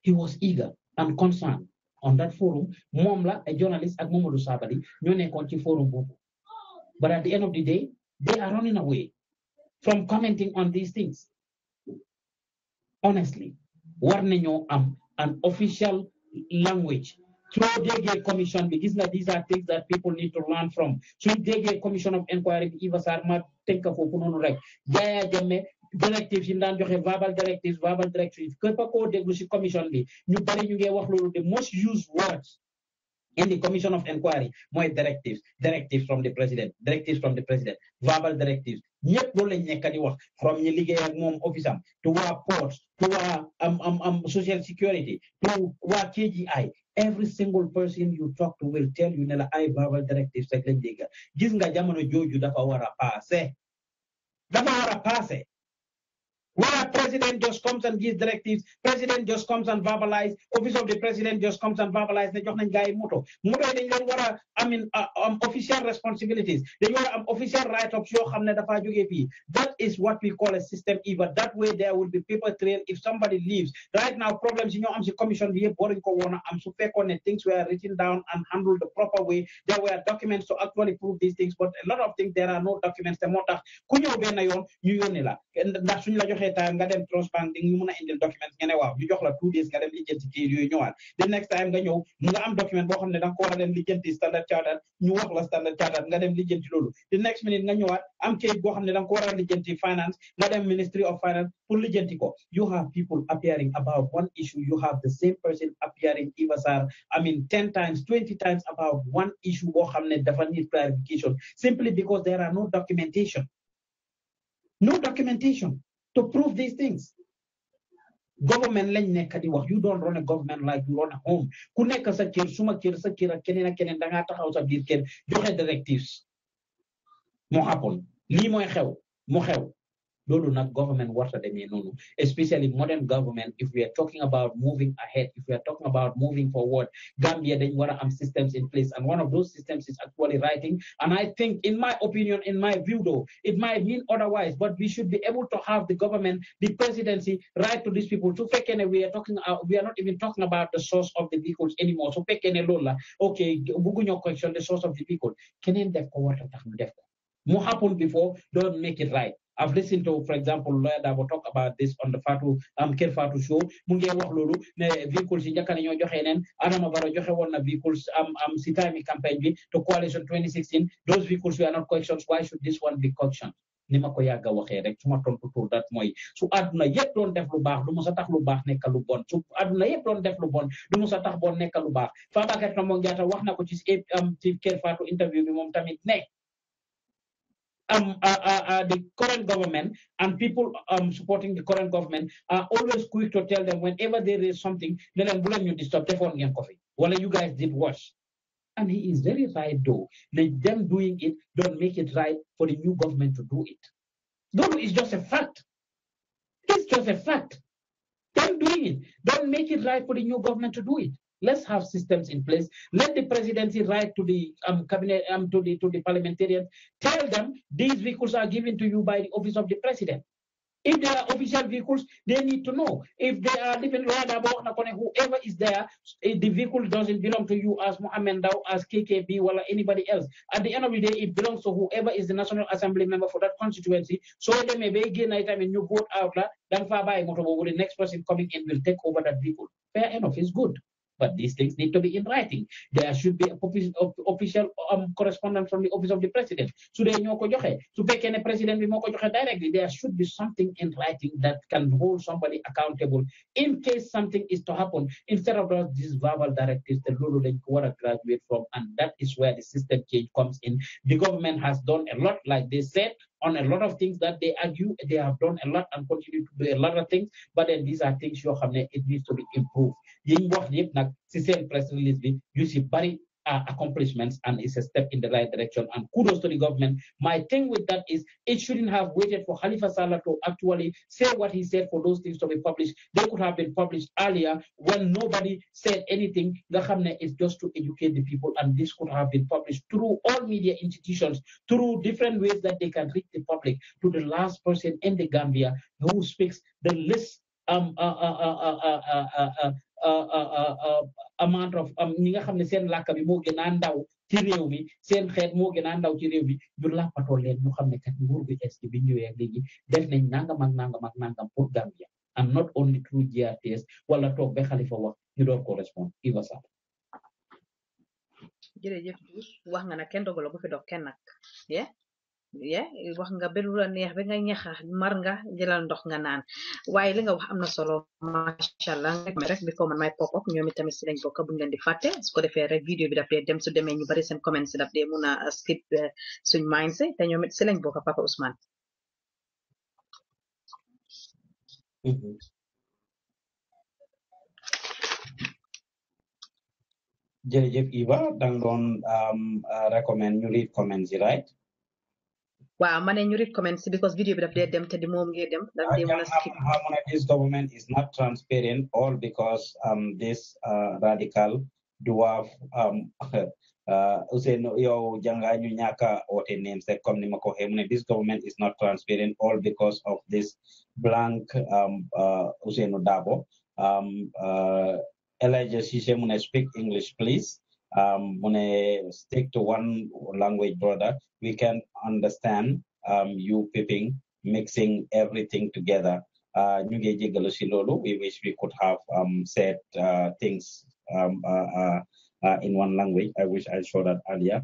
he was eager and concerned on that forum moom a journalist ak Momodou Sabali forum but at the end of the day they are running away from commenting on these things honestly war nañoo am um, an official language soo déggee commission bi gis na these are things that people need to learn from suñ déggee commission of inquiry bi Eva Sarr ma teg ko foofu noonu rek Yahya Jammeh directives yi ñu daan joxe verbal directives verbal directives képp koo déglu si commission bi ñu bari ñu ngi wax loolu the most used words in the commission of inquiry mooy directives directives from the president directives from the president verbal directives ñëpp loolu lañ nekk di wax from ñi liggéey ak moom office am to waa port to waa am am am social security to waa KGI every single person you talk to will tell you ne la ay verbal directives rek lañ dégg gis nga jamono jooju dafa war a passé dafa war a passé a president just comes and gives directives, president just comes and verbalize, office of the president just comes and verbalize, ne jox guy moto. Moto yi mean uh, um, official responsibilities. Dañ war um, official right of yoo That is what we call a system even. That way there will be paper trail if somebody leaves. Right now problems in your am The commission bi yëpp waruñ ko i am super fekkoon things were written down and handled the proper way. There were documents to actually prove these things but a lot of things there are no documents te moo tax time nga dem transparent ñu mën a document nga waaw ñu jox la two days nga dem lijjanti kayit yooyu ñëwaat the next time nga ñëw nga am document boo xam ne danga ko war a dem lijjanti standard chartered ñu wax la standard chartered nga dem lijjanti loolu the next minute nga ñëwaat am kayit boo xam ne danga ko war a finance nga dem ministry of finance pour lijjanti ko you have people appearing about one issue you have the same person appearing Eva I mean ten times twenty times about one issue boo xam dafa need clarification simply because there are no documentation no documentation to prove these things government lañ nekk di wax you don't run a government like you run a home ku nekk sa kër suma kër sa kër ak keneen ak keneen dangaa taxaw sa biir kër joxe directives moo happen lii mooy xew mu xew loolu nag government warta demee noonu especially modern government if we are talking about moving ahead if we are talking about moving forward Gambia dañ war a am systems in place and one of those systems is actually writing and I think in my opinion in my view though it might mean otherwise but we should be able to have the government the presidency write to these people to fekkee ne we are talking uh, we are not even talking about the source of the vehicles anymore So fekkee Lola, loolu la ok question the source of the vehicle keneen def ko warta tax ñu def ko mu happen before don't make it right I've listened to, for example, lawyer that will talk about this on the Fatu, um, Ker Fatu show. Mu ngee wax loolu ne vehicles yi njëkk na ñoo joxe neen Adama Barrow joxe woon na vehicles am um, am um, si time campaign bi to coalition 2016 those vehicles were not collections why should this one be collection ni ma ko yàgg a waxee rek su ma tontu tuur dat mooy su àdduna yëpp doon def lu baax du musa tax lu baax nekk lu bon su àdduna yëpp doon def lu bon du musa tax bon nekk lu baax Fabakary Tombong Jatta wax na ko ci am um, ci Ker Fatu interview bi moom tamit ne um, uh, uh, uh, the current government and people um, supporting the current government are always quick to tell them whenever there is something, then going you disturb telephone and coffee. Well, you guys did worse. And he is very right, though. Let them doing it don't make it right for the new government to do it. No, it's just a fact. It's just a fact. Don't do it. Don't make it right for the new government to do it. Let's have systems in place. Let the presidency write to the um, cabinet, um, to the to the parliamentarians. Tell them these vehicles are given to you by the office of the president. If they are official vehicles, they need to know. If they are living roundabout, whoever is there, eh, the vehicle doesn't belong to you as Mohammed Dao, as KKB, or anybody else. At the end of the day, it belongs to whoever is the National Assembly member for that constituency. So they may be again, I and you vote out, then far by the next person coming in will take over that vehicle. Fair enough, it's good. But these things need to be in writing. There should be official um, correspondence from the office of the president. To the new ko joxe su fekkee président be more ko directly there should be something in writing that can hold somebody accountable in case something is to happen instead of these verbal directives The Lulu dañ ko graduate from and that is where the system change comes in. The government has done a lot like they said on a lot of things that they argue they have done a lot and continue to do a lot of things but then these are things you have. it needs to be improved press release accomplishments and it's a step in the right direction. And kudos to the government. My thing with that is it shouldn't have waited for Khalifa Salah to actually say what he said for those things to be published. They could have been published earlier when nobody said anything. The Ghamne is just to educate the people, and this could have been published through all media institutions, through different ways that they can reach the public to the last person in the Gambia who speaks the least um, uh, uh, uh, a of am ñi nga xam ne seen làkk bi moo gën a ndaw ci réew mi seen xeet moo gën ndaw ci réew mi ñu làppatoo leen ñu xam ne kat nguur gu est bi ñëwee ak léegi def nañ nangam ak nangam ak nangam pour Gambia and not only through GRTS wala toog ba Halifa wax ñu correspond Iba Sarr jërëjëf wax nga na kenn dogaloo bu fi doog kenn nag ya wax nga be lu la neex be nga ñaxa mar nga jëlal ndox nga naan waye li nga wax amna solo macha allah me rek biko man may pop up ñoomi tamit ci lañ bokk buñu leen di faté su ko défé rek vidéo bi daf dem su démé ñu bari seen comment ci daf dé mëna uh, skip uh, suñ mindset té ñoomi ci lañ bokk papa Ousmane. Mm-hmm. jërëjëf Iba dang doon um, uh, recommend ñu read comments yi right waaw many new ñu because video bi daf dee dem te di moom ngee dem daf dee mën skip this government is not transparent all because um this uh, radical duwaaf um *laughs* uh, Ousseynou names ni this government is not transparent all because of this blank um uh, Dabo um uh, Elijah speak English please um, when I stick to one language product, we can understand um, you pipping, mixing everything together. Uh, we wish we could have um, said uh, things um, uh, uh, uh in one language. I wish I showed that earlier.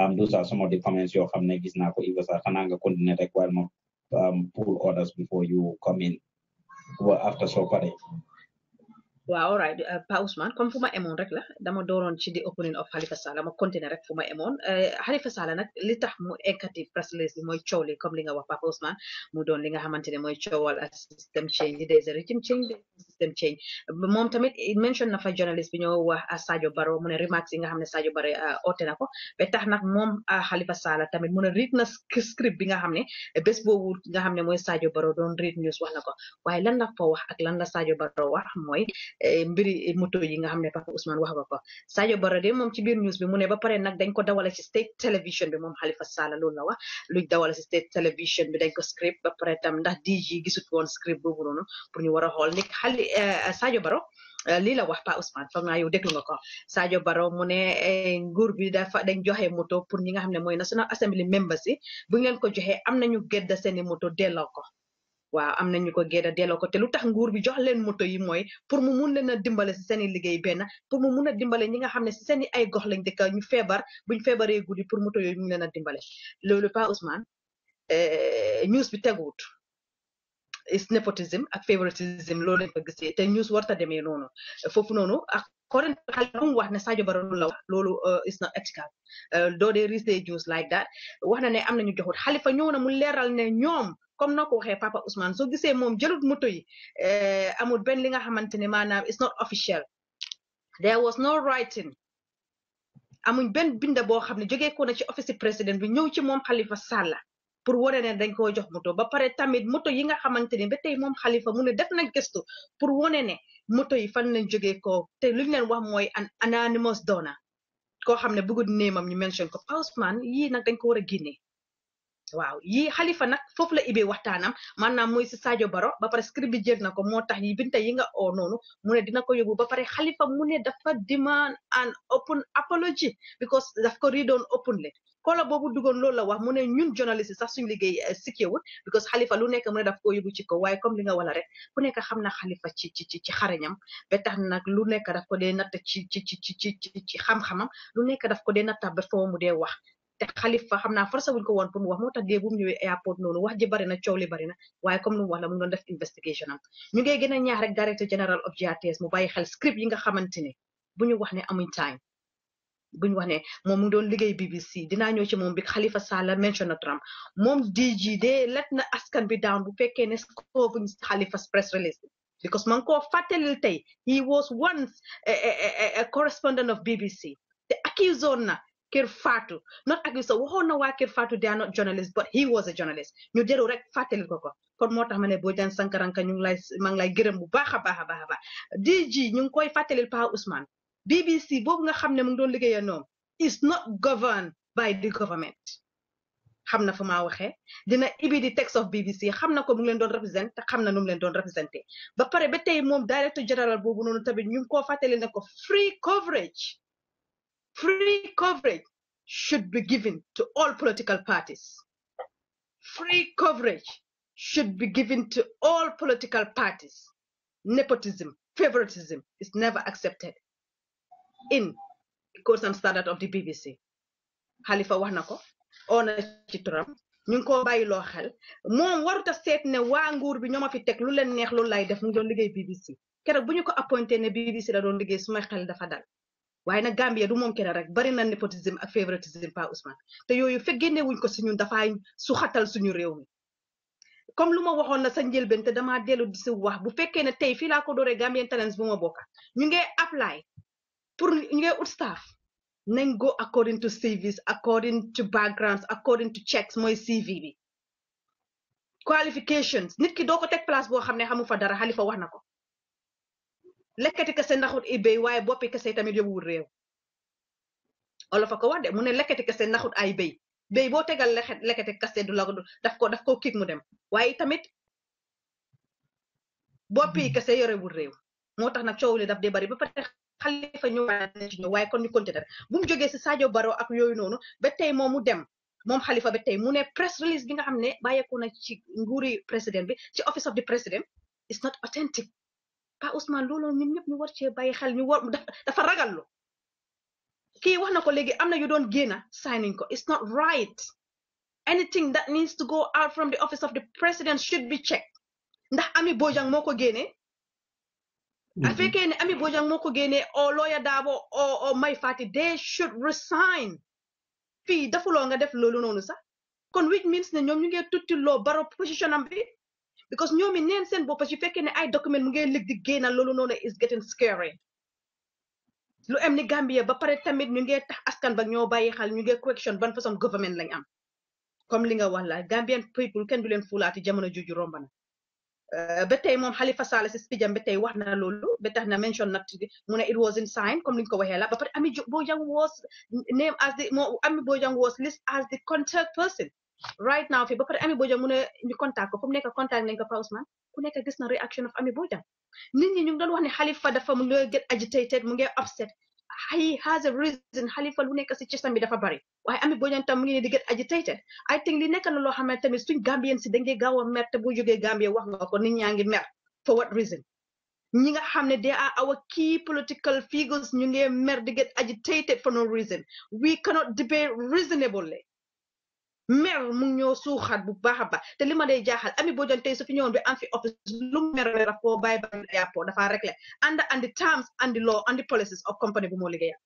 Um, those are some of the comments you have made. Even Sananga coordinate requirement um, pull orders before you come in. Well, after so waaw right euh, Pa Ousmane comme fu ma emoon rek la dama dooroon ci di opening of Halifa Sallah ma continuer rek fu ma emoon euh, Halifa Sallah nag li tax mu ekkati press mooy coow li comme li nga wax Papa Ousmane mu doon li nga xamante ne mooy coowal system change there is a regime change system change moom tamit mention na fa journalist bi ñoo wax ah, Sadio Barrow mu ne remarks yi nga xam ne Sadio Barrow ah, oote na ko ba tax nag moom ah, Halifa Sallah tamit mu ne read na script bi nga xam ne bés boobu nga xam ne mooy Sadio Barrow doon read news wax na ko waaye lan la fa wax ak lan la Sadio Barrow wax mooy Eh, mbiri eh, moto yi nga xamne Papa Ousmane wax nga ko Sadio Barrow de moom ci biir news bi mu ne ba pare nak dañ ko dawal ci state television bi mom khalifa Sallah lool la wax luy dawal ci state television bi dañ ko script ba pare tam ndax DG gisut won script bobu non pour ñu wara xol xool nik xali eh, Sadio Barrow li la wax Pa Ousmane foog naa yow deglu nga ko Sadio Barrow mu ne nguur bi dafa dañ joxe moto pour ñi nga xamne moy National Assembly members yi bu ngeen ko joxe amna ñu gëdd seen moto delloo ko waaw am na ñu ko gën a delloo ko te lu tax nguur bi jox leen moto yi mooy pour mu mun leen a dimbale si seen i liggéey benn pour mu mun a dimbale ñi nga xam ne si seen ay gox lañ dëkk ñu feebar buñ feebaree guddi pour moto yooyu mun leen a dimbale loolu Pa Ousmane eh, news bi teguwut is nepotism ak favoritism loolu lañ ko gisee te news warta demee noonu foofu noonu ak According to Halung was na sajo baro law lolu uh, is not ethical. Uh, do they reach their Jews Wax na ne am nañu joxut Halifa ñëw na mu leeral ne ñoom comme noo ko waxee Papa Ousmane soo gisee moom jëlut moto yi uh, amul benn li nga xamante ne maanaam it's not official. There was no writing. amuñ benn binda boo xam ne jógee ko na ci office président bi ñëw ci moom Halifa Sallah pour wane ne dañ koo jox moto ba pare tamit moto yi nga xamante ni ba tey moom xalifa mu ne def na gëstu pour wane ne moto yi fan lañ jógee koo te lu ñu leen wax mooy an anonymous donor koo xam ne bëggul néemam ñu mention ko Ousmane yii na dañ ko war a génnee waaw yi Halifa nag foofu la ibee waxtaanam maanaam mooy si Sadio Baro ba pare script bi jël na ko moo tax yi binta yi nga oo noonu mu ne dina ko yóbbu ba pare Halifa mu ne dafa demand an open apology because daf ko ridoon openly koola boobu duggoon loolu la wax mu ne ñun journaliste sax suñu liggéey eh, sikkewut because xalifa lu nekk mu ne daf ko yóbbu ci ko waaye comme li nga wala rek fu nekk xam na Halifa ci ci ci ci xarañam ba tax nag lu nekk daf ko dee natt ci ci ci ci ci ci xam lu nekk daf ko dee natt ba mu dee wax تخلف xalifa فرصة naa force وهم تجيبون woon pour mu واحد جبرنا tax برينا وياكم نو ñëwee من عندك إنفستيجيشن ji bari na coow li bari na waaye comme nu mu wax la mu ngi doon def investigation am ñu ngi gën a ñaax rek directeur général of GRTS mu bàyyi xel script yi nga xamante دي bu ñu wax ne amuñ time bu ñu wax ne moom BBC because Manko koo he was once a correspondent of BBC The accused woon Kër not ak so waxoon na waa Kër they are not journalists but he was a journalist ñu jëru rek fàttali koko. ko kon moo tax ma ne Bojang Sankaranka ñu ngi lay maa ngi lay gërëm bu baax a baax a DG ñu ngi koy Pa Ousmane BBC boobu nga xam ne mu ngi doon is not governed by the government xam na fa maa dina ibi the text of BBC xam na ko mu ngi leen doon représenté te xam na nu mu leen doon représenté ba pare ba tey moom général boobu noonu tamit ñu ngi koo fàttali free coverage Free coverage should be given to all political parties. Free coverage should be given to all political parties. Nepotism, favoritism is never accepted. In the course and standard of the BBC. Halifa Wahnako, Ona Chitram, ñu ngi ko bàyyiloo xel moom warut a seet ne waa nguur bi ñoo ma fi teg BBC keroog bu ñu ne BBC da doon liggéey suma xel dafa dal waaye nag Gambie du moom kenn rek bari na népotisme ak favoritisme pa Ousmane te yooyu fekk génne wuñ ko si ñun dafay su xatal suñu réew mi comme lu ma waxoon na sa njëlbeen te damaa dellu di si wax bu fekkee ne tey fii laa ko dooree Gambian Talents bu ma bokka ñu ngi apply pour ñu ngi ut staff nañ go according to CVs according to backgrounds according to checks mooy CV bi qualifications nit ki doo ko teg place boo xam ne xamu fa dara Halifa wax na ko lekkati kese naxut ay béy waaye boppi kese tamit yóbbuwul réew olof a ko wax de mu ne lekkati kese naxut ay béy béy boo tegal lekkati kese du la daf ko daf ko kik mu dem waaye tamit boppi kese yorewul réew moo tax nag coow daf de bari ba pare xalifa ñu ci ñëw waaye kon ñu continuer bu mu jógee si Sadio Baro ak yooyu noonu ba tey moom dem moom xalifa ba tey mu ne press release bi nga xam ne bàyyeeku na ci nguuri président bi ci office of the president is not authentic pa Ousmane looloo ñun ñëpp ñu war cee bàyyi xel ñu war dafa ragallu kii wax na am na yu doon génn signing ko it's not right anything that needs to go out from the office of the president should be checked ndax Ami Bojang moo ko génnee mm-hmm. a fekkee ne Ami Bojang moo ko génnee o Lawyer Darboe o Mai Fatty they should resign fii dafuloo nga def loolu noonu sax kon which means ne ñoom ñu ngi tutti baro position am because new it neen seen bopp su fekkee ne ay document mu ngi lig di and Lolo Nona is getting scary lu am ni Gambia ba pare tamit ñu ngi tax askan ba ñoo bàyyi xel ñu ngi question ban façon government lañ am comme li nga wax la Gambian people kenn du leen fulaati jamono jooju romb na euh, ba tey moom Halifa Sallah si spijam ba tey wax na loolu ba tax na mention nag mu ne it was in sign comme liñ ko waxee la ba pare Ami Bojang was name as the Ami Bojang was list as the contact person right now fii ba pare Ami Bojang mu ne ñu contact ko fu mu nekk contact nañ ko Pa Ousmane ku nekk gis na réaction of Ami Bojang nit ñi ñu ngi doon wax ne Halifa dafa mu get agitated mu upset he has a reason Khalifa, lu nekk si cësam bi dafa bari waaye Ami Bojang tam mu ngi di get agitated I think li nekk na loo xamante tamit suñ Gambien si da ngay gaaw mer te bu Gambie wax nga ko nit mer for what reason ñi nga xam they are our key political figures ñu mer di get agitated for no reason we cannot debate reasonably mer mu ñoo suxat bu baax ba te lima day jaaxal ami bo jon tey su fi bi am fi office lu mer mer daf bay bàyyi ba airport dafa régler and and the terms and the law and the policies of company bu moo liggéeya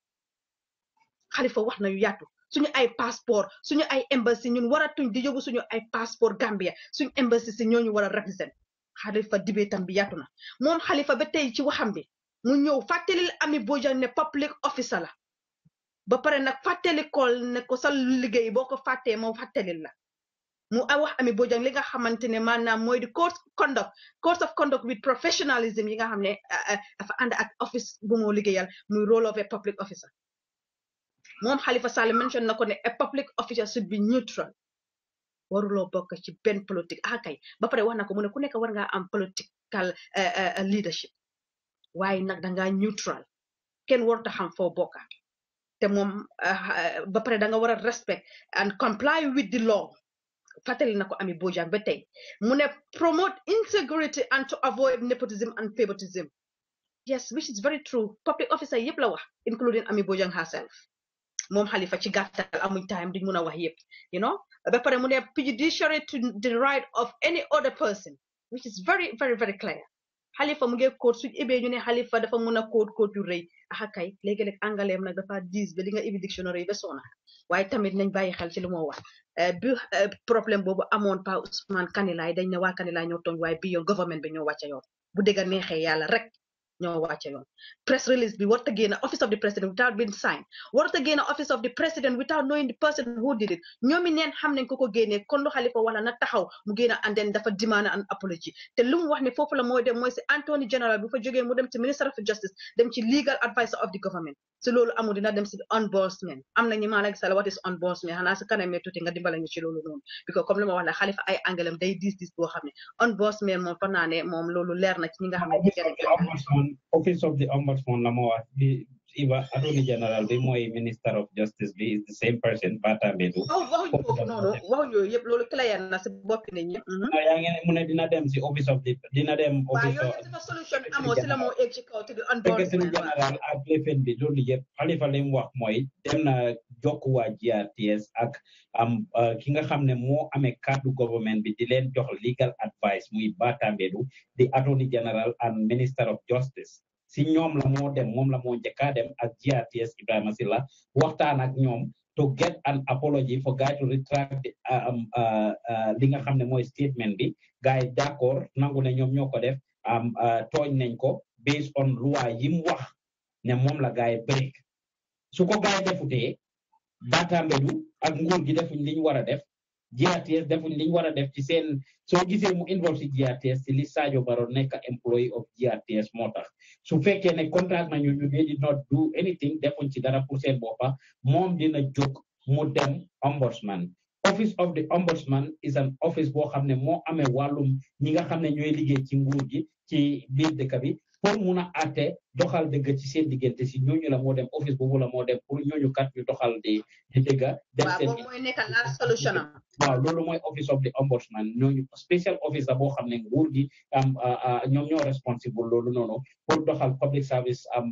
khalifa wax na yu yatu suñu ay passeport suñu ay embassy ñun waratuñ di jogu suñu ay passeport Gambia suñu embassy ci ñoo ñu wara represent khalifa dibé tam bi yatuna na khalifa ba tay ci waxam bi mu ñew fatelil ami boo public officer la ba pare nag fàttalikool ne ko sa liggéey boo ko fàttee moom fàttalil la mu wax Ami Bojang li nga xamante ne maanaam di code conduct course of conduct with professionalism yi nga xam ne dafa ànd ak office bu mu liggéeyal muy role of a public officer Mom Halifa Sallah mention na ne a public officer should be neutral waruloo bokk ci benn politique ah kay ba pare wax na mu ne ku nekk war ngaa am political leadership waaye nag dangaa neutral Ken warut a xam foo bokka te moom ah, ah, ba pare da nga war respect and comply with the law fàttali na Ami Bojang ba tey mu ne promote integrity and to avoid nepotism and favoritism yes which is very true public officer yëpp la wax including Ami Bojang herself moom Halifa ci gàttal amuñ time duñ mun wax yëpp you know ba pare mu ne prejudiciary to the right of any other person which is very very very clear xalifa mu ngi kóot suñ ibee ñu ne xalifa dafa mun a kóot kóot yu a axa kay léegi-léeg angaleem nag dafa diis ba li nga ibi dictionnaire yi soona waaye tamit nañ bàyyi xel ci lu moo wax eh, bi eh, problème boobu amoon pa Ousmane Kanilaay dañ ne waa Kanilaay ñoo tooñ waaye bi yoon gouvernement bi ñoo wàcce yoon bu dëgg neexee yàlla rek ñoo wàcce yoon press release be what again? office of the president without being signed What again? office of the president without knowing the person who did it ñoomi neen xam nañ ko ko génnee kon lu Halifa wala na taxaw mu génn and then dafa demand an apology te lu mu wax ne foofu la mooy dem mooy si Anthony general bu fa jógee mu dem ci minister of justice dem ci legal adviser of the government si loolu amul dina dem si ombudsman am na ñu maa la gisal what is ombudsman xanaa si kanamee tuuti nga dimbala ñu ci loolu noonu because comme lu ma wax la Halifa ay angalam day diis diis boo xam ne mo moom fa naa ne moom leer na ci ñi nga xam Office of the Ombudsman Lamoa, Iba Attorney General bi Minister of Justice bi is the same person But oh, mm-hmm. I waaw oh wow, noonu waxuñu yooyu yëpp loolu clair na si bopp nit ñi. yaa ngi ne mu dem si office of the dina dem. office of waaw solution bi amoo si la moo egg ci kaw te du andoon. Secretary General ak PFN bi loolu yëpp Halifa li mu wax mooy dem na jokk waa uh, GRTS ak am ki nga xam ne moo amee kàddu government bi di your legal advice muy Bata Mbeddu di Attorney General and Minister of Justice. si ñoom la moo dem moom la moo njëkka dem ak GRTS Ibrahima la waxtaan ak ñoom to get an apology for guy to a uh, um, uh, uh, li nga xam ne mooy statement bi gars yi d'accord nangu ne ñoom ñoo ko def tooñ nañ ko based on loi yi mu wax ne moom la gars yi break su ko gars yi defutee Bata ak nguur defuñ liñ war a def GRTS defuñ liñ war a def ci seen soo gisee mu involve ci GRTS ci li Sadio Barrow nekk employee of GRTS moo tax su fekkee ne contract nañu ñu they did not do anything defuñ ci dara pour seen boppa moom dina jóg mu dem ombudsman office of the ombudsman is an office boo xam ne moo amee wàllum ñi nga xam ne ñooy liggéey ci nguur gi ci biir dëkk bi pour mun a doxal dëgg ci seen diggante si ñooñu la moo dem office boobu la moo dem pour ñooñu kat ñu doxal di di dëgga dem seen mooy nekk la solution am waaw loolu mooy office of the ombudsman ñooñu special office la boo xam ne nguur gi am ñoom ñoo responsible loolu noonu pour doxal public service am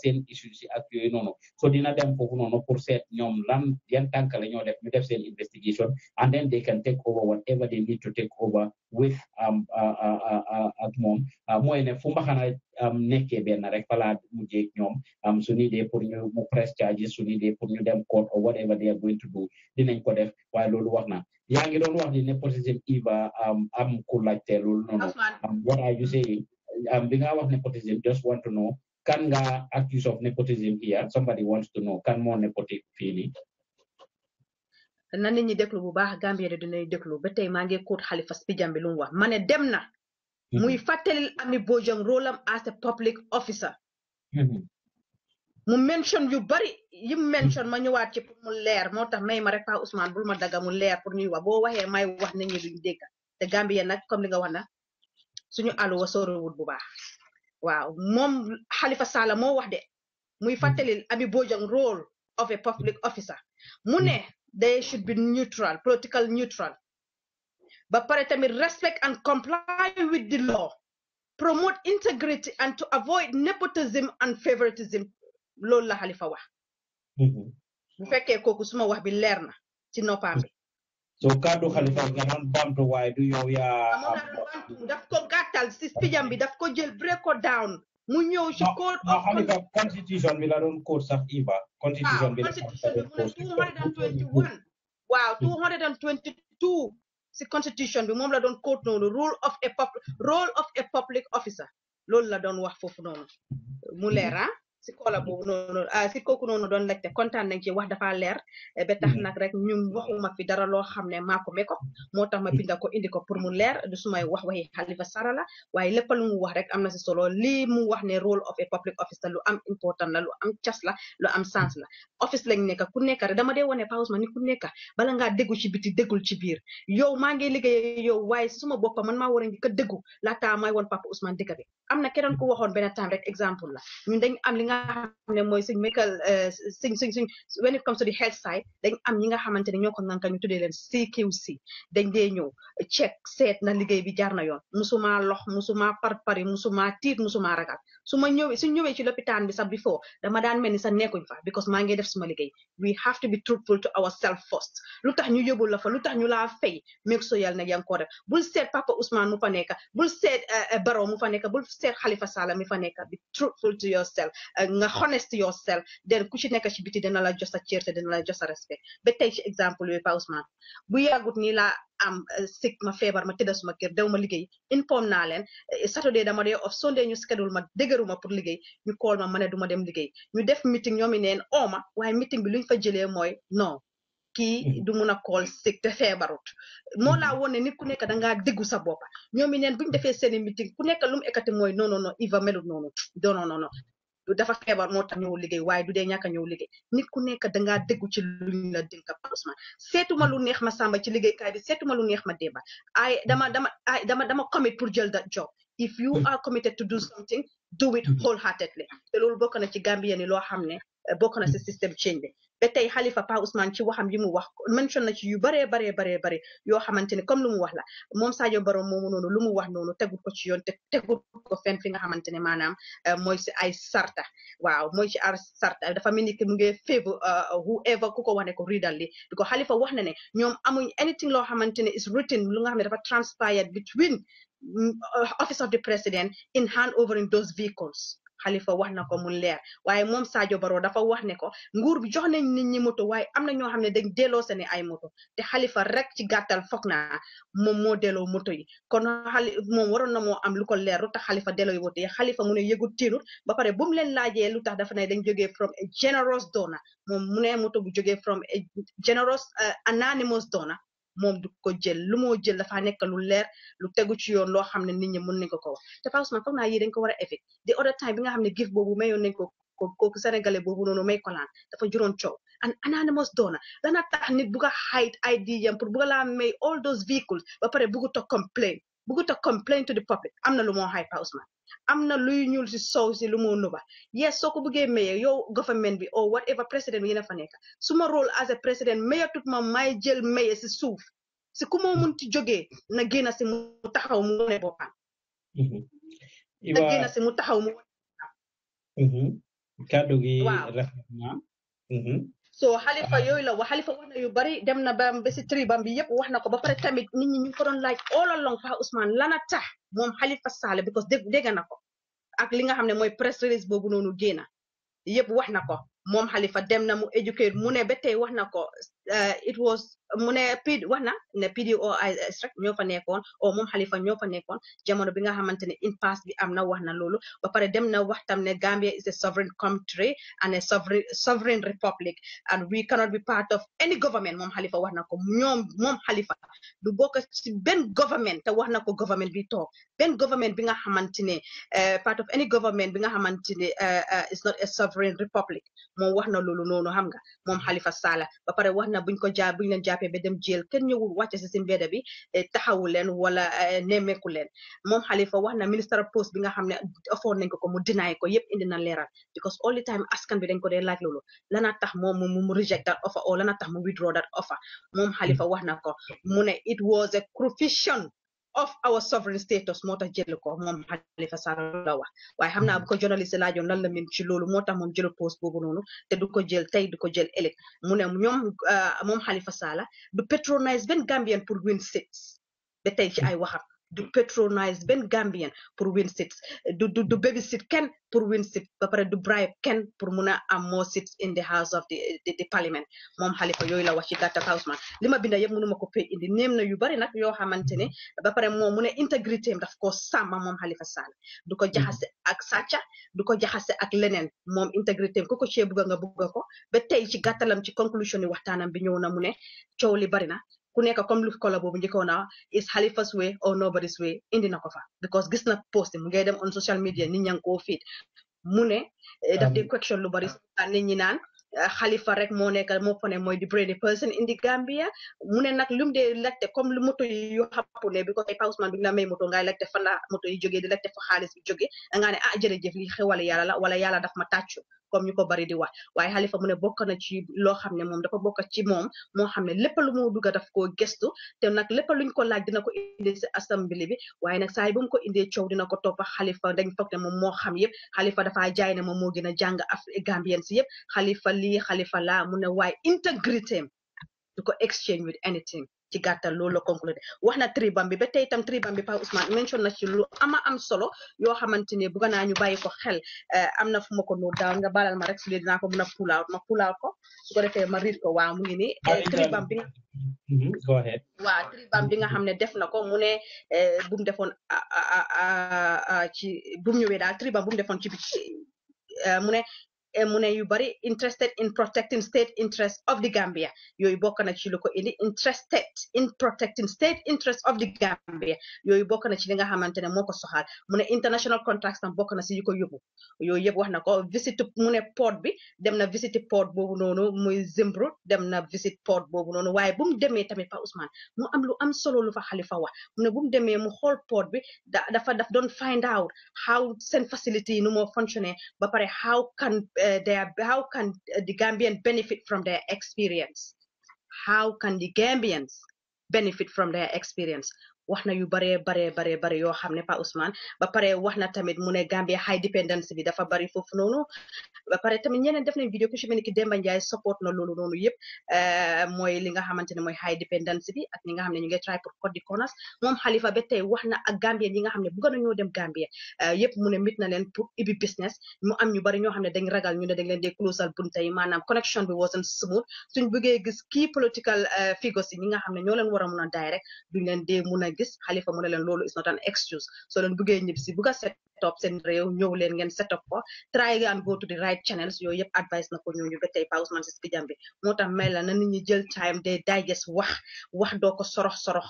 seen issues yi ak yooyu noonu so dina dem foofu noonu pour seet ñoom lan yan tànk la ñoo def ñu def seen investigation and then they can take over whatever they need to take over with um, am ak moom ah, mooy ne fu mbaxana nekkee benn rek fa laa mujjee ak ñoom su ñu dee pour ñu mu press charges su ñu dee pour ñu dem court or whatever they are going to do dinañ ko def waaye loolu wax na yaa ngi doon wax ni nepotism iva am ku laajte loolu noonu um, what are you saying um, bi nga wax nepotism just want to know kan nga accuse of nepotism here somebody wants to know kan moo nepotism fii nii na nit ñi déglu bu baax Gambia dinañ déglu ba tey maa ngi kóot Halifa Spijam bi lu wax ma dem na Mm -hmm. muy fàttalil Ami Bojang rôle am as a public officer. mu mention yu bari yi mention ma ñëwaat ci pour mu leer moo tax may ma rek Pa Ousmane bul ma daga mu leer pour ñuy wax boo waxee may wax nañu duñ dégg te Gambie nag comme li nga wax na suñu àlluwa sóorewut bu baax waaw moom Halifa Sallah moo wax de muy fàttalil Ami Bojang rôle of a public officer mu ne they should be neutral political neutral but pare tamit respect and comply with the law promote integrity and to avoid nepotism and favoritism loolu la Halifa wax bu mm-hmm. fekkee suma wax bi leer na so kàddu Halifa nga doon bamtu waaye du yow yaa daf ko si spijam bi daf ko break down mu ñëw ci of Halifa constitution bi la doon code Iba constitution ah, bi la doon code Wow. 222 si constitution bi moom la doon quote noonu rule of a role of a public officer loolu la don wax foofu noonu mu leer ah? si koola boobu noonu ah, si kooku noonu doon laajte kontaan nañ ci wax dafa leer eh, ba tax mm-hmm. rek ñun waxuma fi dara loo xam ne maa ko mee ko moo tax ma mm-hmm. binda ko indi ko pour mu leer du sumay wax waxi a Sallah la waaye lépp lu mu wax rek am na si solo lii mu wax ne role of a public officer lu am important la lu am cas la lu am sens la office lañ nekk ku nekk rek dama de wone pause ma ni ku nekk bala ngaa déggu ci biti déggul ci biir yow maa ngi liggéey yow waaye suma boppa man maa war a ngi ko déggu laataa may woon Papa Ousmane dëkk bi am na keneen ku waxoon benn temps rek exemple la am li nga xam ne mooy suñ medical euh, when it comes to the health side then am ñi nga xamante ne ñoo ko CQC dañ dee ñëw check set na liggéey bi jaar na yoon musuma lox musuma parpari musuma tiit musuma ragal su ma ñëwee su ñëwee ci lopitaan bi sax before dama daan mel ni sax nekkuñ fa because maa ngi def suma liggéey we have to be truthful to ourselves first lu tax ñu yóbbu la fa lu tax ñu laa fay make sure yàlla na yaa ngi ko def bul seet papa Ousmane mu fa nekk bul seet eh, eh, Barrow mu fa nekk bul seet Halifa Sallah mi fa nekk be truthful to yourself eh, nga honest to yourself den ku ci nekk ci biti dina la jox sa cër te dina la jox respect ba tey ci exemple yooyu pa Ousmane bu yàggut nii laa am euh, sick ma feebar ma tëdda suma kër dew ma liggéey inform naa leen euh, saturday dama dee off sunday ñu schedule ma dëgëruma pour liggéey ñu call ma ma ne dem liggéey ñu def meeting ñoomi neen ooma waaye meeting bi luñ fa jëlee mooy non kii mm-hmm. du mun a call sick te feebarut moo laa woon ne nit ku nekk dangaa déggu sa boppa ñoomi neen buñ defee seeni meeting ku nekk lu mu ekkati mooy non non non Eva melut noonu non non non du dafa feebar moo tax ñëw liggéey waaye du dee ñàkk a ñëw liggéey nit ku nekk dangaa déggu ci luñ la dénk Papa Ousmane seetuma lu neex ma Samba ci liggéeykaay bi seetuma lu neex ma Demba ay dama dama ay dama dama commit pour jël that job if you are committed to do something do it mm-hmm. wholeheartedly te loolu bokk na ci Gambia ni loo xam ne eh, bokk na ci system change bi ba tey Halifa Pa Ousmane ci waxam li wax mention na ci yu baree baree baree bare yoo xamante comme lu wax la moom Sadio Barrow moomu noonu lu wax noonu tegut ko ci yoon te ko fenn fi nga xamante ne maanaam euh, mooy ay sarta waaw mooy ci ar sarta dafa mel ni mu ngi favor euh, whoever ku ko wax ko riidal li di ko wax na ne ñoom amuñ anything loo xamante is written lu nga xam dafa transpired between mm, office of the president in hand overing those vehicles Halifa wax na ko mu leer waaye moom Sadio Barrow dafa wax ne ko nguur bi jox nañ nit ñi moto waaye am na ñoo xam ne dañ delloo seen ay moto te xalifa rek ci gàttal foog naa moom moo delloo moto yi kon xali moom waroon na moo am lu ko leer lu tax Halifa delloo yi moto yi xalifa mu ne yëgut tiinut ba pare bu leen laajee lu tax dafa ne dañ jógee from a generous donor moom mu ne moto bu jógee from a generous eh, anonymous donor moom du ko jël lu moo jël dafaa nekk lu leer lu tegu ci yoon loo xam ne nit ñi mën nañ ko ko wax te Pape Ousmane foog naa yi dañ ko war a effet di other time bi nga xam ne gift boobu mayoon nañ ko kooku sénégalais boobu noonu may kolaan dafa juróon coow an anonymous donor dana tax nit bugg a hide ID yam pour bugg laa may all those vehicles ba pare bugg to complain bëggut a complain to the public am na lu moo hyper Ousmane am na luy ñuul si sow si lu moo nuba yes soo ko bëggee mayor yow government bi o whatever président bi yéen a fa nekk suma rôle as a président mayor tut ma may jël mayor si suuf si ku moo mun ti jógee na génn si mu taxaw mu bo boppam na génn si mu taxaw mu wane boppam mm-hmm. mm-hmm. kàddu gi rafet na mm-hmm. so a yooyu la wax xalifa wax na yu bari dem na ba ba bi yëpp wax na ko ba pare tamit nit ñi ñu ngi ko doon laaj all along fa Ousmane lana tax moom xalifa Saleh because dégg na ko ak li nga xam ne mooy press release boobu noonu génna yëpp wax na ko moom xalifa dem na mu éduquer mu ne ba tey wax na ko uh, it was uh, mu ne P wax na ne PDO IS rek ñoo fa nekkoon o moom Halifa ñoo fa nekkoon jamono bi nga xamante in impasse bi am na wax na loolu ba pare dem na wax tam ne Gambia is a sovereign country and a sovereign sovereign republic and we cannot be part of any government moom Halifa wax na ko ñoom moom Halifa du bokk ci government te wax na ko government bi toog benn government bi nga uh, part of any government bi nga xamante uh, is not a sovereign republic moom wax na loolu noonu xam nga moom Halifa sala. ba pare wax na buñ ko jaa buñ leen jàppee ba dem jël kenn ñëwul wàcce si si mbedd bi eh, taxawu leen wala eh, nemmeeku leen moom Halifa wax na ministre post bi nga xam ne offoon nañ ko ko mu dinaay ko yëpp indi na leeral because all the time askan bi dañ ko dee laaj loolu lana tax moom mu mu reject that offer o lana tax mu withdraw that offer moom Halifa wax na ko mu ne it was a crucifixion of our sovereign status moo tax jël ko moom Halifa Sallah la wax waaye xam naa bu ko journaliste laajoon lan la min ci loolu moo tax moom jël poste boobu noonu te du ko jël tey du ko jël ëllëg mu ne ñoom euh, moom Halifa Sallah du patronise Ben Gambian pour win seats ba tey ci ay waxam du patronize benn Gambien pour win sit du du du sit kenn pour win sit ba pare du bribe kenn pour mun a am more sit in the house of the the parliament moom Halifa yooyu la wax ci kausman lima li ma binda yëpp mënuma ko pay indi neem na yu bari nag yoo xamante ba pare moom mu ne intégrité am daf koo sama moom Halifa Sallah du ko mm-hmm. jaxase ak satcha du ko jaxase ak leneen moom intégrité ko ko cee bugga nga bugga ko ba tey ci gàttalam ci conclusion yi waxtaanam bi ñëw na mu ne coow li bari na ku nekk comme lu kola boobu njëkkoon naa is Halifa's way or nobody's way indi na ko fa because gis na post mu ngay dem on social media nit ñaa ngi koo mu ne eh, daf di question lu bari nit ñi naan eh, Halifa rek moo nekk moo fa ne mooy di brainy person indi Gambia mu ne nag lu mu dee laajte comme lu moto yi yoo ne bi ko ay pausman bi la may moto ngay laajte fan la moto yi jógee di laajte fa xaalis bi jógee nga ne ah jërëjëf li xewal yàlla la wala yàlla daf ma tàccu comme ñu ko bari di wax waaye Halifa mu ne bokk na ci loo xam ne moom dafa bokk ci moom moo xam ne lépp lu mu dugg daf koo gestu te nag lépp luñ ko laaj dina ko indi si assemblée bi waaye nag saa yi bu mu ko indee coow dina ko topp xalifa dañ foog ne moom moo xam yëpp Halifa dafa jaay ne moom moo gën a jàng Afrique Gambien si yëpp Halifa lii xalifa laa mu ne waaye intégrité du ko exchange with anything ci gàttal loolu la conclure wax na tribam bi ba tey itam tribam bi Pa Ousmane mention na ci lu ama am solo yoo xamante ne bëgg naa ñu bàyyi ko xel eh, am na fu ma ko noor daaw nga balal ma rek su dee na ko mën a pull out ma pull ko su ko defee ma riir ko waaw mu ngi nii eh, tribam bi mm-hmm, waaw bi nga xam ne def na ko mu ne eh, bu mu defoon ci bu mu ñëwee daal tribam bu mu defoon ci mu Eh, mu ne yu bari interested in protecting state interest of the Gambia yooyu bokk na ci lu ko indi interested in protecting state interest of the Gambia yooyu bokk na ci li nga xamante ne moo ko soxal mu ne international contracts tam bokk na si yu ko yóbbu yooyu yëpp wax na ko visit mu ne port bi dem na visit port boobu noonu muy Zimbru dem na visit port boobu noonu waaye bu mu demee tamit Pa Ousmane mu am lu am solo lu fa Halifa wax mu ne bu mu demee port bi dafa daf doon find out how seen facility yi nu ba pare how can uh, their how can the Gambian benefit from their experience? How can the Gambians benefit from their experience? wax na yu baree baree baree bare yoo xam ne Pa Ousmane ba pare na tamit mu ne Gambia high dependence bi dafa bari foofu noonu ba pare tamit ñeneen def nañ vidéo ku ci mel Demba Ndiaye support na loolu noonu yëpp eh, mooy li nga xamante ne mooy high dependence bi a ñi nga xam ne ñu ngi try pour code di konas moom Halifa ba tey wax na ak Gambia yi nga xam ne bëgg nañoo dem Gambia eh, yëpp mu ne mit na leen pour business mu am ñu bari ñoo xam ne dañ ragal ñu ne dañ leen dee closal bi wasn't eh, a a direct duñ leen a waaye gis Halifa mu ne leen is not an excuse so leen buggee ñib si bugg a set up seen réew ñëw leen ngeen set up ko try and go to the right channels yooyu yëpp advice na ko ñooñu ba tey Pa Ousman si spijam bi moo tax mel na nit ñi jël time day digest wax wax doo ko sorox sorox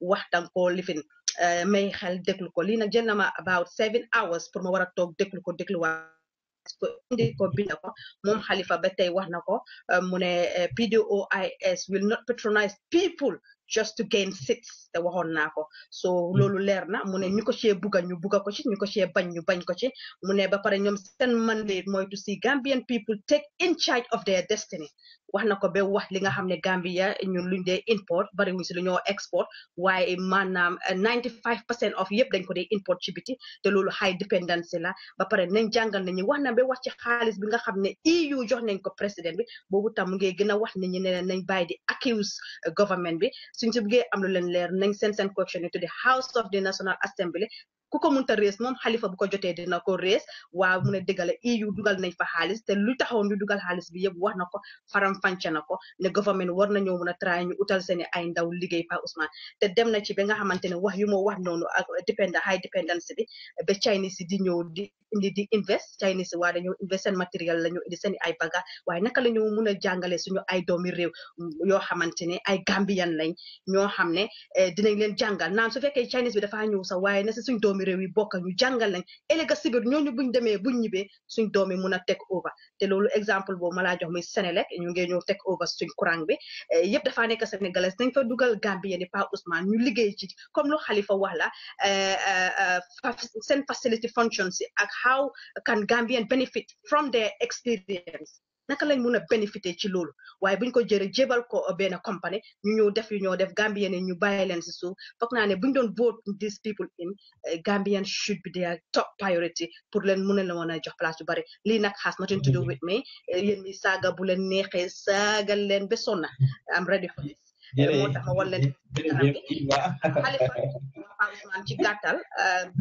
wax danga ko lifin eh, may xel déglu ko lii nag jël na ma about seven hours pour ma war a toog déglu ko dégluwaat ko indi ko bind ko moom Halifa ba tey wax na ko eh, eh, PDOIS will not patronize people just to gain seats that waxoon naa ko so hmm. loolu leer na mu ne ñu ko cee bugga ñu bugga ko ci ñu ko cee bañ ñu bañ ko ci mu ne ba pare ñoom seen mandate mooy to see Gambian people take in charge of their destiny wax na ko ba wax li nga xam ne Gambia ñun luñ dee import bari wuñ si lu ñoo export waaye maanaam 95 eh, percent of yëpp dañ ko dee import ci biti te loolu high dependence la ba pare nañ jàngal nañu wax na ba wax ci xaalis bi nga xam ne EU jox nañ ko président bi boobu tam mu ngi gën a wax ne ñu ne nañ bàyyi di accuse eh, government bi suñ si bëggee am lu leen leer nañ seen seen question to the House of the National Assembly ku ko munta rees moom xalifa bu ko jotee dina ko rees waa mu ne dëggale EU dugal nañ fa xaalis te lu taxoon ñu dugal xaalis bi yëpp wax na ko faram fànce na ko ne government war na ñoo a te dem na ci ba nga xamante ne wax yu ma wax noonu ak dépendant high dependence bi ba Chinese di ñëw di indi di invest Chinese waa dañoo invest seen matériel la ñu indi seen ay baga waaye naka la ñu mun a jàngale suñu ay doomi réew yoo xamante ne ay Gambian lañ ñoo xam ne eh, dinañ leen Chinese bi dafa ñëw sax waaye na si suñ doomi réew yi bokka ñu jàngal ñooñu buñ demee buñ suñ doom yi mun a teg over te loolu exemple boobu ma laa jox muy ñu ngi ñëw teg over suñ bi eh, yëpp nekk sénégalais nañ fa dugal Gambien ni Pa Ousmane ñu liggéey ci comme lu wax la eh, eh, seen facility ak how can benefit from their experience naka lañ mun a bénéfité ci loolu waaye buñ ko jëre jébal ko benn company ñu ñëw def yu ñoo def Gambien ñu bàyyi leen si suuf foog naa ne buñ doon vote these people in eh, Gambian should be their top priority pour leen mun la woon a jox place yu bari lii nag has nothing to do with me eh, yéen ñi saaga bu leen neexee saagal leen ba sonna am ready for this moo tax ma wan leen iya. kanam bi xalifa Papa Ousmane ci gàttal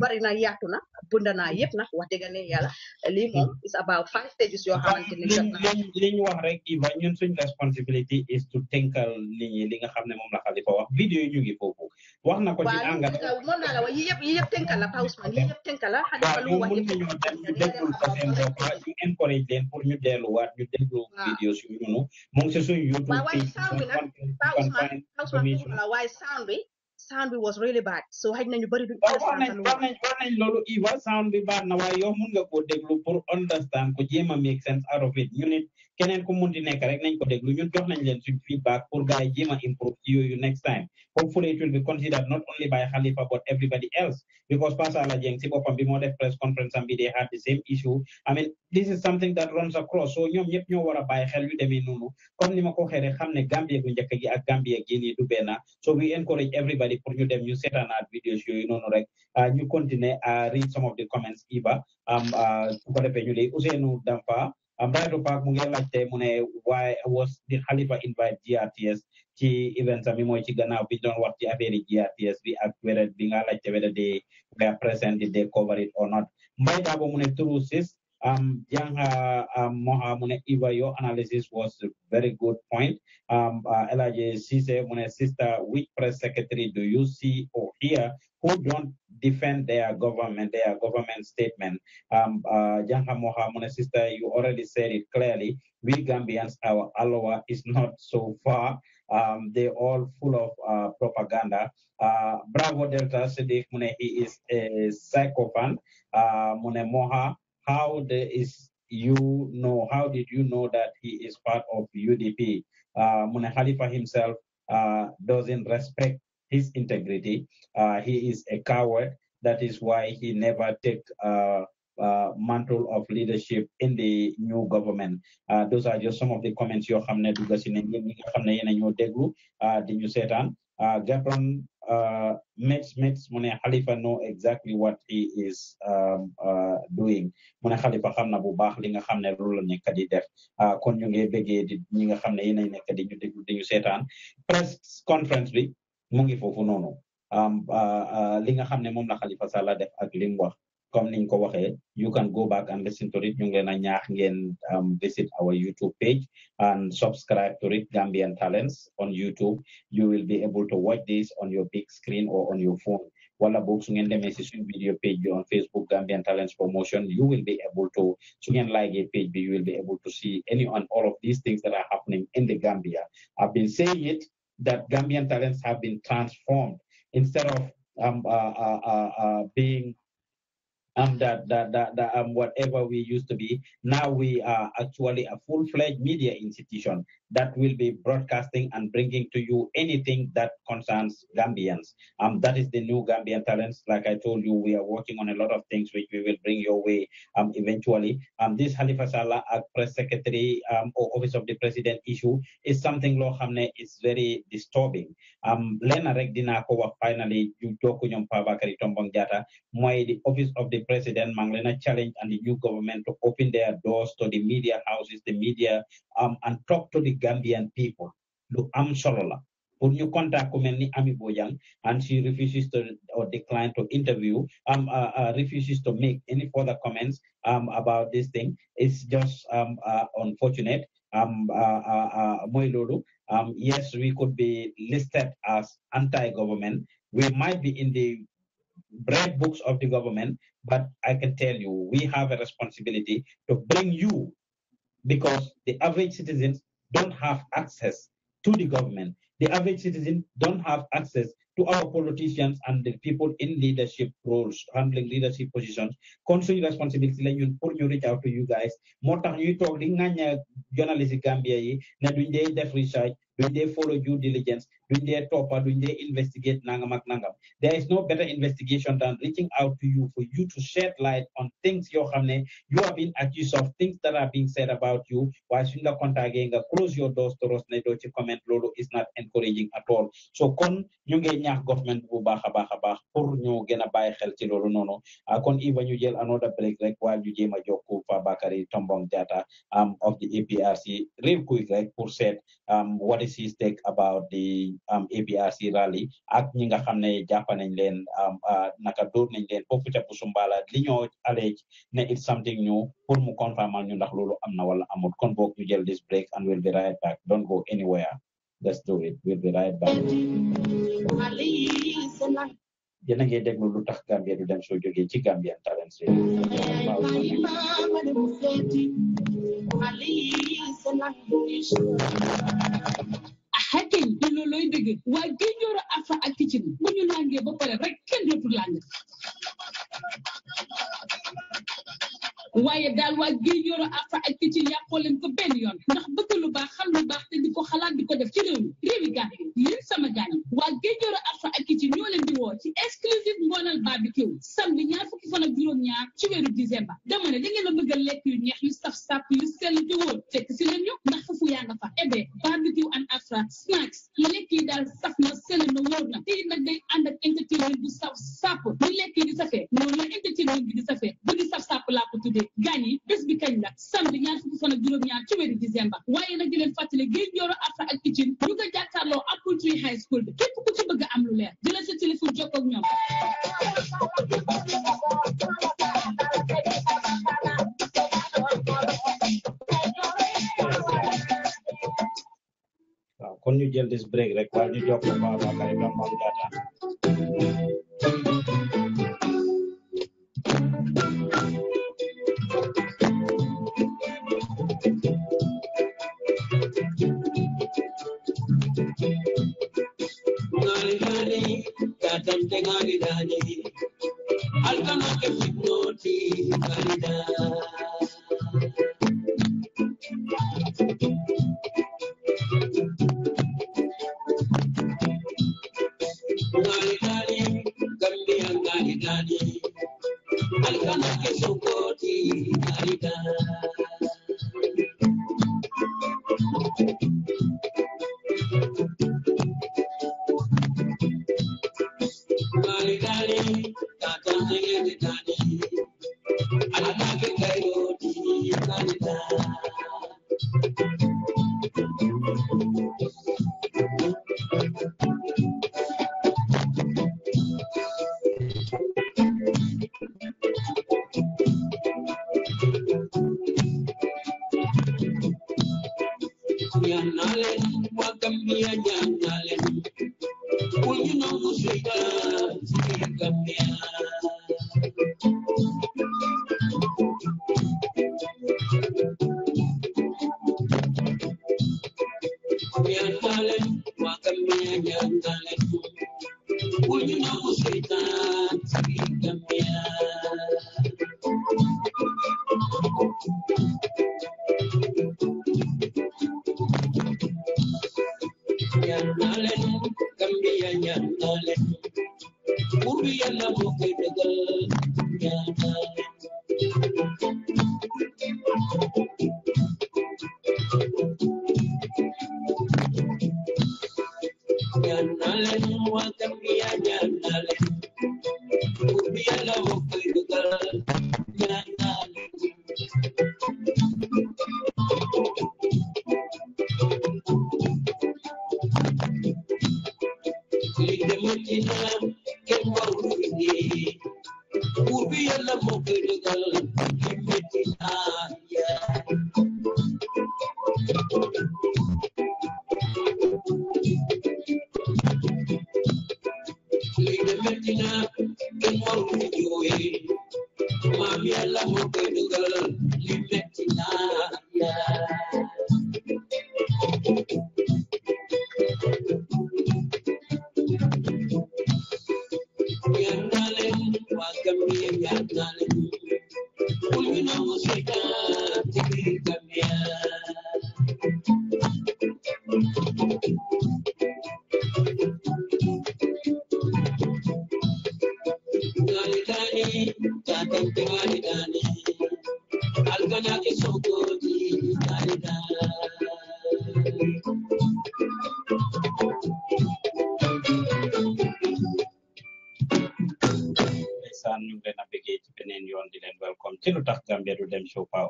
bari eh, na yaatu na bunda naa yëpp nag wax dëgg ne yàlla lii moom is about five stages yoo xamante ne jot na li ñu wax rek Iva ñun suñ responsibility is to tënkal nit ñi li nga xam ne moom la xalifa wax vidéo yi ñu ngi foofu wax na ko ci angal moom naa la wax yi yëpp yi yëpp tënkal la Papa Ousmane yi yëpp tënkal la xalifa lu wax yëpp ñu dem ñu déggul ko seen bopp ñu encourage leen pour ñu delluwaat ñu déglu vidéo yu noonu mu ngi si suñ YouTube Councilman why Soundly sound was really bad so xëy na ñu bari duñ understand wax nañ wax nañ loolu Eva sound bi baax na waaye yow mun nga koo déglu pour understand ko jéem a make sense out of it ñu nit keneen ku munti nekk rek nañ ko déglu ñun jox nañ leen suñ feedback pour gars yi jéem improve ci yooyu next time hopefully it will be considered not only by Khalifa but everybody else because Pasala Jeng si boppam bi moo def press conference am bi they had the same issue I mean this is something that runs across so ñoom ñëpp ñoo war a bàyyi xel yu demee noonu comme ni ma ko waxee rek xam ne Gambia gu njëkk gi ak Gambia gi nii du benn so we encourage everybody pour ñu dem ñu seetaanaat videos yooyu noonu rek ah, ñu continuer à read some of the comments Iba um, ah, su ko defee ñu lay Ousseynou Dampa Bayrou by mu way, laajte mu ne why was the Halifa invite GRTS ci event Sami mooy ci gannaaw bi doon wax ci affaire GRTS bi ak whether bi nga laajte whether they were present did they cover it or not Mbay Dabo mu ne through sis um, young uh, um, Mohamune uh, Iva, your analysis was a very good point. Um, uh, said, Sise, Mune sister, which press secretary do you see or hear who don't defend their government, their government statement. Um, uh, Mohammed, sister, you already said it clearly. We Gambians, our Aloha is not so far. Um, they're all full of uh, propaganda. Uh, Bravo Delta Siddiq, he is a psychopath. Uh, Moha, how is you know, how did you know that he is part of UDP? Uh, Mune Khalifa himself uh, doesn't respect his integrity. Uh, he is a coward. That is why he never took uh, uh, mantle of leadership in the new government. Uh, those are just some of the comments you have made. dugg si ne ñi nga xam ne yéen a ñoo déglu uh, di ñu seetaan uh, Gapron know exactly what he is um, doing mu ne Halifa xam na bu baax li nga xam ne loolu di def kon ñu ngi bëggee di ñi nga xam ne yéen a nekk di ñu déglu di ñu seetaan press conference bi mu ngi foofu noonu um, uh, uh, li nga xam ne moom la Halifa Sallah def ak wax comme niñ ko waxee you can go back and listen to it ñu ngi leen a ñaax ngeen um, visit our YouTube page and subscribe to it Gambian Talents on YouTube you will be able to watch this on your big screen or on your phone wala boog su ngeen demee si suñ video page bi on Facebook Gambian Talents Promotion you will be able to su ngeen like page bi you will be able to see any and all of these things that are happening in the Gambia I've been saying it that Gambian talents have been transformed instead of um, uh, uh, uh, uh being um, that, that, that, that um, whatever we used to be. Now we are actually a full-fledged media institution that will be broadcasting and bringing to you anything that concerns Gambians. Um, that is the new Gambian talents. Like I told you, we are working on a lot of things which we will bring your way um, eventually. Um, this Halifa Salah Act uh, Press Secretary um, or Office of the President issue is something Lord Hamne is very disturbing. Um, Lena rek Kowa finally ju jokku ñom Fabakary Tombong Jatta My the Office of the President mang challenge and the new government to open their doors to the media houses, the media um, and talk to the Gambian people lu am solo la pour ñu contact ku mel ni Ami and she refuses to or decline to interview um uh, uh, refuses to make any further comments um about this thing it's just um uh, unfortunate um uh, uh, uh um yes we could be listed as anti-government we might be in the red books of the government but i can tell you we have a responsibility to bring you because the average citizens don't have access to the government. The average citizen don't have access to our politicians and the people in leadership roles handling leadership positions consider responsibility la ñun pour ñu reach out to you guys moo tax ñuy toog di ŋàñña journaliste Gambia yi ne duñ dee def research duñ dee follow due diligence duñ dee toppa duñ dee investigate nangam ak nangam there is no better investigation than reaching out to you for you to shed light on things yoo xam ne you have been accused of things that are being said about you waaye suñ la contacté nga close your doors to us ne doo ci comment loolu is not encouraging at all so kon ñu ngi ñaax government bu baax a baax a baax pour ñu gën a bàyyi xel ci loolu noonu ah, kon Iva ñu jël another break rek waaye ñu jéem a jokkoo Fabakary Tombong Jatta um, of the APRC real quick rek pour seet um, what is his take about the um, APRC rally ak ñi nga xam ne jàpp nañ leen ah, naka dóor nañ leen foofu ca Busumbala li ñoo allege ne it's something new pour mu confirmal ñu ndax loolu am na wala amut kon boog ñu jël this break and we'll be right back don't go anywhere Let's do it. We'll be right back. lu tax du dem ci dëgg waaye afa ak bu ñu làngee ba pare rek kenn làng waaye daal waa afa ak yàqoo leen ko benn yoon ndax bëgg lu baax xam lu baax ko xalaat di ko def ci réew mi réew mi gaañ yéen sama gaañ waa Géejoor Alpha ak Kitchen ñoo leen di woo ci exclusive ngoonal barbecue samedi ñaar fukki fan juróom-ñaar ci weeru décembre dama ne da ngeen a a lekk yu neex yu saf saf yu sell te wóor fekk si leen ñu ndax foofu yaa nga fa ebe eh barbecue and Afra snacks lekk yi daal saf na sell na wóor na te it nag day ànd ak entertainment saf sàpp bu di safee noonu la entertainment bi di safee sàpp laa ko tuddee gaañ yi bés bi kañ la samedi ñaar fukki fan ak juróom-ñaar ci weeru décembre waaye nag di leen fàttali géej jooro arta ak Pikine ñu nga jàkkaarloo Apple Tree High School bi képp ku ci bëgg am lu leer jëla sa téléphone jokkoo ak ñoom waaw kon ñu jël des break rek waaye ñu jokkoo ak Baba Kaye Mame Jatta tante galidani alkano ke fitnoti galidani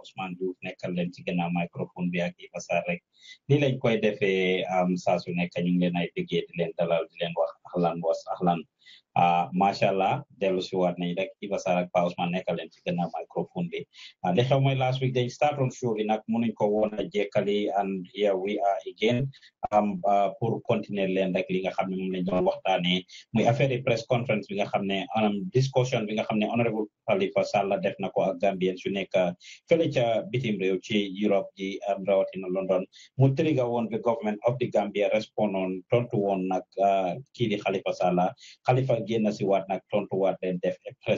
Ousmane Diouf nekkal leen ci gannaaw microphone bi ak Iba Sarr rek ni lañ koy defee am saa su nekk ñu ngi leen ay déggee di leen dalal di axlan was axlan macha allah dellu si waat nañ rek Iba Sarr ak Pa Ousman nekkal leen ci gannaaw microphone bi li xew mooy last week dañ startoon show bi nag mënuñ ko woon jekali, and here we are again pour continuer leen rek li nga xam ne moom lañ doon waxtaanee muy affaire yi press conference bi nga xam ne anam discussion bi nga xam ne honorable Halifa Sallah def na ko ak Gambien su nekk fële ca bitim réew ci Europe ji am rawatina London mu trigger woon the government of the Gambia respond on tontu woon nag kii di Khalifa Sallah Khalifa. génn si waat nag tontuwaat leen def a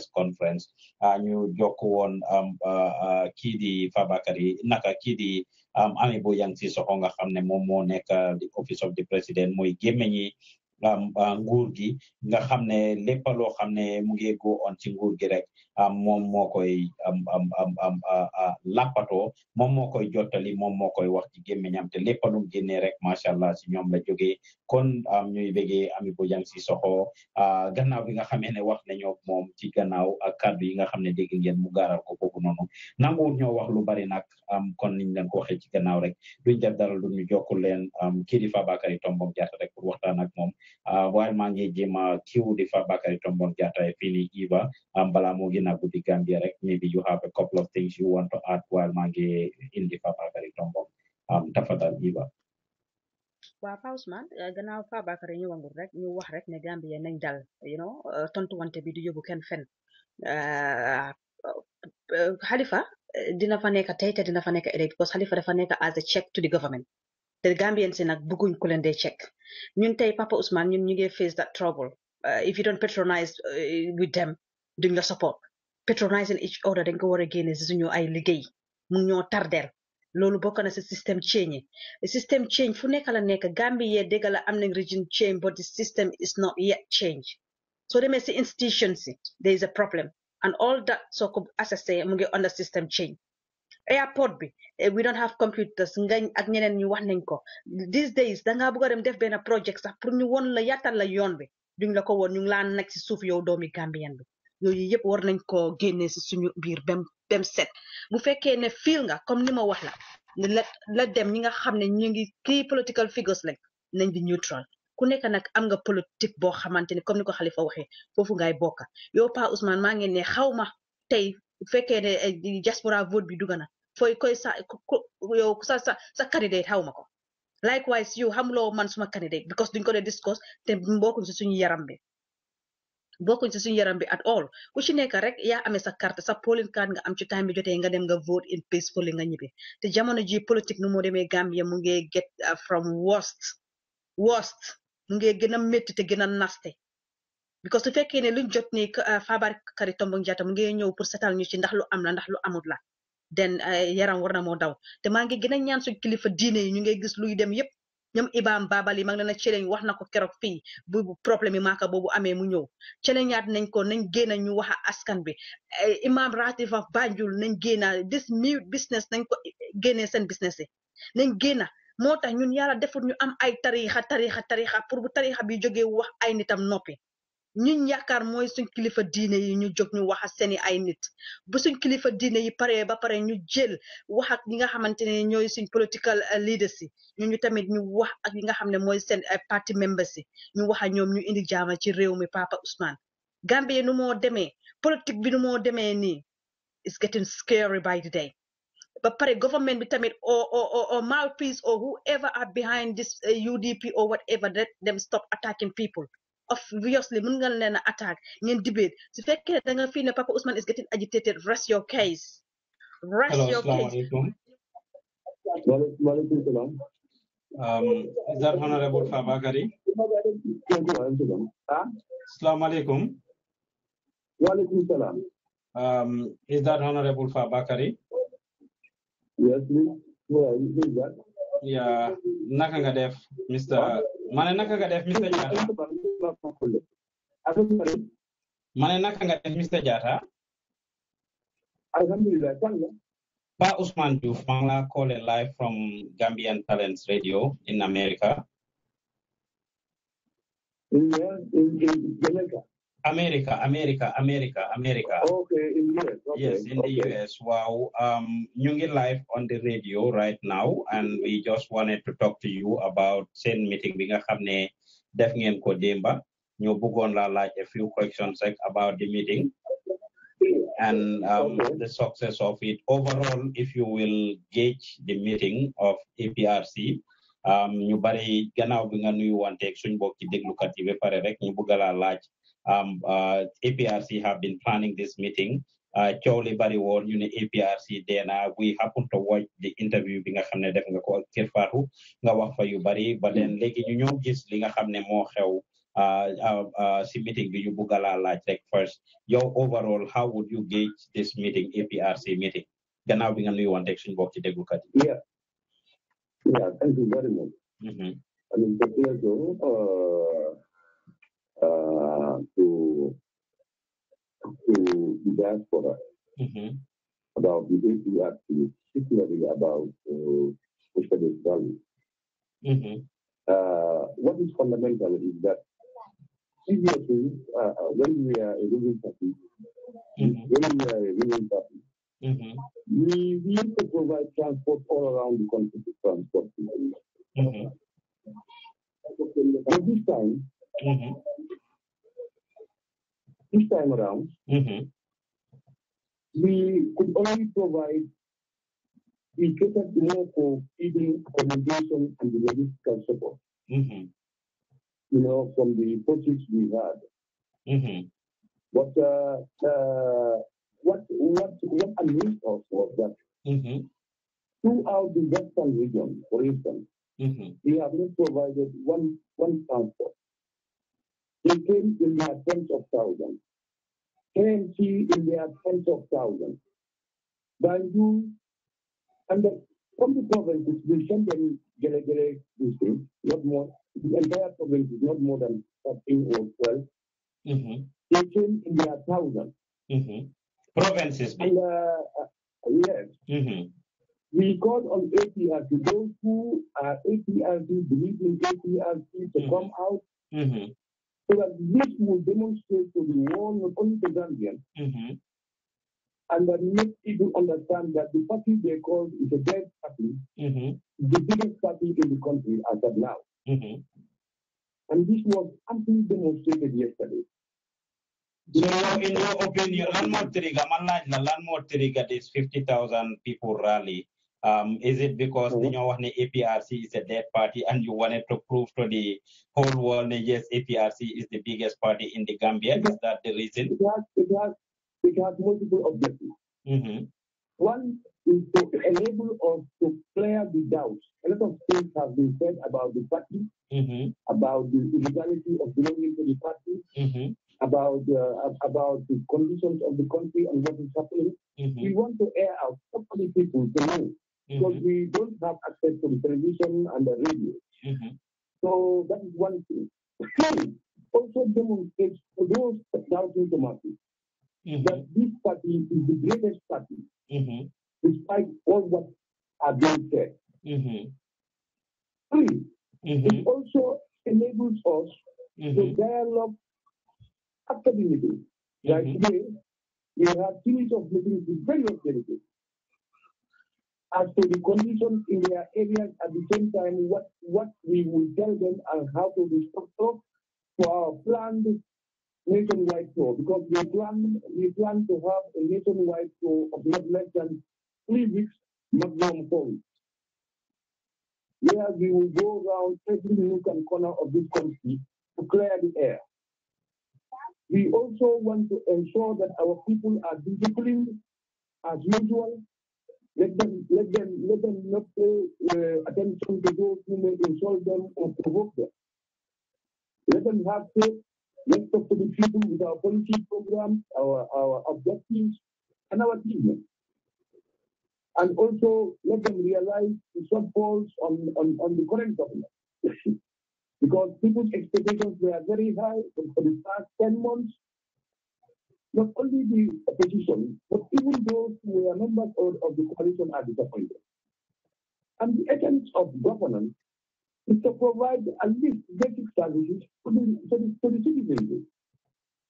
ah, ñu jokk woon um, ah, kii di Fabakary naka kii di um, Amibou Yang Sissoho nga xam ne moom moo nekk ah, di office of the president mooy gémmeñi um, nguur gi nga xam ne lépp loo xam ne mu ngi go on ci nguur rek Ah, moom moo koy am am am am làppatoo moom moo koy jottali moom moo koy wax ci gémmiñam te lépp lu mu génnee rek macha allah si ñoom la jógee kon ñuy bégee Ami Bojang Sissoho ah, gannaaw bi nga xamee ne wax nañoo moom ci gannaaw ak kàddu yi nga xam ne dégg ngeen mu gaaral ko foofu noonu nanguwul ñoo wax lu bari nag kon niñ leen ko waxee ci gannaaw rek duñ def dara lu ñu jokkul leen kii di Fabakary Tombong Jatta rek pour waxtaan ak moom ah, waaye maa ngi jéem a di Fabakary na Budigandia, direct, Maybe you have a couple of things you want to add while in the fa Kari tombong. Um, tafadal Iba. Wa pa Ousmane eh, gannaaw kari Bakary ñëwangul rek ñu wax rek ne Gambia nañ dal you know eh, tontuwante bi du yóbbu kenn fen eh, Halifa dina fa nekk tey dina fa nekk because Halifa dafa as a check to the government The Gambian si nag bëgguñ ku check ñun tey papa Ousmane ñun ñu ngi face that trouble if you don't patronize with them duñ la support Patronising each other dañ ko war a génne si suñu ay liggéey mu ñoo tardeel loolu bokk na si système change The système change fu nekk la nekk Gambie yee dégg la am nañ regime change but the system is not yet change So demee si institution there is a problem and all that so ko assessé mu ngi under system change airport bi eh, we don't have computers ngañ ak ñeneen ñu wax nañ ko these days dangaa bëgg dem def benn project sax pour ñu won la yaatal la yoon bi duñ la ko woon ñu ngi laa yow doomi Gambian bi yooyu yëpp war nañ koo génnee si suñu biir bem bem set bu fekkee ne fiil nga comme ni ma wax la la la dem ñi nga xam ne ñu ngi kii political figures lañ nañ di neutral ku nekk nag am nga politique boo xamante ni comme ni ko Halifa waxee foofu ngay bokka yow Pa maa ngi ne xaw ma tey bu fekkee ne eh, diaspora vote bi dugg na fooy koy sa yow sa sa sa candidate xaw ma ko likewise yow xamuloo man suma candidate because duñ ko dee discuss te mbokkuñ si suñu yaram bi bokkuñ ci suñu yaram bi at all ku ci nekk rek ya amé sa carte sa polling card kan, nga am ci time bi joté nga dem nga vote in peacefully nga ñibi te jamono ji politique nu mo démé Gambia mu get uh, from worst worst mu ngi gëna metti té te nasté because su fekkee né luñ jot ni fabar uh, Kari Tombong Jatta mu ngi ñëw pour sétal ñu ci ndax lu am la ndax lu amut la den uh, yaram warna mo daw té ma ngi gëna ñaan su kilifa diiné ñu gis luy dem yépp ñoom Ibrahima Babali na ngi leen a challenge wax na ko keroog fii bu problème yi maaka boobu amee mu ñëw challenge yaat nañ ko nañ génn ñu wax askan bi eh, Imam Ratib of Banjul nañ génn this new business nañ ko génnee seen businessé yi nañ génn moo tax ñun yàlla defut ñu am ay tariixa tariixa tarixa pour bu tariixa bi jógee wax ay nitam noppi. ñun yaakaar mooy suñ kilifa diine yi ñu jóg ñu wax seeni ay nit bu kilifa diine yi ba pare ñu jël wax ak nga political uh, leaders yi ñu tamit ñu wax ak nga seen uh, party members yi ñu wax ak ñu indi jaama ci réew mi Papa Ousmane Gambie nu politique bi nu it's getting scary by the day ba pare government bi tamit or or or mouthpiece or whoever are behind this UDP uh, or whatever let them stop attacking people obviously mën nga leen a attack ngeen debate su fekkee da nga fii ne Papa Ousmane is getting agitated rest your case rest your case waaleykum salaam Um, is that Honorable Fabakari? Assalamu alaikum. Walaikum salam. Um, is that Honorable Fabakari? Yes, please. Well, is that? Yeah, Nakanga Def, Mr ma naka def Mr Jatta ma naka def Mr calling live from Gambian Talents Radio in America. America, America, America, America. Okay, in US. Okay, Yes, in the US. Wow. Um, you're live on the radio right now, and we just wanted to talk to you about same meeting we nga xam ne def la laaj a few questions like, about the meeting and um, okay. the success of it. Overall, if you will gauge the meeting of APRC, um, ñu bari gannaaw bi nga nuyu wanteeg suñ mbokki déglukat yi ba um, uh, APRC have been planning this meeting Thiowli uh, bari woon ñu ne APRC deena we happen to watch the interview being a xam ne def nga ko ak Kër Fatou nga wax fa yu bari ba leen léegi ñu ñëw gis li nga xam ne moo xew uh, si meeting bi ñu bugg first Your overall how would you gauge this meeting APRC meeting gannaaw bi nga a new one. mbokk ci déglukat yi. yeah yeah thank you very much. Mm-hmm. I mean the pleasure to to diaspora mm-hmm. about the issue activists, particularly about uh, socialist values. Mm-hmm. Uh, what is fundamental is that previously, uh, uh, when we are a ruling party, mm-hmm. when we are a ruling party, mm-hmm. we, we used to provide transport all around the country to transport people. Mm-hmm. But this time, Mm-hmm. This time around, mm-hmm. we could only provide we catered more for even accommodation and the logistical support. Mm-hmm. You know, from the projects we had. Mm-hmm. But uh, uh, what what what amused us was that mm-hmm. throughout the western region, for instance, mm-hmm. we have not provided one one transport Income in their tens of thousands. KMT in their tens of thousands. Banju and the, from the provinces, we send them Gelegele district, not more, the entire province is not more than 13 or 12. Mm-hmm. They came in their 1000s mm-hmm. Provinces. And, uh, uh yes. Mm-hmm. We called on APRC, those who are APRC, believe in APRC to mm-hmm. come out. Mm-hmm so that this will demonstrate to the world, not only to Zambians, mm-hmm. and that makes people understand that the party they call is a dead party, mm-hmm. the biggest party in the country as of now. Mm-hmm. And this was amply demonstrated yesterday. So, in your opinion, Landmark more trigger, Landmark land this 50,000 people rally um, is it because mm-hmm. dañoo the APRC is a dead party and you wanted to prove to the whole world that yes, APRC is the biggest party in the Gambia? It is mm-hmm. that the reason? It has, it has, it has multiple objectives. Mm-hmm. One is to enable us to clear the doubts. A lot of things have been said about the party, mm-hmm. about the illegality of belonging to the party, mm-hmm. about uh, about the conditions of the country and what is happening. Mm-hmm. We want to air out, so many people to know because mm-hmm. we don't have access to the television and the radio. Mm-hmm. So that is one thing. Three, also demonstrates to those doubting Tomasi mm-hmm. that this party is the greatest party, mm-hmm. despite all what are being said. Mm-hmm. 3 mm-hmm. it also enables us to dialogue academically. Like today, we have series of meetings with various delegates as to the conditions in their areas at the same time what, what we will tell them and how to restructure for our planned nationwide tour because we plan we plan to have a nationwide tour of not less than three weeks, maximum four weeks. Where we will go around every nook and corner of this country to clear the air. We also want to ensure that our people are disciplined as usual let them, let them, let them not pay uh, attention to those who may insult them or provoke them. Let them have faith. Let's talk to the people with our policy programs, our, our objectives, and our achievements. And also let them realize the shortfalls on, on, on the current government. *laughs* because people's expectations were very high for the past 10 months, not only the opposition, but even those who were members of, of the coalition are disappointed. And the essence of governance is to provide at least basic services to the, the, citizens.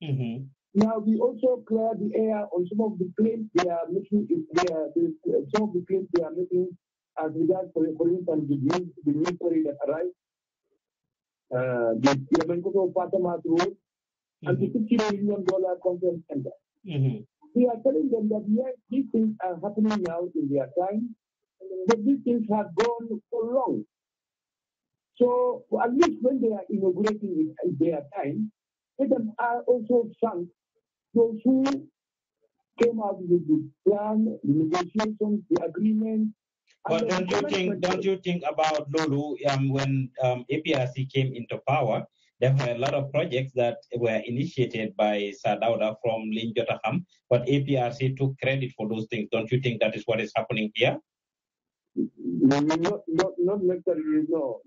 Mm-hmm. Now, we also clear the air on some of the claims they are making, they are, some of the claims they are making as regards, for, for instance, the news, the story that arrived, uh, the Yemenkoto Fatamat road, mm-hmm. and the 50 million dollar conference center. Mm-hmm. We are telling them that yes, these things are happening now in their time, but these things have gone for long. So at least when they are inaugurating it their time, let them are also thank those who came out with the plan, the negotiations, the agreement, but don't you think? Don't you think about Lulu um, when um, APRC came into power? there were a lot of projects that were initiated by Sadauda from Lin Jotaham, but APRC took credit for those things. Don't you think that is what is happening here? No, not, not, not necessarily, no.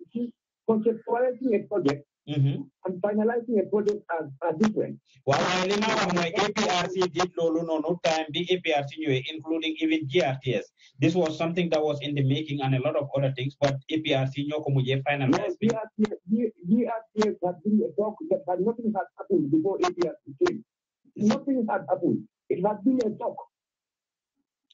Conceptualizing a project Mm-hmm. And finalizing a project are, are different. APRC did Lolo no no time the APRC including even GRTS. This was something that was in the making and a lot of other things, but APRC how to finalize. No, GRTS, GRTS had been a talk but nothing had happened before APRC came. Nothing had happened. It had been a talk.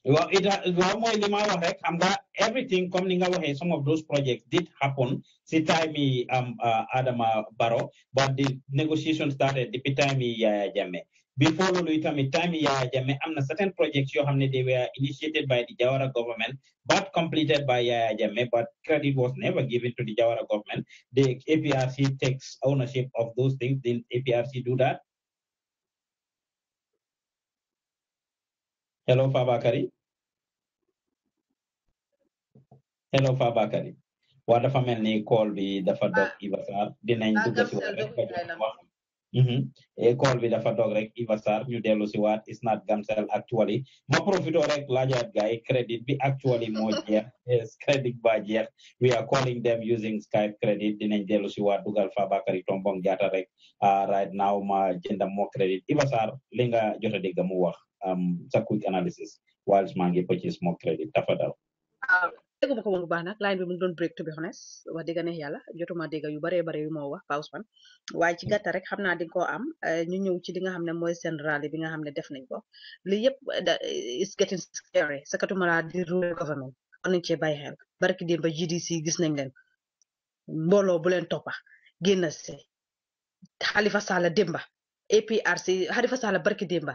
Well, it uh, everything coming our way, some of those projects did happen. Sitami um uh, Adam uh, Baro, but the negotiation started the time Yaya uh, Jame. Before Luluitami Tami Yaya Jame, I'm certain projects you have they were initiated by the Jawara government, but completed by Yaya Jame, but credit was never given to the Jawara government. The APRC takes ownership of those things. Did APRC do that? Hello, Fabakari. hello Fabakary waa dafa mel call bi dafa dog ivasar dinañ dugg si waat rek wax call bi dafa dog rek Iba Sarr ñu dellu si not Gamcel actually ma profito rek credit bi actually moo jeex *laughs* credit ba jeex we are calling them using Skype credit dinañ dellu si waat dugal Fabakary Tombong Jatta rek ah, right now ma jënda credit Iba li nga jot a mu wax sa quick analysis whilst maa ngi purchase moo credit dafa dal ah, dégguma ko woon bu baax nak line bi mu doon break to be honest wax dëgg neex yalla jotuma dégg yu bare bare yu mo wax pause fan way ci hmm. gata rek xamna di ko am ñu eh, ñew ci li nga xamne moy sen rally bi nga xamne def nañ ko li yep eh, eh, is getting scary sakatuma la di rule government on ci bay bàyyi xel barki di ba GDC gis nañ len mbolo bu len topa génn si khalifa sala demba APRC khalifa sala barki demba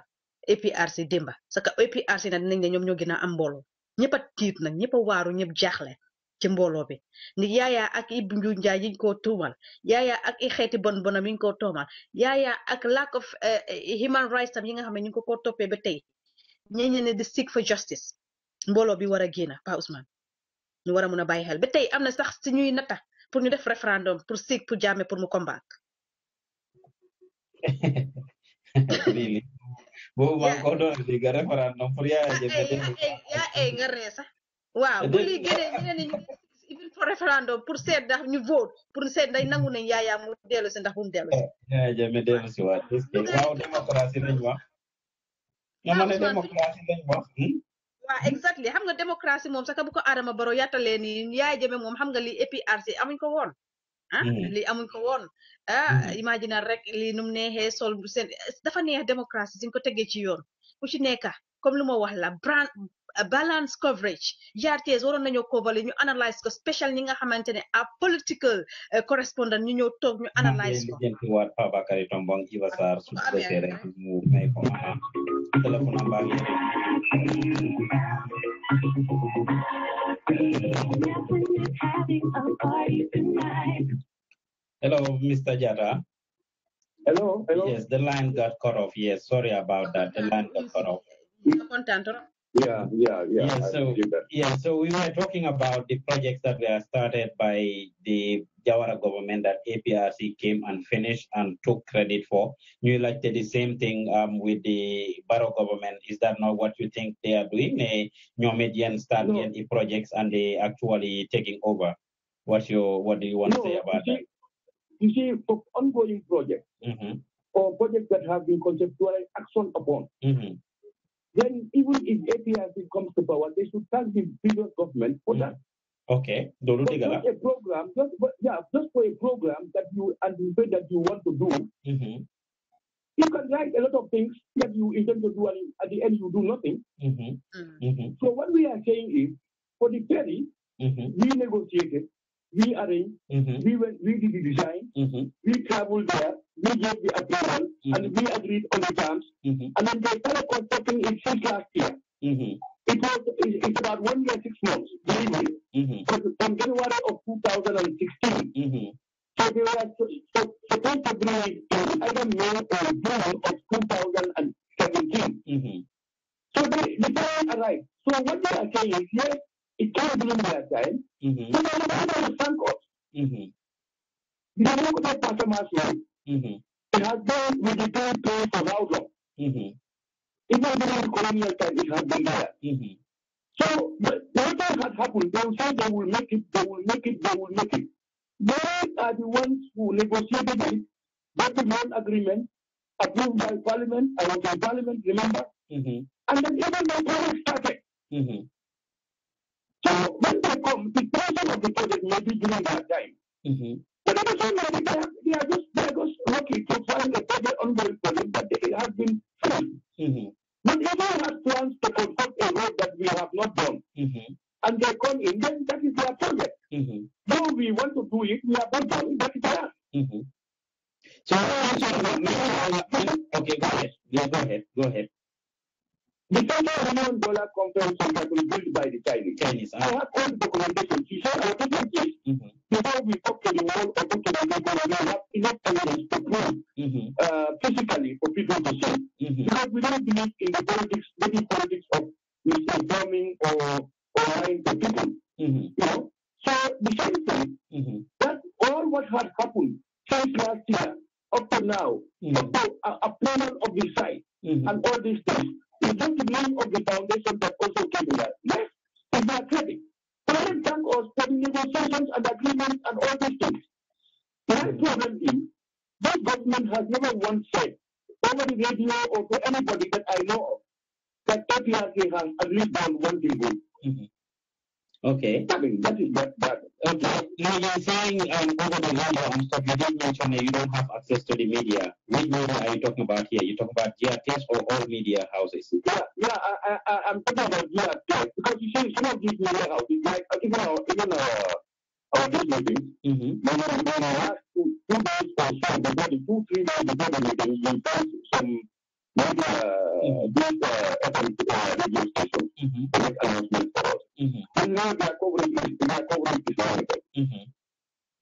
APRC demba sa ka APRC na dinañ ne ñoom ñoo am mbolo ñëpp a tiit nag ñëpp a waaru ñëpp jaaxle ci mbooloo bi ni yaayaa ak i njuuj njaay yiñ koo tuumal yaayaa ak i xeeti bon bonam yiñ koo tuumal yaayaa ak lack of eh, human rights tam yi nga xam ne ñu ko koo toppee ba tey ñeñe ne di seek for justice mbooloo bi war a génn Pa Ousmane ñu war a bàyyi xel ba tey am na sax si ñuy natta pour ñu def référendum pour seek pour jàmme pour mu combattre *laughs* bo maa ngi ko doon dégg référendum pour yaaya jammeh yaa ay nga ree sax waaw ñu ne nañu even for référendum pour seet ndax ñu vote pour seet ndax nangu nañ yaaya mu dellu eh, si ndax bu mu dellu si yaaya jammeh dellu si waat waaw démocratie lañ wax nga ma xam nga démocratie moom sax bu ko Adama Barrow yattalee nii yaaya jammeh moom xam nga li APRC amuñ ko woon ah hmm. lii amuñ ko woon ah hmm. imaginer rek lii num neexee sol seen dafa neex démocratie suñ ko tegee ci yoon ku ci nekka comme lu ma wax la brand balance coverage GRTS waroon nañoo coverage ñu analyse ko special ñi nga xamante ne a political eh, correspondent ñu ñëw toog ñu analyse ko hello mr jada hello hello yes the line got cut off yes sorry about that the line got cut off yeah, yeah, yeah. Yeah, so, yeah, so we were talking about the projects that were started by the Jawara government that APRC came and finished and took credit for. You like the same thing um, with the Barrow government. Is that not what you think they are doing? They Nyomedian start no. the projects and they actually taking over. What's your what do you want no, to say about you see, that? You see, for ongoing projects mm-hmm. or projects that have been conceptualized action upon. Mm-hmm then even if APRC comes to power, they should thank the previous government for that. Mm-hmm. Okay, don't Doru Digala. a program, just for, yeah, just for a program that you anticipate that you want to do, mm-hmm. you can write a lot of things that you intend to do, and at the end you do nothing. Mm-hmm. Mm. Mm-hmm. So what we are saying is, for the ferry, mm-hmm. we negotiated, we arranged, mm-hmm. we went, we did the design, we traveled there, we gave the approval mm-hmm. and we agreed on the terms. Mm-hmm. And then they started constructing it since last year. Mm-hmm. It was it's about one year, six months, really, me. Because mm-hmm. from January of 2016, mm-hmm. so they were so, so, supposed to bring it to either May or June of 2017. Mm-hmm. So they, the time arrived. So what they are saying is, yes, it can be in their time. So they will to sunk us. Mm-hmm. They look at customers' life. Mhm. It has been meditated to for how long? Mhm. Even during colonial time, it has been there. Mhm. So but whatever had happened, they will say they will make it, they will make it, they will make it. They are the ones who negotiated it, got the non-agreement, approved by parliament, and was in parliament, remember? Mm-hmm. And then even the project started. Mm-hmm. So when they come, the person of the project may be during that time. Mm-hmm. But then again, maybe that, they are just lucky to find a project ongoing project that they have been filmed. Mm-hmm. But everyone has plans to construct a road that we have not done. Mm-hmm. And they come in, then that is their project. Mm-hmm. Though we want to do it, we have not done, that is ours. Mm-hmm. So, so, okay, go ahead. Yeah, go ahead. Go ahead. The total million dollar conference that was built by the Chinese. Chinese ah. I have all the documentation. She said, I think like this. Mm-hmm. Before we talk to the world or talk to the people, we have enough evidence to prove physically for people to see. Mm-hmm. Because we don't believe in the politics, maybe politics of misinforming or, or lying to people. Mm-hmm. You know? So the same thing, mm-hmm. that all what has happened since last year, up to now, mm. a, a of the site mm-hmm. and all these things. is not the name of the foundation that also came that. Yes, it's not credit. But let thank us for the negotiations and agreements and all these things. My mm-hmm. problem is, this government has never once said over the radio or to anybody that I know of that APRC has at least done one thing good. Mm-hmm. Okay. I mean, that. that okay. Now you're saying um, over the radio and um, stuff. You did mention that uh, you don't have access to the media. Which media are you talking about here? You talking about GRTS or all media houses? Yeah, yeah. I, I, I'm talking about GRTS because you see, some of these media houses, like uh, even our, even our, our this meeting, mm-hmm. when I asked two days or so before the two three days before the meeting, you send some media, these FM radio stations mm-hmm. to make announcements for us. Mm-hmm. And now their coverage is, their coverage is limited. Mm-hmm.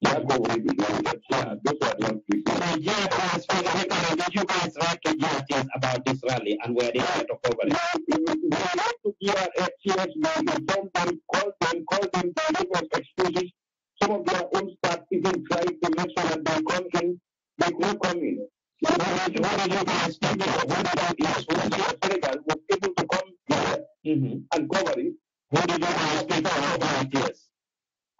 Their coverage is limited. Yeah, those are the people. Nigeria yeah, guys, for the record, did you guys write to GRTS about this rally and where they yeah. to cover it? Yeah, we write to GRTS, we inform them, call them, call them, they give us excuses. Some of their own staff even try to make sure that they come in, they don't come in what did, what did you guys figure out? What did that yes, when South Africa was able to come together and cover it, what did you guys figure out yes?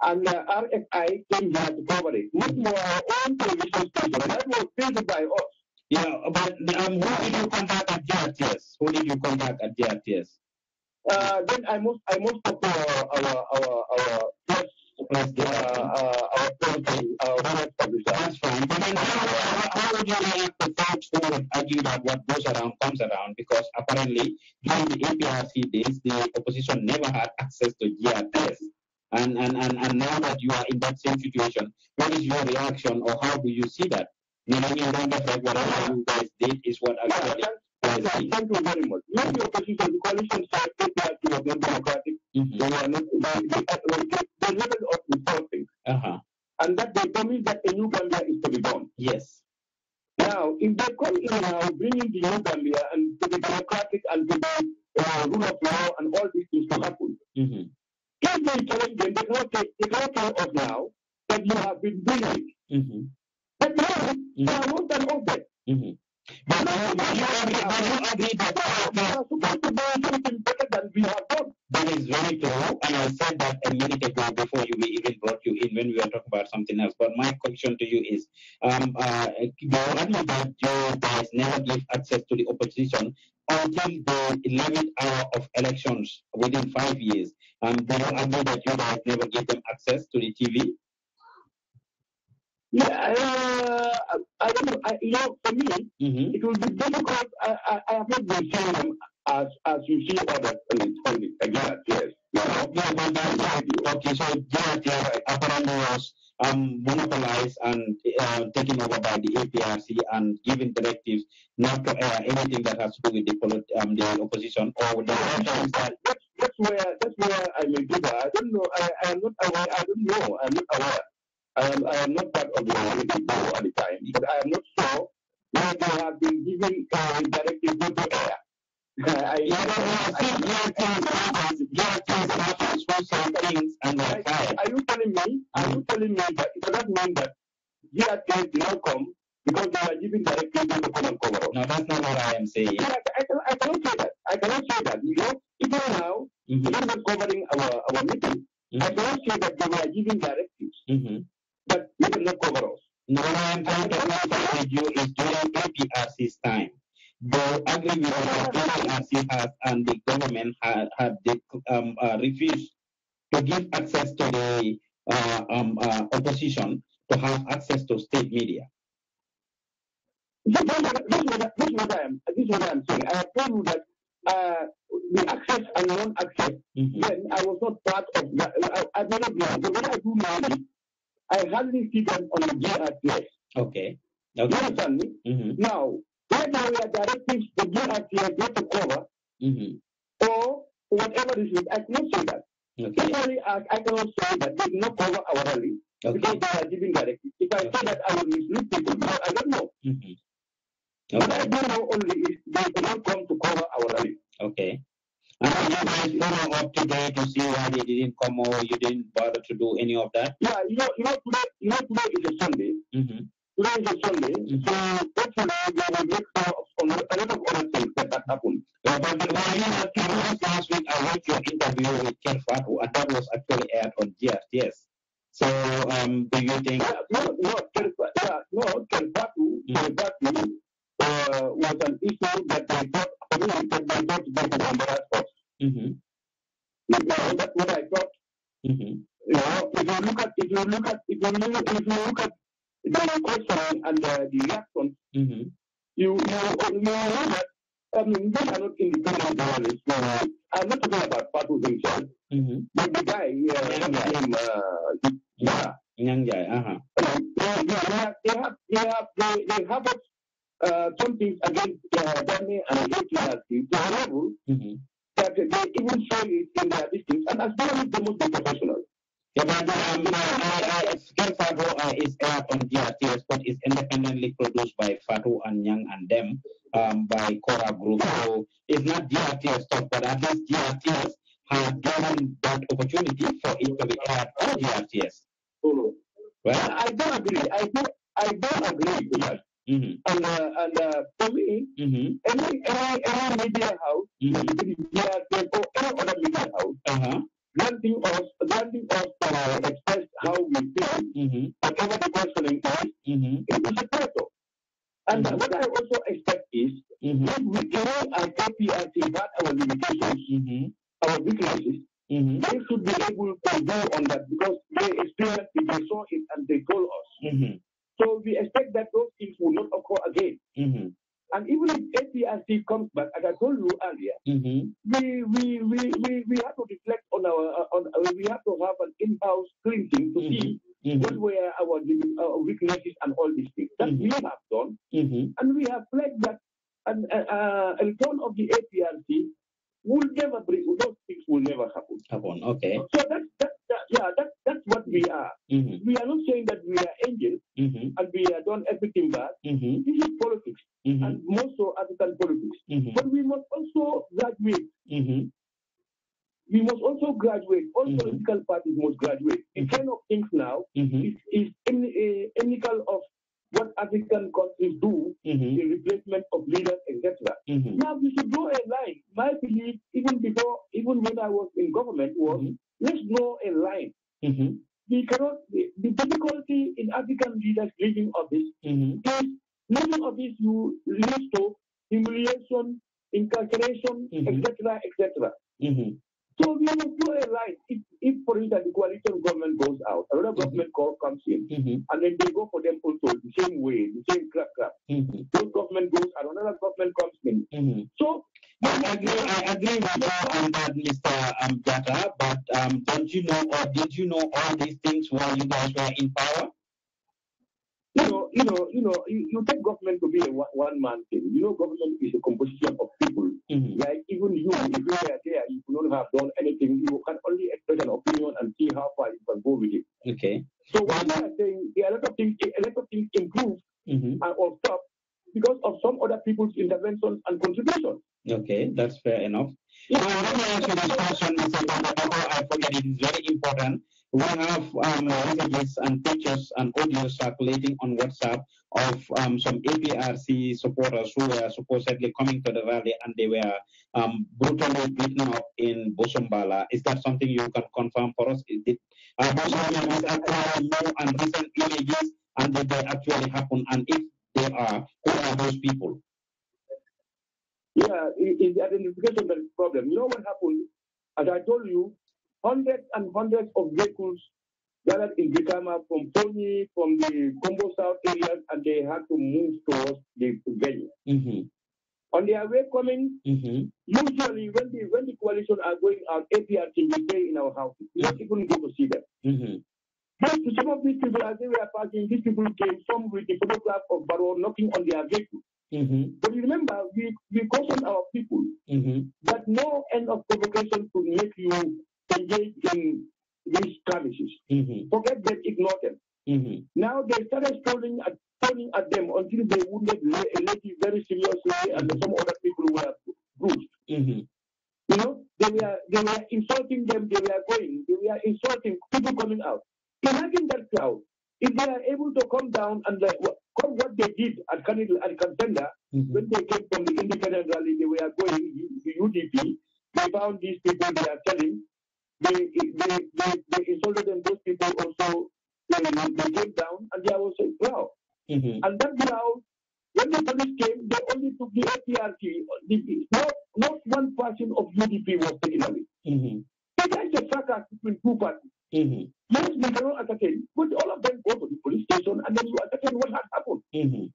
And RFI came here to cover it. Not our own television station. That was built by us. Yeah, but um, who did you contact at JRTS? Who did you contact at JRTS? then I must I must talk to our our our, our press with uh, uh, our poetry, uh, work published. That's fine. But then how, how would you react to folks who would argue that what goes around comes around? Because apparently during the APRC days, the opposition never had access to GRTS. And, and, and, and now that you are in that same situation, what is your reaction or how do you see that? Meaning, in terms of like whatever you guys did is what actually Right. So thank you very much. Maybe the opposition, the coalition side, take that to a democratic. Mm-hmm. They are not, they, they, level of resourcing. Uh-huh. And that they promise that a new Gambia is to be born. Yes. Now, if they come in now, uh, bringing the new Gambia and to be democratic and to be uh, rule of law and all these things to happen, mm-hmm. if they challenge them, they cannot take, they cannot tell now that you have been doing it. Mm-hmm. But now, mm-hmm. they are mm-hmm. not an object. Mm-hmm. But now we have agreed that are supposed to something better than we have done. That is very true. And I said that a minute ago before you even brought you in when we were talking about something else. But my question to you is um, uh, you admit that you guys never give access to the opposition until the 11th hour of elections within five years. Um, do you agree that you guys never give them access to the TV? Yeah, uh, I don't know. I, you know, for me, mm-hmm. it will be difficult. I, I, I have not been seeing them as, as you see others on, on the Gerard, yes. Yeah, yeah, but that, okay, so Gerard yeah, apparently was um, monopolized and uh, taken over by the APRC and giving directives not to anything that has to do with the, polit- um, the opposition or with the opposition. That's, that's, where, that's where I may differ. I don't know. I, I am not aware. I don't know. I'm not aware. Um, I am not part of the Minority board at the time, but I am not sure whether they have been giving uh, directive to to air. Uh, I, yeah, I, I think you are saying things and they're right. you telling me? Are you telling me that it does not mean that GRK did not come because they are giving directives to cover up? No, that's not what I am saying. I, can, I cannot say that. I cannot say that. You know, even now, mm-hmm. even not covering our, our meeting, mm-hmm. I cannot say that they were giving directives. Mm-hmm. But we will not cover us. No, what I am trying to answer to you is during APRC's time, the agreement as APRC has and the government had, um, uh, refused to give access to the uh, um, uh, opposition to have access to state media. This is what, I am saying. I told you that uh, the access and non-access. Mm -hmm. I was not part of that. I, I don't know I hardly see them on the GRTS. Okay. okay. You understand me? Mm-hmm. Now, right now we are directing the GRTS not to cover mm-hmm. or whatever this is. I cannot say that. Okay. Generally, I, I cannot say that they not cover our rally okay. because they are giving directives. If I okay. say that, I will mislead people. I don't know. Mm-hmm. Okay. What I do know only is they do not come to cover our rally. Okay you guys, you know, up to today to see why they didn't come over, you didn't bother to do any of that? Yeah, you know, you know today, you know, today is a Sunday. Mm-hmm. Today is a Sunday. Mm-hmm. So, hopefully, there will be a lot of other things that, that happened. Yeah, but the one last week, I watched your interview with Ken Fatu, and that was actually aired on Yes. So, um, do you think. Yeah, no, no, Ken, yeah, no, Ken Fatu, mm-hmm. uh, was an issue that they got again, I thought, I thought that is under our cost. Mm-hmm. now that's what I thought. Mm-hmm. Now, if you look at, if you look at, if you look at, if you look at the question and uh, the reaction, mm-hmm. you, you, you know that I mean, they are not independent journalists. Uh, I'm not talking about Fatu himself, mm-hmm. but the guy, uh, named, uh, yeah, Nyanga, uh-huh. Uh, they, they, have, they have, they have, they, they have uh, something against uh, Dami and against Lazarus to a level mm-hmm. that they even show it in their districts, and as well as the most professionals. Yeah, but um, uh, I, I, Scan Fado uh, is aired on DRTS, but is independently produced by Fado and Young and them um, by Cora Group. So it's not DRTS stuff, but at least DRTS has given that opportunity for it to be aired on DRTS. Oh, well, I don't agree. I don't, I don't agree with that. Mm-hmm. And uh, and uh, for me, mm-hmm. any any any media house, mm-hmm. media or any other media house, uh-huh. granting us granting us uh, express how we feel, mm-hmm. whatever the questioning is, mm-hmm. it is a title. And mm-hmm. what I also expect is mm-hmm. if we know our KPIs about our limitations, mm-hmm. our weaknesses, Mm-hmm. They should be able to go on that because they experience it, they saw it, and they told us. Mm-hmm. So we expect that those things will not occur again. Mm-hmm. And even if APRC comes back, as I told you earlier, mm-hmm. we, we, we, we, we have to reflect on our, uh, on, uh, we have to have an in-house cleansing to mm-hmm. see Mm-hmm. what were our uh, weaknesses and all these things that mm-hmm. we have done. Mm-hmm. And we have pledged that an, uh, a return of the APRC will never bring, those things will never happen. happen. Okay. So yeah, that, that's what we mm-hmm. are. Mm-hmm. We are not saying that we are angels mm-hmm. and we are done everything bad. Mm-hmm. This is politics, mm-hmm. and more so African politics. Mm-hmm. But we must also graduate. We must also graduate. All political parties must graduate. The kind of things now is, is in, uh, eh, of what African countries do, mm-hmm. the replacement of leaders, etc. Mm-hmm. Now we should draw a line. My belief, even before, even when I was in government, was mm-hmm let's draw a line. Mm-hmm. The, the, difficulty in African leaders leaving office mm-hmm. is leaving office you lead to humiliation, incarceration, etc., mm-hmm. etc. Mm-hmm. So we will draw a line. If, if for instance, the coalition government goes out, another mm-hmm. government call comes in, mm-hmm. and then they go for them also the same way, the same crap crap. Mm-hmm. One government goes out, another government comes in. Mm-hmm. So I agree, I agree with you on that, Mr. Um, Jatta, but um, don't you know or did you know all these things while you guys were in power? You know, you know, you know, you, you take government to be a one-man thing. You know, government is a composition of people. Mm-hmm. Like even you, if you were there, you could not have done anything. You can only express an opinion and see how far you can go with it. Okay. So what well, I'm saying, there are a lot of things, a lot of things improve mm-hmm. and or stop because of some other people's interventions and contributions. Okay, that's fair enough. Yeah. Now, let me ask you this question, Mr. Before I forget, it is very important. We have um, messages and pictures and audio circulating on WhatsApp of um, some APRC supporters who were supposedly coming to the rally and they were um, brutally beaten up in Bosombala. Is that something you can confirm for us? Did uh, Bosombala actually new and recent images and did they actually happen? And if they are, who are those people? Yeah, it's the identification that is the problem. You know what happened? As I told you, hundreds and hundreds of vehicles gathered in Gitama from Pony, from the Congo South areas, and they had to move towards the venue. Mm-hmm. On their way coming, mm-hmm. usually when the when the coalition are going out, APR can be there in our house. We don't even go to see them. Mm-hmm. Hence, some of these people, as they were passing, these people came, some with the photograph of Barrow knocking on their vehicle. Mm-hmm. But remember, we, we cautioned our people mm-hmm. that no end of provocation could make you engage in these skirmishes. Mm-hmm. Forget them, ignore them. Mm-hmm. Now they started throwing at, turning at them until they wounded a lady very seriously, and some other people were bruised. Mm-hmm. You know, they were they were insulting them. They were going. They were insulting people coming out. Imagine that cloud. If they are able to come down and like, come what they did at Canada and Contender, mm-hmm. when they came from the independent rally, they were going to UDP. They found these people they are telling. They, they, they, they insulted them. Those people also, they, they came down and they are also proud. Mm-hmm. And that cloud when the police came, they only took the APRT. Not, not one person of UDP was taken away. Mm-hmm. It is a tracker between two parties. Mm-hmm. Yes, we cannot ascertain, but all of them go to the police station and then you ascertain what has happened. Mm-hmm.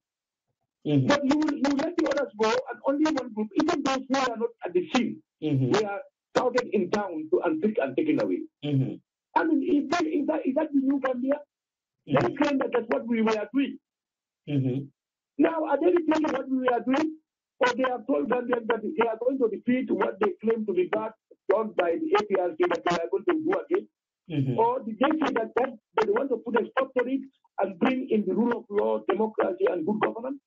Mm-hmm. But you will, you will let the others go, and only one group, even those who are not at the scene, mm-hmm. they are crowded in town to unpick and taken away. Mm-hmm. I mean, is that, is that, is that the new Gambia? Mm-hmm. They claim that that's what we were doing. Mm-hmm. Now, are they claiming what we are doing? Or they have told Gambians that they are going to defeat what they claim to be bad done by the APRC that they are going to do again? Mm-hmm. Or did they say that, that they want to put a stop to it and bring in the rule of law, democracy, and good governance?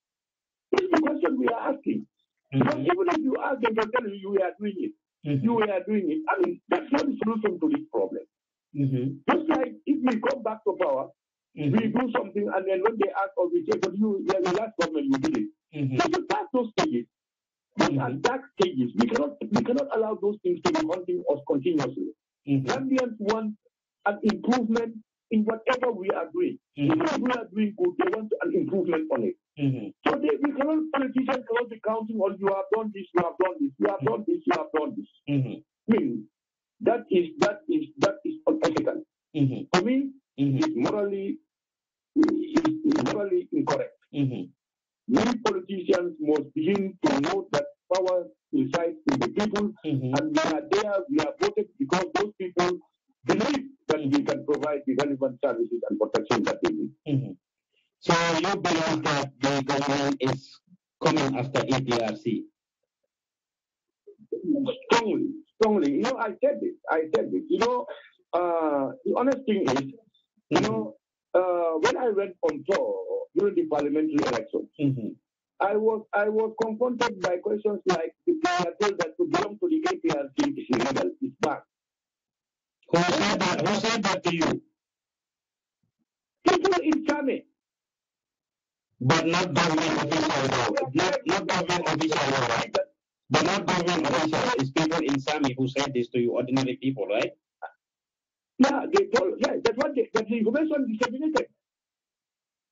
This is the question we are asking. Mm-hmm. Because even if you ask them, they tell you you are doing it. Mm-hmm. You are doing it. I mean, that's not the solution to this problem. Mm-hmm. Just like if we come back to power, mm-hmm. we do something, and then when they ask, or oh, we say, but you, yeah, the last government, you did it. So you pass those stages. But mm-hmm. at that stages, we cannot we cannot allow those things to be haunting us continuously. mm Gambians want an improvement in whatever we are doing. Even mm-hmm. if we are doing good, they want an improvement on it. So mm-hmm. they, we cannot politicians cannot be counting on you have done this, you have done this, you have done this, you have done this. I mean, that is that is that is unethical. Mm-hmm. For me, mm-hmm. it's morally it's morally incorrect. Mm-hmm we politicians must begin to know that power resides in the people, mm-hmm. and we are there, we are voted because those people believe that we can provide the relevant services and protection that they need. Mm-hmm. So you believe that the government is coming after APRC? Strongly, strongly. You know, I said it. I said it. You know, uh, the honest thing is, you know, uh, when I went on tour during the parliamentary elections, mm-hmm. I was I was confronted by questions like the player that to belong to the APRC is illegal, is bad. Who said that? Who said that to you? People in Chame. But not government officials, Not, not government officials, right? But not government officials It's people in Sami who said this to you, ordinary people, right? Yeah, they told, yeah, that's what they, that's the information disseminated.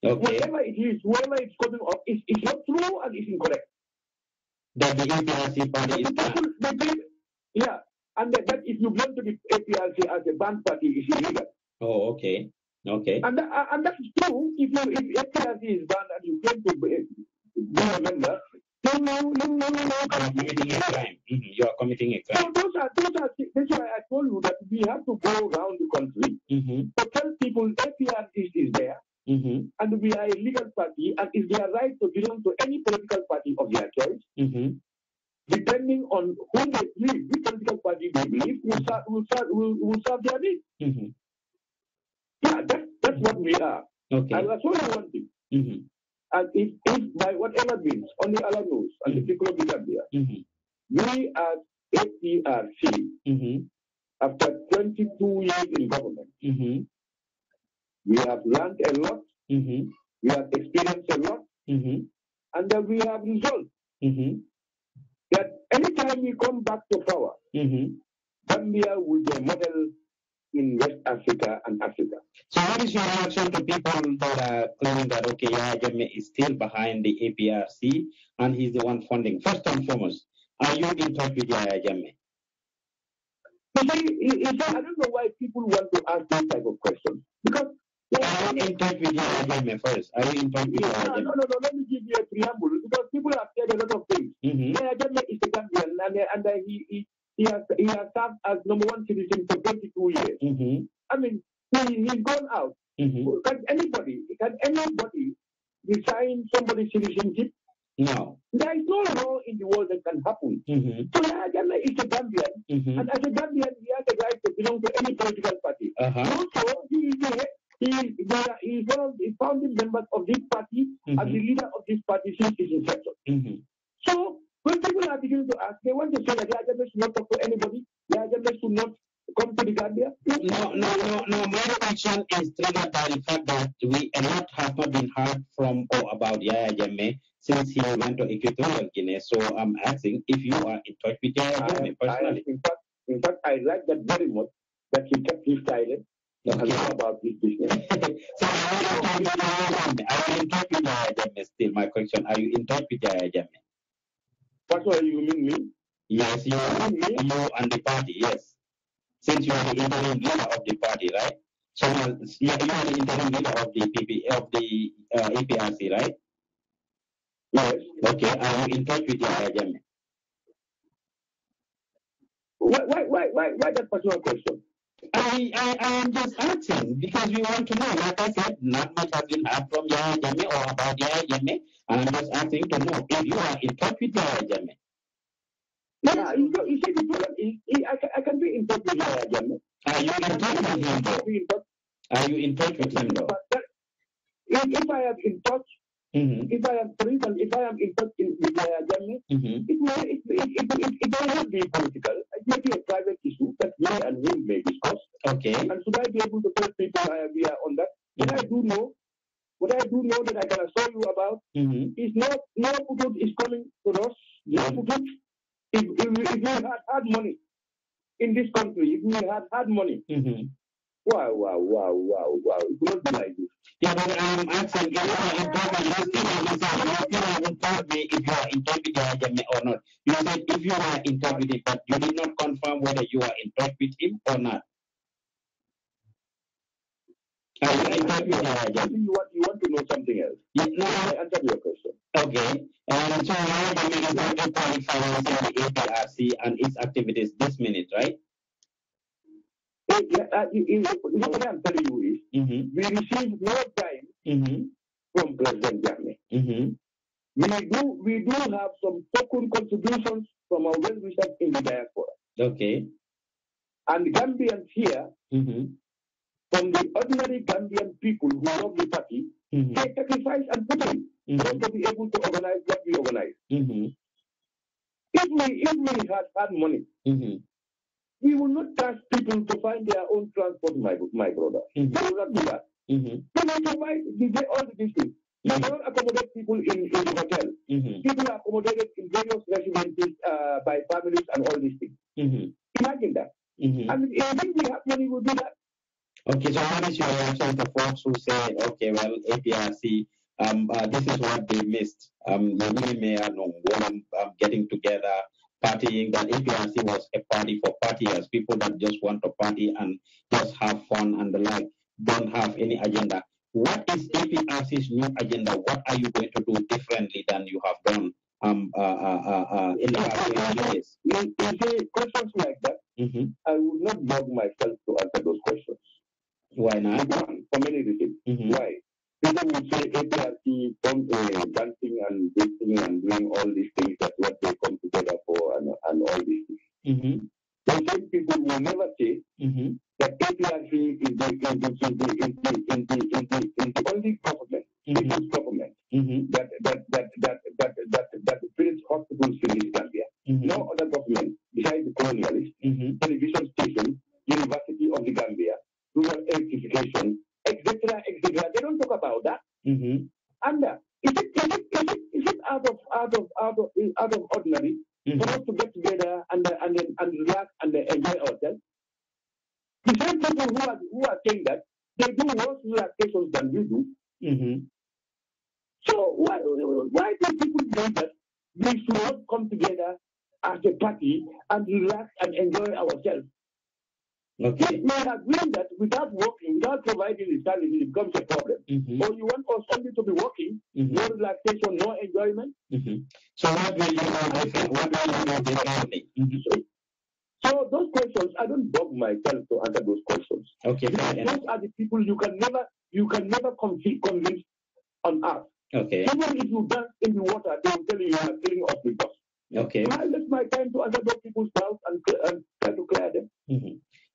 Okay. Whatever it is, whoever it's coming up, it's, it's not true and it's incorrect. That the APRC party is people, they believe, Yeah, and that, that, if you belong to the APRC as a band party, it's illegal. Oh, okay. Okay. And, that, and that's true. If you if APRC is banned and you claim to be a member, no, no, no, no, no, no. committing a crime. Mm-hmm. You are committing a crime. So those are, those are, that's why I told you that we have to go around the country mm-hmm. to tell people APR is, is there. Mm-hmm. And we are a legal party, and it's their right to belong to any political party of their choice, mm-hmm. depending on who they believe, which political party they believe, will serve, will serve, will, will serve their needs. Mm-hmm. Yeah, that, that's what we are. Okay. And that's what I wanted. Mm-hmm. And if, if by whatever means, only Allah knows, and the people of Gambia, mm-hmm. we as APRC, mm-hmm. after 22 years in government, mm-hmm. we have learned a lot, mm-hmm. we have experienced a lot, mm-hmm. and that we have resolved that anytime we come back to power, Zambia will be a model in West Africa and Africa. So what is your reaction to people that are claiming that, okay, Yahya Jammeh is still behind the APRC and he's the one funding? First and foremost, are you in touch with Yahya Jammeh? I, don't know why people want to ask this type of question. Because are you in touch with Yahya Jammeh first? Are you in touch with Yahya Jammeh? No, no, no, let me give you a preamble because people have said a lot of things. Mm-hmm. Yahya Jammeh is a Gambian and, and uh, he, he he has he has served as number one citizen for 22 years. Mm-hmm. I mean, he, he's gone out. Mm-hmm. Can anybody can anybody resign somebody's citizenship? No. There is no law in the world that can happen. Mm-hmm. So Yahya is a Gambian, mm-hmm. and as a Gambian, he has the right to belong to any political party. Uh-huh. Also, he is he he is one of the founding members of this party mm-hmm. and the leader of this party since his inception. Mm-hmm. So when people are beginning to ask, they want to say that the Ajame should not talk to anybody, the Ajame should not come to the Gambia. No, no, no, no. My reaction is triggered by the fact that we a lot have not been heard from or about the Jame since he went to Equatorial Guinea. So I'm asking if you are in touch with him personally. I, in fact, in fact, I like that very much that he kept his silent Okay. About this business. *laughs* so I will in touch with Yaya Jame still. My question, are you in touch with the Jame? That's why you mean me? Yes, you, me? you and the party, yes. Since you are the interim leader of the party, right? So you are, the interim leader of the PP, of the uh, APRC, right? Yes. Okay, are you in touch with your agenda? Why, why, why, why, why that personal question? I, I, I am just asking because we want to know. Like I said, not much has been heard from Yaya Jame or about Yaya Jame. I'm just asking to know if you are in touch with Yaya Jame. Yeah, you, you see the problem. He, I, I can be in touch with Yaya Jame. Are you in touch with him though? Are you in touch with him though? if, if I am in touch, Mm-hmm. If I am, for if I am in touch with my agenda, mm-hmm. it, may, it, it, it, it, may not be political. It may be a private issue that me and him may discuss. Okay. And should I be able to tell people I, we are on that? What I mm-hmm. do know, what I do know that I can assure you about mm-hmm. is no no good is coming to us. No good. Mm-hmm. If, if, if we had had money in this country, if we had had money, Wow, wow, wow, wow, wow. Good lady. Yeah, but um, actually, you know, I'm talking, last thing I was saying, last thing I was told me if you are interpreting or not. You said if you are interpreting, but you did not confirm whether you are interpreting or not. Are you interpreting, I think you want, you want to know something else. Yeah, no, I answered your question. Okay. Um, so, how the Megastatic Qualifier is the APRC and its activities this minute, right? uh, what I'm mm-hmm. telling you is, mm-hmm. we receive no time mm-hmm. from President Jammeh. Mm-hmm. We do we do have some token contributions from our well-wishers in the diaspora. Okay. And Gambians here, mm-hmm. from the ordinary Gambian people who love the party, mm-hmm. they sacrifice and put in just to be able to organize what we organize. If we if we had had money we will not charge people to find their own transport, my, my brother. Mm-hmm. will not do that. Mm-hmm. They provide they, all these things. Mm-hmm. They don't accommodate people in, in the hotel. Mm-hmm. People are accommodated in various residences uh, by families and all these things. Mm-hmm. Imagine that. Mm-hmm. I mean, even we have money, we'll do that. Okay, so what is your reaction to folks who say, okay, well, APRC, um, uh, this is what they missed. Um, the women um, getting together partying, that APRC was a party for partiers, people that just want to party and just have fun and the like, don't have any agenda. What is APRC's new agenda? What are you going to do differently than you have done um, uh, uh, uh, uh in the past years? In, questions like that, mm -hmm. I would not bug myself to answer those questions. Why not? for many reasons. Mm -hmm. Why? Even you say APRC from uh, dancing and dating and doing all these things that what they come together for and, and all these things. Mm-hmm. They say people will never say mm-hmm. that APRC is the, the, the, the, the, the, only government, mm-hmm. this government, mm-hmm. that, that, that, that, that, that, that builds hospitals in this Gambia. Mm-hmm. No other government, besides the colonialists, mm-hmm. television station, University of the Gambia, rural electrification, etc., etc. They don't talk about that. Mm-hmm. And uh, is, it, is, it, is, it, is it out of out of out of, out of ordinary mm-hmm. for us to get together and uh, and uh, and relax and uh, enjoy ourselves? The same people who are who are saying that they do worse relaxations than we do. Mm-hmm. So why why do people believe that we should not come together as a party and relax and enjoy ourselves? Okay. But might agree that without working, without providing salary, it becomes a problem. Mm-hmm. Or you want us only to be working, mm-hmm. no relaxation, no enjoyment. Mm-hmm. So what do you know different? What do you mm-hmm. So, those questions, I don't bog myself to answer those questions. Okay. Those are the people you can never, you can never convince, convince on earth. Okay. Even if you dance in the water, they will tell you you are killing off the dust. Okay. So I left my time to answer those people's doubts and, and try to clear them. Mm-hmm.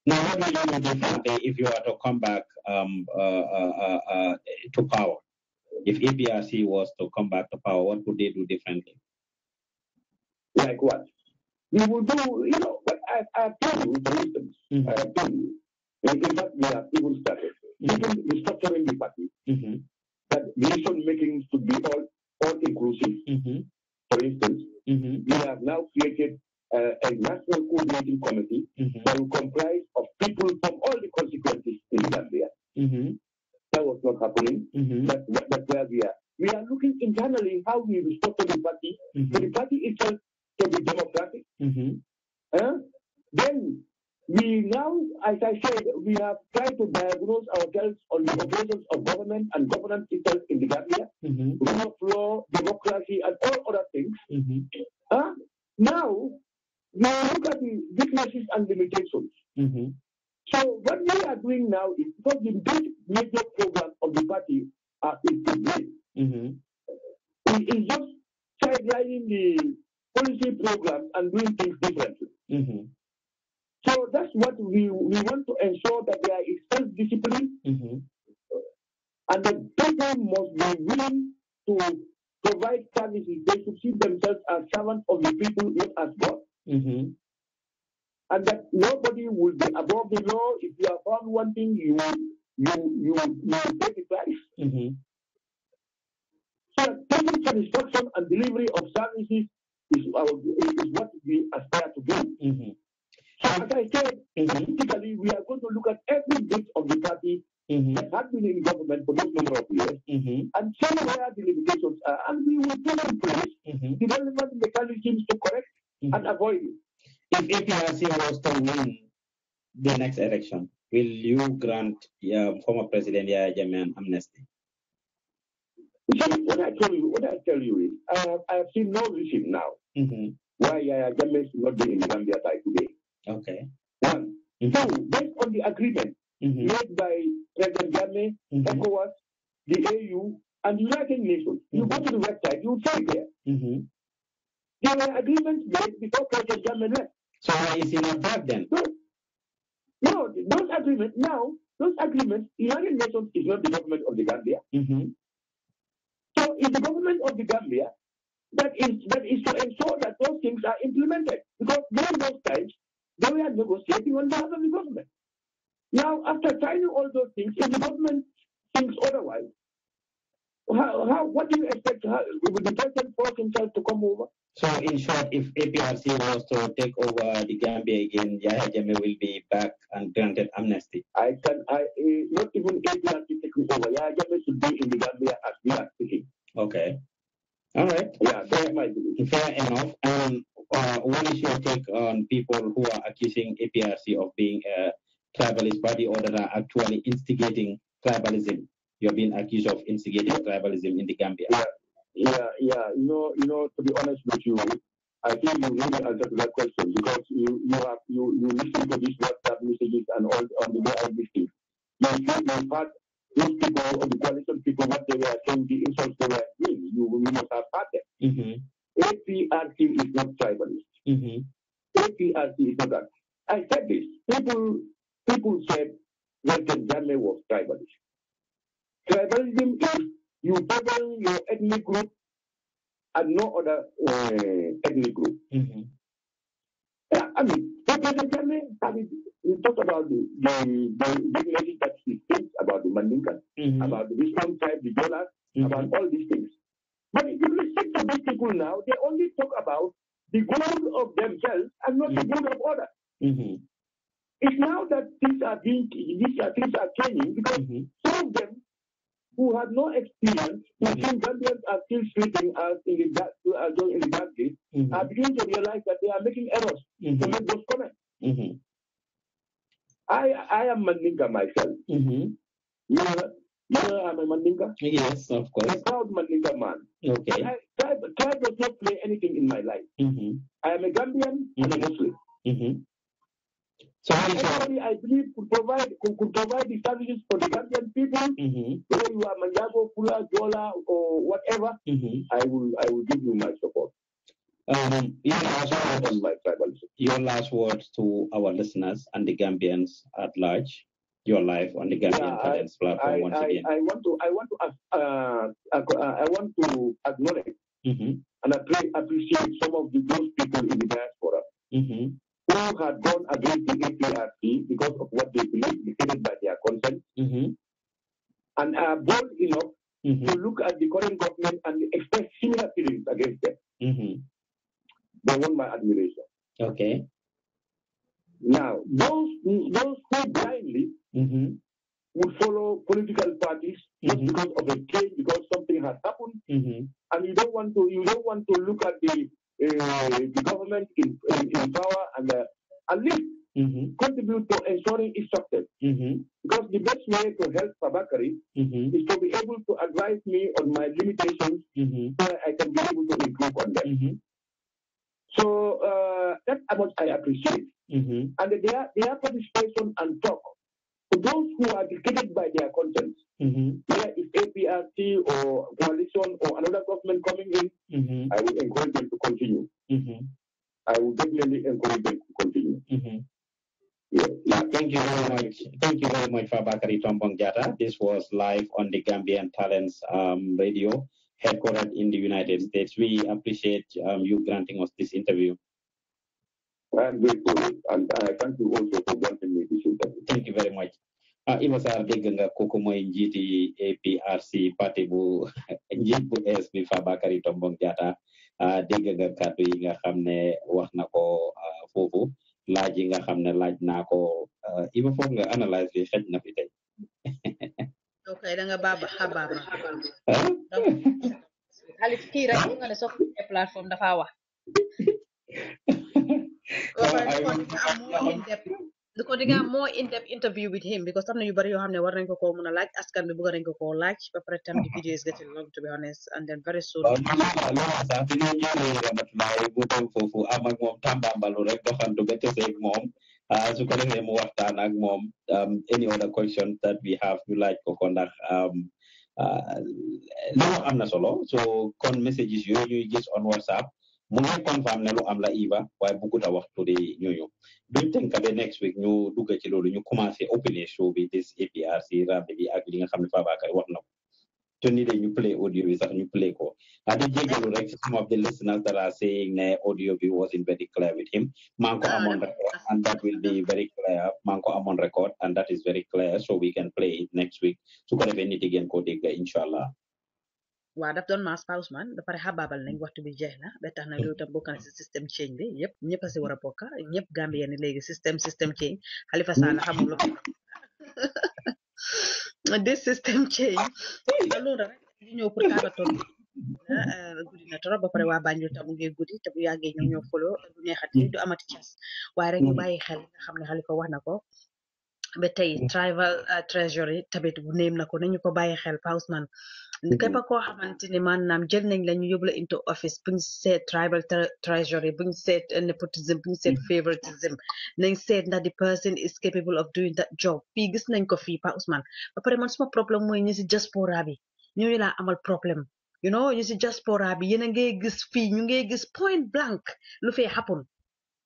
Now, what would you do someday if you are to come back um, uh, uh, uh, uh to power? If APRC was to come back to power, what would they do differently? Like what? We will do, you know, but I, I tell you the reasons. Mm-hmm. I you. In, in fact, we have even started. Mm-hmm. Even restructuring the party. Mm-hmm. That decision making should be all, all inclusive. Mm-hmm. For instance, mm-hmm. we have now created uh, a national coordinating committee mm-hmm. that will comprise of people from all the constituencies in Zambia. Mm-hmm. That was not happening. Mm-hmm. That, that, where we are. We are looking internally how we restore the party. Mm-hmm. the party itself to be democratic. Uh, then we now, as I said, we have tried to diagnose ourselves on the operations of government and governance itself in the Gambia, mm-hmm. rule of law, democracy, and all other things. Uh, now, now look at the weaknesses and limitations. Mm-hmm. So what we are doing now is because the big major program of the party uh, is to blame. Mm-hmm. It is just sidelining the policy program and doing things differently. Mm-hmm. So that's what we, we want to ensure that there is self discipline mm-hmm. and the people must be willing to provide services. They should see themselves as servants of the people, not as God hmm and that nobody will be above the law. If you have found one thing, you you you you take the price. Mm-hmm. So taking satisfaction and delivery of services is our, uh, is what we aspire to be. Mm-hmm. So as I said, mm-hmm. Basically, we are going to look at every bit of the party mm-hmm. that has been in government for those number of years mm-hmm. and see where the limitations are, and we will put in place the relevant mechanisms to correct Mm-hmm. and avoid it. If, APRC PRC was to win the next election, will you grant former President Yahya Jammeh amnesty? See, what I tell you, what I tell you is, I have, I have seen no reason now mm-hmm. why Yahya Jammeh should not be in Zambia by today. Okay. One. Mm-hmm. Two, based on the agreement mm-hmm. made by President Jammeh, ECOWAS, the AU, and the United Nations, you mm-hmm. go to the website, you see there mm-hmm. There were agreements made before President Jammeh left. So why is he not back then? No. no, those agreements, now, those agreements, United Nations is not the government of the Gambia. Mm-hmm. So it's the government of the Gambia that is, that is to ensure that those things are implemented. Because during those times, they were negotiating on behalf of the government. Now, after signing all those things, if the government thinks otherwise, how, how, what do you expect? How, would the president force himself to come over? So, in short, if APRC was to take over the Gambia again, Yahya Jammeh will be back and granted amnesty. I can, I uh, not even APRC taking over. Yahya Jammeh should be in the Gambia as we are speaking. Okay. All right. Yeah, fair, fair enough. And uh, what is your take on people who are accusing APRC of being a tribalist body or that are actually instigating tribalism? you have been accused of instigating tribalism in the Gambia. Yeah, yeah, yeah. You know, you know. To be honest with you, I think you really answered that question because you you have you you listen to these WhatsApp messages and all on the way I listen. You see, in fact, those people or the coalition people, what they were saying, the insults they were doing, you, you must have heard them. Mm-hmm. APRC is not tribalist. Mm-hmm. APRC is not that. I said this. People people said that Kagame was tribalist. Tribalism is you favor your ethnic group and no other uh, ethnic group. Mm-hmm. Yeah, I mean, eh, we talked about the, the, the, the that he thinks about the Mandinka, mm-hmm. about the Islam tribe, the Jolas, mm-hmm. about all these things. But if you listen to these people now, they only talk about the goal of themselves and not the goal of others. Mm-hmm. It's now that things are being, these are, things are changing because mm-hmm. some of them who had no experience, who think Gambians are still sleeping as in the, uh, as in the dark days, mm-hmm. are beginning to realize that they are making errors mm-hmm. to make those comments. Mm-hmm. I, I am Mandinka myself. Mm-hmm. You, know, you know, I'm a Mandinka. Yes, of course. I'm a proud Mandinka man. Okay. I, tribe, tribe does not play anything in my life. Mm-hmm. I am a Gambian mm-hmm. and a mm-hmm. Muslim. Mm-hmm. So Everybody, I believe, could provide could, could provide the services for the Gambian people. Mm-hmm. Whether you are Manjago, Kula, Jola, or whatever, mm-hmm. I will I will give you my support. Um, your, last your last words to our listeners and the Gambians at large. Your life on the Gambian yeah, Talents platform I, once I, again. I want to I want to uh, uh, uh I want to acknowledge mm-hmm. and I appreciate some of the, those people in the diaspora. Mm-hmm who had gone against the APRC because of what they believe dictated by their conscience, mm-hmm. and are bold enough mm-hmm. to look at the current government and express similar feelings against them. Mm-hmm. They won my admiration. Okay. Now, those those who blindly mm-hmm. would follow political parties just mm-hmm. because of a change, because something has happened, mm-hmm. and you don't want to you don't want to look at the uh, the government in, in, power and, uh, at least mm-hmm. contribute to ensuring its success. Mm-hmm. Because the best way to help Sabakari mm-hmm. is to be able to advise me on my limitations so mm-hmm. I can be able to improve on them. Mm-hmm. So uh, that's much I appreciate. Mm-hmm. And their, their participation and talk to those who are dictated by their conscience, whether it's APRC or coalition or another government coming in, -hmm. I will encourage them to continue. Mm -hmm. I will definitely encourage them to continue. Mm-hmm. Yeah, thank you very much. Thank you very much, Fabakari Tombongjata. This was live on the Gambian Talents um, Radio, headquartered in the United States. We appreciate um, you granting us this interview. I'm grateful, and I thank you also for granting me this interview. Thank you very much. ah Iba Sarr nga kooku mooy njiiti APRC parti bu *laughs* njiit bu es bi Fabakary Tombong ah, nga kàddu yi nga xam ne wax na ko ah, foofu laaj yi nga xam ne laaj naa ko ah, Iba foog nga analyse li na fi tey. ok da nga baaba xabaaba. Aliou kii rek nga ne soxla wax. *laughs* du ko dinga more in-depth interview with him because am na yu bari yoo xam ne war nañ ko koo mun a laaj askan bi bëgg nañ ko koo laaj ba pare tam the video is getting long to be honest and then very soon. foofu am ak moom tàmbambalu rek doxantu ba tese ak moom su ko defee mu waxtaan ak Um, any other question that we have ñu laaj ko ko ndax loolu am na solo so kon messages yooyu ñuy gis on WhatsApp mu ngi confirm ne lu am la Eva waaye bëggut a wax today ñooñu duñ tënk ba next week ñu dugg ci loolu ñu commencé opening show bi this APRC rabbi bi ak li nga xam ne Fabakary wax na ko te de ñu play audio bi sax ñu play ko a di jégalu rek some of the listeners that are saying ne audio bi wasn't very clear with him maa ngi ko amoon ah, record and that will be very clear maa ngi ko amoon record and that is very clear so we can play it next week su ko defee nit yi ngeen ko dégg incha allah waa daf doon mass pa Ousmane ba pare xabaabal nañ waxtu bi jeex na ba tax na loolu tam bokk na si système change bi yëpp ñëpp a si war a bokk ñëpp Gambien ni léegi système système change Halifa Sallah xamul lu di *laughs* système change loolu rek ñu ñëw ah, ah, na trop ba pare waa Banjul tam mu ngi guddi te bu yàggee ñoo ñoo folo du neexati du amati cas waaye mm. xam ne Halifa wax na ko ba mm. tribal ah, treasury bu néem na ko nañu ko bàyyi xel Pa Ousman mm-hmm. képp koo xamante ni maanaam jël nañ la ñu into office buñ set tribal treasury buñ set eh, nepotism buñ set mm-hmm. favoritism nañ seet that the person is capable of doing that job fii gis nañ ko fii Pa Ousman ba pare man suma problème mooy ñu si diaspora bi ñooñu laa amal problème you know ñu si diaspora bi yéen a ngay gis fii ñu ngay gis point blank lu fee happen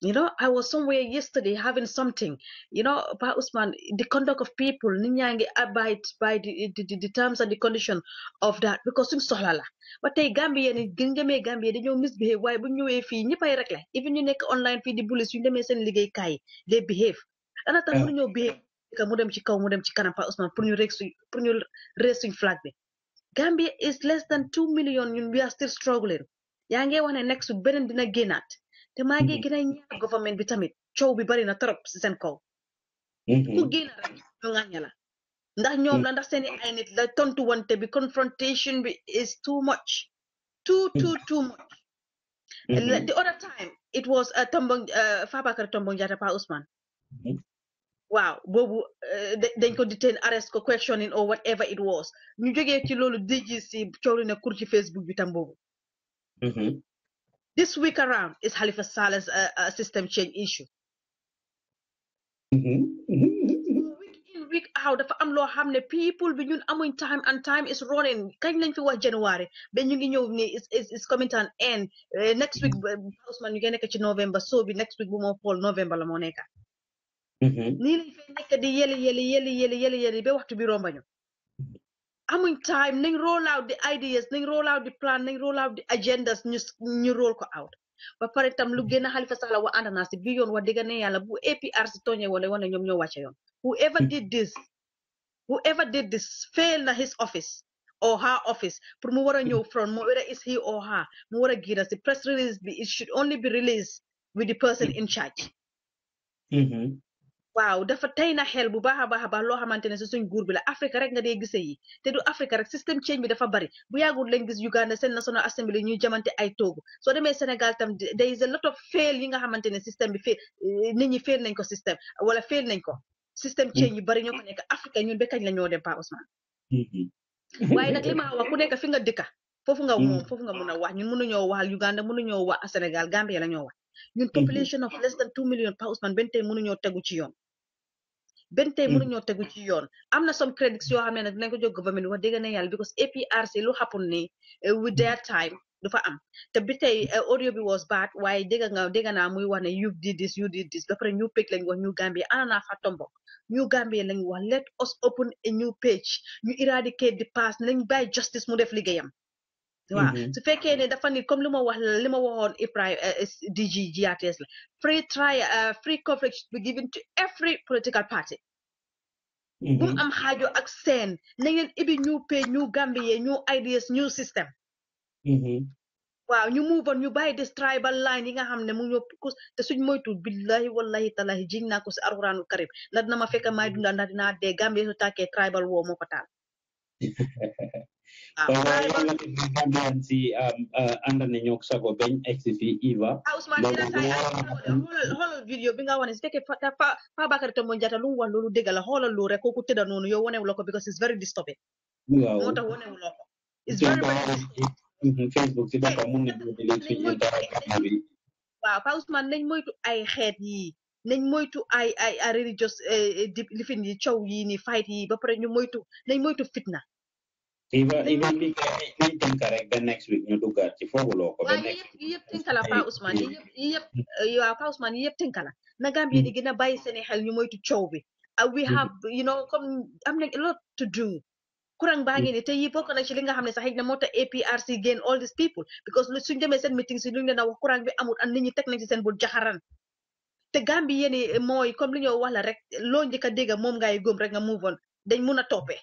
you know, I was somewhere yesterday having something. You know, about Usman, the conduct of people, ninyangi abide by the, the, the, terms and the condition of that because suñ soxla la ba tey Gambia ni gën Gambia dañoo misbehave waaye bu ñu ñëwee fii ñëppay rek la even ñu nekk online fii di bullis suñ demee seen liggéeykaay they behave dana tax ah. mënuñoo behave mu dem ci kaw mu dem ci kanam Paa Ousmane pour ñu rek pour ñu rees flag bi Gambia is less than two million ñun we are still struggling yaa ngi next beneen dina génnaat temagegiranya mm-hmm. government bitamit coow bi bari na trop si mm-hmm. seen kaw ku génn rek ñu ŋàñña la ndax ñoom la ndax mm-hmm. seeni ay nit la tontu wante bi confrontation bi is too much too too too much the other time it was tombong uh, Fabakary Tombong Jatta Pa Ousmane Wow, boobu dañ ko detain arrest ko questioning or whatever it was ñu jógee ci loolu DGC coow li ne kur ci Facebook bi tam boobu this week around is Halifa Saleh's uh, uh system change issue. Mm-hmm. Mm-hmm. week in week out dafa am loo xam ne people bi ñun amuñ time and time is running kañ lañ fi wax January ba ñu ngi ñëw ni is is coming to an end eh, next week mm-hmm. eh, Ousmane ñu ngi nekk ci November so bi next week bu moo fall November la moo nekka nii lañ fay nekk di yeli yeli yeli yeli yeli yeli be waxtu bi rombañu amuñ time nañ roll out the ideas nañ roll out the plan nañ roll out the agendas ñu ñu roll ko out ba pare tam lu mm-hmm. gën a Halifa Sallah wa ànd naa si bi yoon wax dëgg ne yàlla bu APRC tooñee woon woon ñoom ñoo wàcce yoon whoever mm-hmm. did this whoever did this fail na his office or her office pour mu war mm-hmm. ñëw from mu whether is he or her mu war a génn press release bi it should only be released with the person in charge waaw dafa tey na xeel bu baax a baax loo xamante ne si suñ guur bi la Afrique rek nga dee gise yi te du Afrique rek système change bi dafa bari bu yàggul lañ gis Uganda seen national assembly ñuy jamante ay toogu so demee Sénégal tam there is a lot yi nga xamante ne système bi fail eh, nit ñi fail nañ ko système wala fail nañ ko système mm. change yu bari ñoo ko nekk Afrique ñun ba kañ la ñoo dem Pa Ousmane mm-hmm. *laughs* waaye nag li ma wax ku nekk fi nga dëkka foofu nga mm. moom nga mun a wax ñun mënuñoo waxal Uganda mënuñoo wax Sénégal Gambie la ñoo wax ñun mm-hmm. population of less than two million Pa Ousmane tegu ci yoon benn tey mënuñoo mm. tegu ci yoon am na some credits yoo xam ne nag dinañ ko jóg government wax dégg na yàlla because APRC lu xapun ni eh, with their time dafa am te bi tey eh, audio bi was bad Why dégg nga dégg naa muy wax ne you did this you did this ba pare ñu page lañ wax ñu Gambie ana naa fa tombok ñu Gambie lañ wax let us open a new page ñu eradicate the past nañ bàyyi justice mu def liggéeyam waaw mm-hmm. su fekkee ne dafa ni comme li ma wax li ma waxoon Ibrahim eh, eh, DG GRTS la free try, eh, free coverage be given to every political party mm-hmm. bu mu am xaajo ak seen na ngeen ibi ñu pay ñu Gambie ñu ideas ñu system mm-hmm. waaw ñu move on ñu bàyyi des tribal line yi nga xam ne mu ñoo kus te suñ moytu billahi wallahi talahi jiñ naa ko si alxuraanu karim ndax dina ma fekk may dunda ndax dinaa dee Gambie su tàkkee tribal woo moo ko taal *laughs* si anda ne ñok sago beñ exi fi iva video bi nga wone si fekke fa bakari to mon jata lu wan lolu degal holol lu rek ko tedda nonu yo wonew lako because it's very disturbing waaw mo tax wonew it's very facebook si dafa mun nañu delete fi interaction bi waaw pa ousmane nañ moytu ay xeet yi nañ moytu ay ay religious lifin yi ciow yi ni fight yi ba pare ñu moytu nañ moytu fitna even even bi nañ tinkarek ba next week ñu duggaat ci fooguloo ko waaye yi yëpp tinkala Pa Ousmane yi yëpp yi yëpp waaw Pa Ousmane yi yëpp tinkala na Gambia di gën a bàyyi seen xel ñu moytu coow bi uh, we mm-hmm. have you know comme am nañ a lot to do kurang baa ngi mm-hmm. ni te yi na ci li nga xam ne sax it na moo tax APRC gain all these people because suñ demee seen meeting si luñ leen a wax kurang bi amul an nit ñi teg nañ ci seen bul jaxaran te Gambie yéen mooy comme li ñoo wax rek loo njëkk a dégg moom ngay góom rek nga move on dañ mun a toppee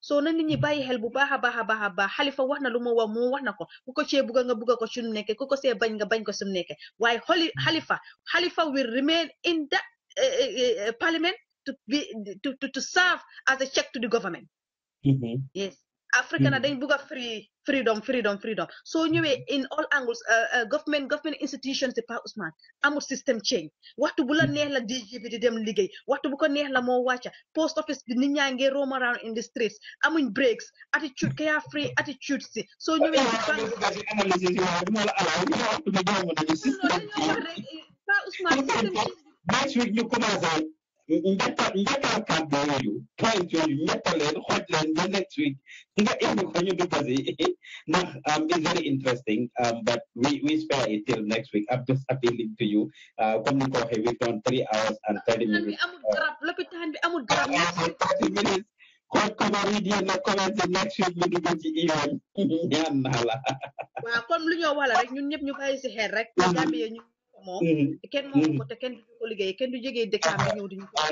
So na nit ñi bàyyi xel bu baax a baax a baax a baax xalifa wax na lu mu wax mu wax na ko ku ko cee bugga nga bugga ko sum nekke ku ko see bañ nga bañ ko sum nekke waaye xoli xalifa xalifa will remain in the eh, eh, eh, parliament to be to to serve as a check to the government mm-hmm. yes Africa na mm-hmm. dañ bugga free freedom freedom freedom soo anyway, in all angles government government institutions the de Pa Ousmane amul system change What to la neex la DG bi di dem liggéey waxtu bu ko neex la moo wàcca post office bi nit ñaa roam around in the streets I'm in breaks attitude care free attitude si soo ñëwee Pa Ousmane system change next week ñu commencé njëkk next week it's very interesting um, but we we spare it till next week I'm just appealing to you uh, comme ni ko waxee we've done three hours and thirty minutes. lopitaan bi amul garab thirty minutes xool comédien na commencé next week ñu dugg ci yoon *laughs* ñaan naa la. comme lu ñu wax rek ñun ñëpp ñu bàyyi xel rek. *laughs* Gambie ñu. moom kenn moomu ko te kenn duñu ko liggéey kenn du jógee dëkkaam bi ñëw diñu ko ah,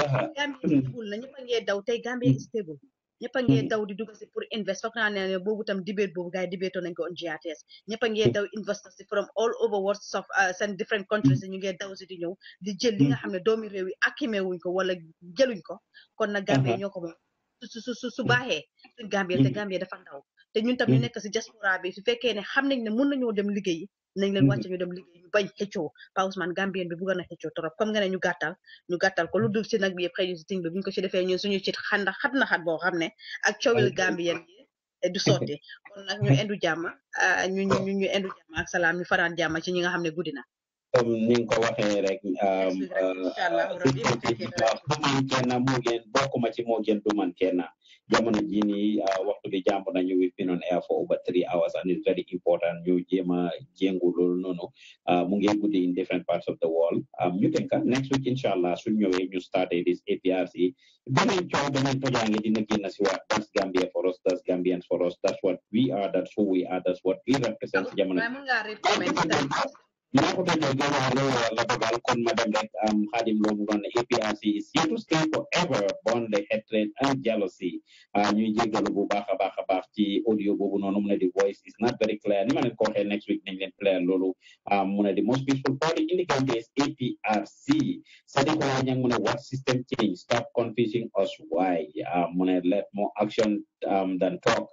ah, ah. Gambie stable na ñëpp a ngee daw tey Gambie stable ñëpp a daw di dugg si pour invest foog boobu tam dibéet boobu gars yi dibéetoon nañ ko on GRTS ñëpp a ngee daw investors si from all over world of seen different countries ñu ngee daw si di ñëw di jël li nga xam ne doomi réew yi akkimee wuñ ko wala jëluñ ko kon nag Gambie ñoo ko moom su su su su baaxee suñ Gambie te Gambie dafa ndaw te ñun tam ñu nekk si diaspora bi su fekkee ne xam nañ ne mun nañoo dem liggéey nañ leen mm. wàcce ñu dem liggéey ñu bañ xëccoo Pa Ousmane Gambien bi bëggoon na xëccoo trop comme nga ne ñu gàttal ñu gàttal ko lu dul si nag bi yëpp si ting bi bu ñu ko si defee ñun suñu ci xanda xat na xat boo xam ne ak coowil Gambien yi du sotti kon nag ñu indu jàmm ah, ñu ñu ñu indu jàmm ak salaam ñu faraan jàmm ci ñi nga xam ne guddi na comme ko rek du man ah, kenn moo gën bokkuma ci moo gën jamono jii uh, waktu waxtu bi jàmp nañu we've been on air for over three hours and it's very important ñu jema jengu lol loolu uh, mu ngeen in different parts of the world ñu um, tënka next week inshallah allah suñ ñëwee ñu starté this APRC dañu coow dañu tojangi dina génn ci waat that's Gambia for us that's Gambians for us that's what we are that's who we are that's what we represent jamono Inapotoka Kiongozi wa Haleo Labour welcomed Madam Rek um, Hadim Lobu on APRC is here to stay forever, born the hatred and jealousy. ñuy you bu baax a baax baka baax ci audio Bubu no mu ne di voice is not very clear ni ma leen ko waxee next week nañ leen clear um, one of the most peaceful party in the country is APRC Sadikola Ñang mu ne what system change stop confusing us why um, mu ne let more action um, than talk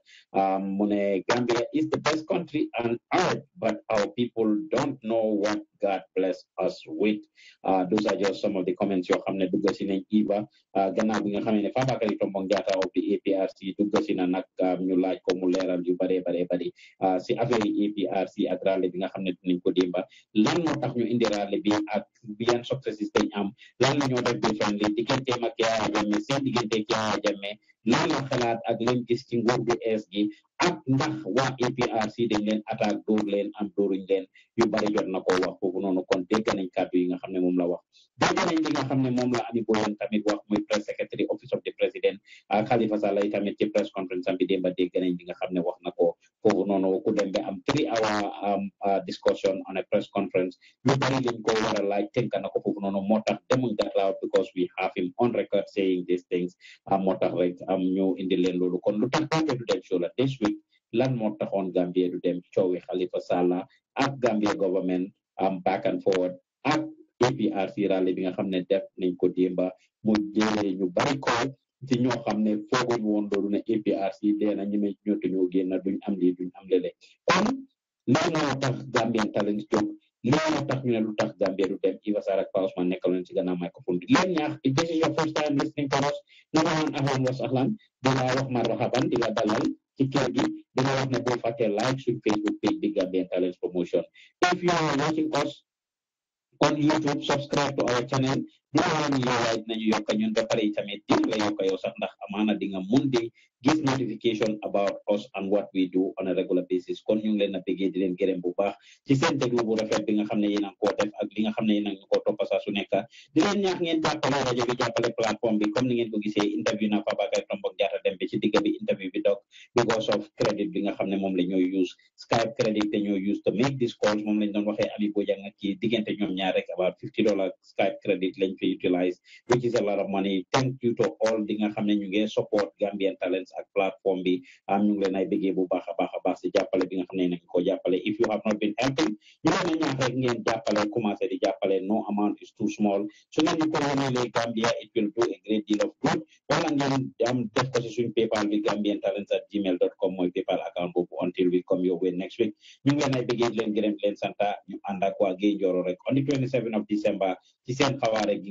mu ne Gambia is the best country on earth but our people don't know what God bless us with uh, those are just some of the comments you have made. dugg si nañ Iba gannaaw bi nga xam ne Fabakary Tombong Jatta of the APRC dugg si na nag ñu um, laaj ko mu leeral yu uh, si affaire APRC ak rale bi nga xam ne dinañ ko démba lan moo tax ñu indi rale bi ak yan successes dañ am lan la ñoo def différent digganteem ak Yaya Jammeh lan la xalaat ak leen gis ci nguur gu ees gi ak ndax waa APRC dañ leen attaque dóor leen am dóoruñ leen yu bari jot na ko wax foofu noonu kon dégg nañ kàddu yi nga xam ne moom la wax dégg nañ li nga xam ne moom la Ami Boyen tamit wax muy press secretary office of the president ah, Khalifa Sallah tamit ci press conference am bi démba dégg nañ li nga xam ne wax na ko foofu noonu ku dem ba am three hour um uh, discussion on a press conference ñu bari lañ ko war a laaj tënk na ko foofu noonu moo tax demuñ that because we have him on record saying these things ah, moo tax rek am ñu indi leen loolu kon lu tax Gambia du dem show la this week lan moo taxoon Gambia du dem coowi Halifa Sallah ak Gambia government am back and forward ak APRC rally bi nga xam ne def nañ ko démba mu jëlee ñu bari ko ci xam ne fooguñ woon loolu ne APRC dee na ñu ne ñootu ñoo génn duñ am lii duñ am lele kon lan moo tax Gambian Talents jóg loolu tax ñu ne lu tax Gambia du dem Iva Sarr ak Pa Ousmane nekkal leen ci gannaaw microphone bi leen ñaax if this your first time listening to us nawaxaan ahlan was ahlan di la wax marhaban di la dalal ci kër gi di la wax ne boo fàttee like suñ Facebook page bi Gambian Talents Promotion if you are watching us on YouTube subscribe to our channel dina wane ni yow waaye dinañu yokka ñun ba pare tamit dina la yokka yow sax ndax amaana di nga mun di gis notification about us and what we do on a regular basis kon ñu ngi leen a bëggee di leen gërëm bu baax ci seen déglu bu rafet bi nga xam ne yéen a ngi koo def ak li nga xam ne yéen a ngi koo topp saa su nekk di leen ñaax ngeen jàppale rajo bi jàppale plateforme bi comme ni ngeen ko gisee interview na Fabakary Tombong Jatta Dembe ci digg bi interview bi dog because of credit bi nga xam ne moom la ñoo use Skype credit la use to make this calls moom lañ doon waxee Ami Bojang ak kii diggante ñoom ñaar rek about fifty dollars Skype credit lañ fi utilize, which is a lot of money. Thank you to all di nga xamne ñu ngi support Gambian Talents ak platform bi am ñu lay leen bu baax a baax ci baax bi nga xamne ko if you have not been helping ñu leen a ñaan rek ngeen jàppale commencer di jàppale no amount is too small So ngeen ñu ko wóolee Gambia it will do a great deal of good wala ngeen am def ko ci suñ paypal bi Gambian Talents at gmail.com dot com paypal account boobu until we come your way next week ñu ngi leen ay di leen gërëm leen santa ñu ànd ak waa Géey rek on the 27 of December ci seen xawaare gi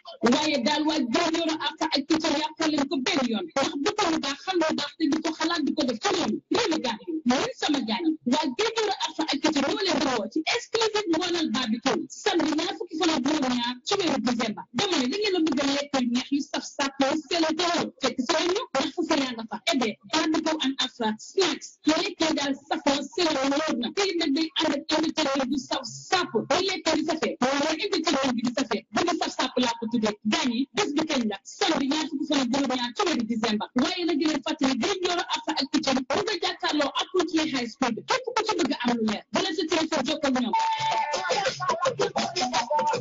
waaye daal waa benn yoon ak ak ci yàqal leen ko benn yoon ndax bu ko lu baax xam lu baax te di ko xalaat di ko def ci yoon loolu gaa yi yéen sama gaa yi waa benn yoon ak ak ci ñoo leen di woo ci exclusive woonal barbecue samedi ñaar fukki fan ak juróom ñaar ci weeru décembre dama ne da ngeen a bëgg a lekk yu neex yu saf saf yoo sell te wóor fekk si leen ñu ndax fu fa yaa nga fa ebe barbecue and afra snacks lekk yi daal safoo sell wóor na tey nag day ànd ak invité bu saw sàpp day lekk di safee wala invité bi di safee bu di saf sàpp laa ko tuddee nag gaañ yi bés bi ñaar fukki fan ak juroom ci weeru décembre waaye nag di leen fàttali gëj ñooro afa ak picc bi bu nga jàkkaarloo ak Koutié high school bi képp ku ci bëgg am lu leer bu leen sa téléphone jokkoo ñoom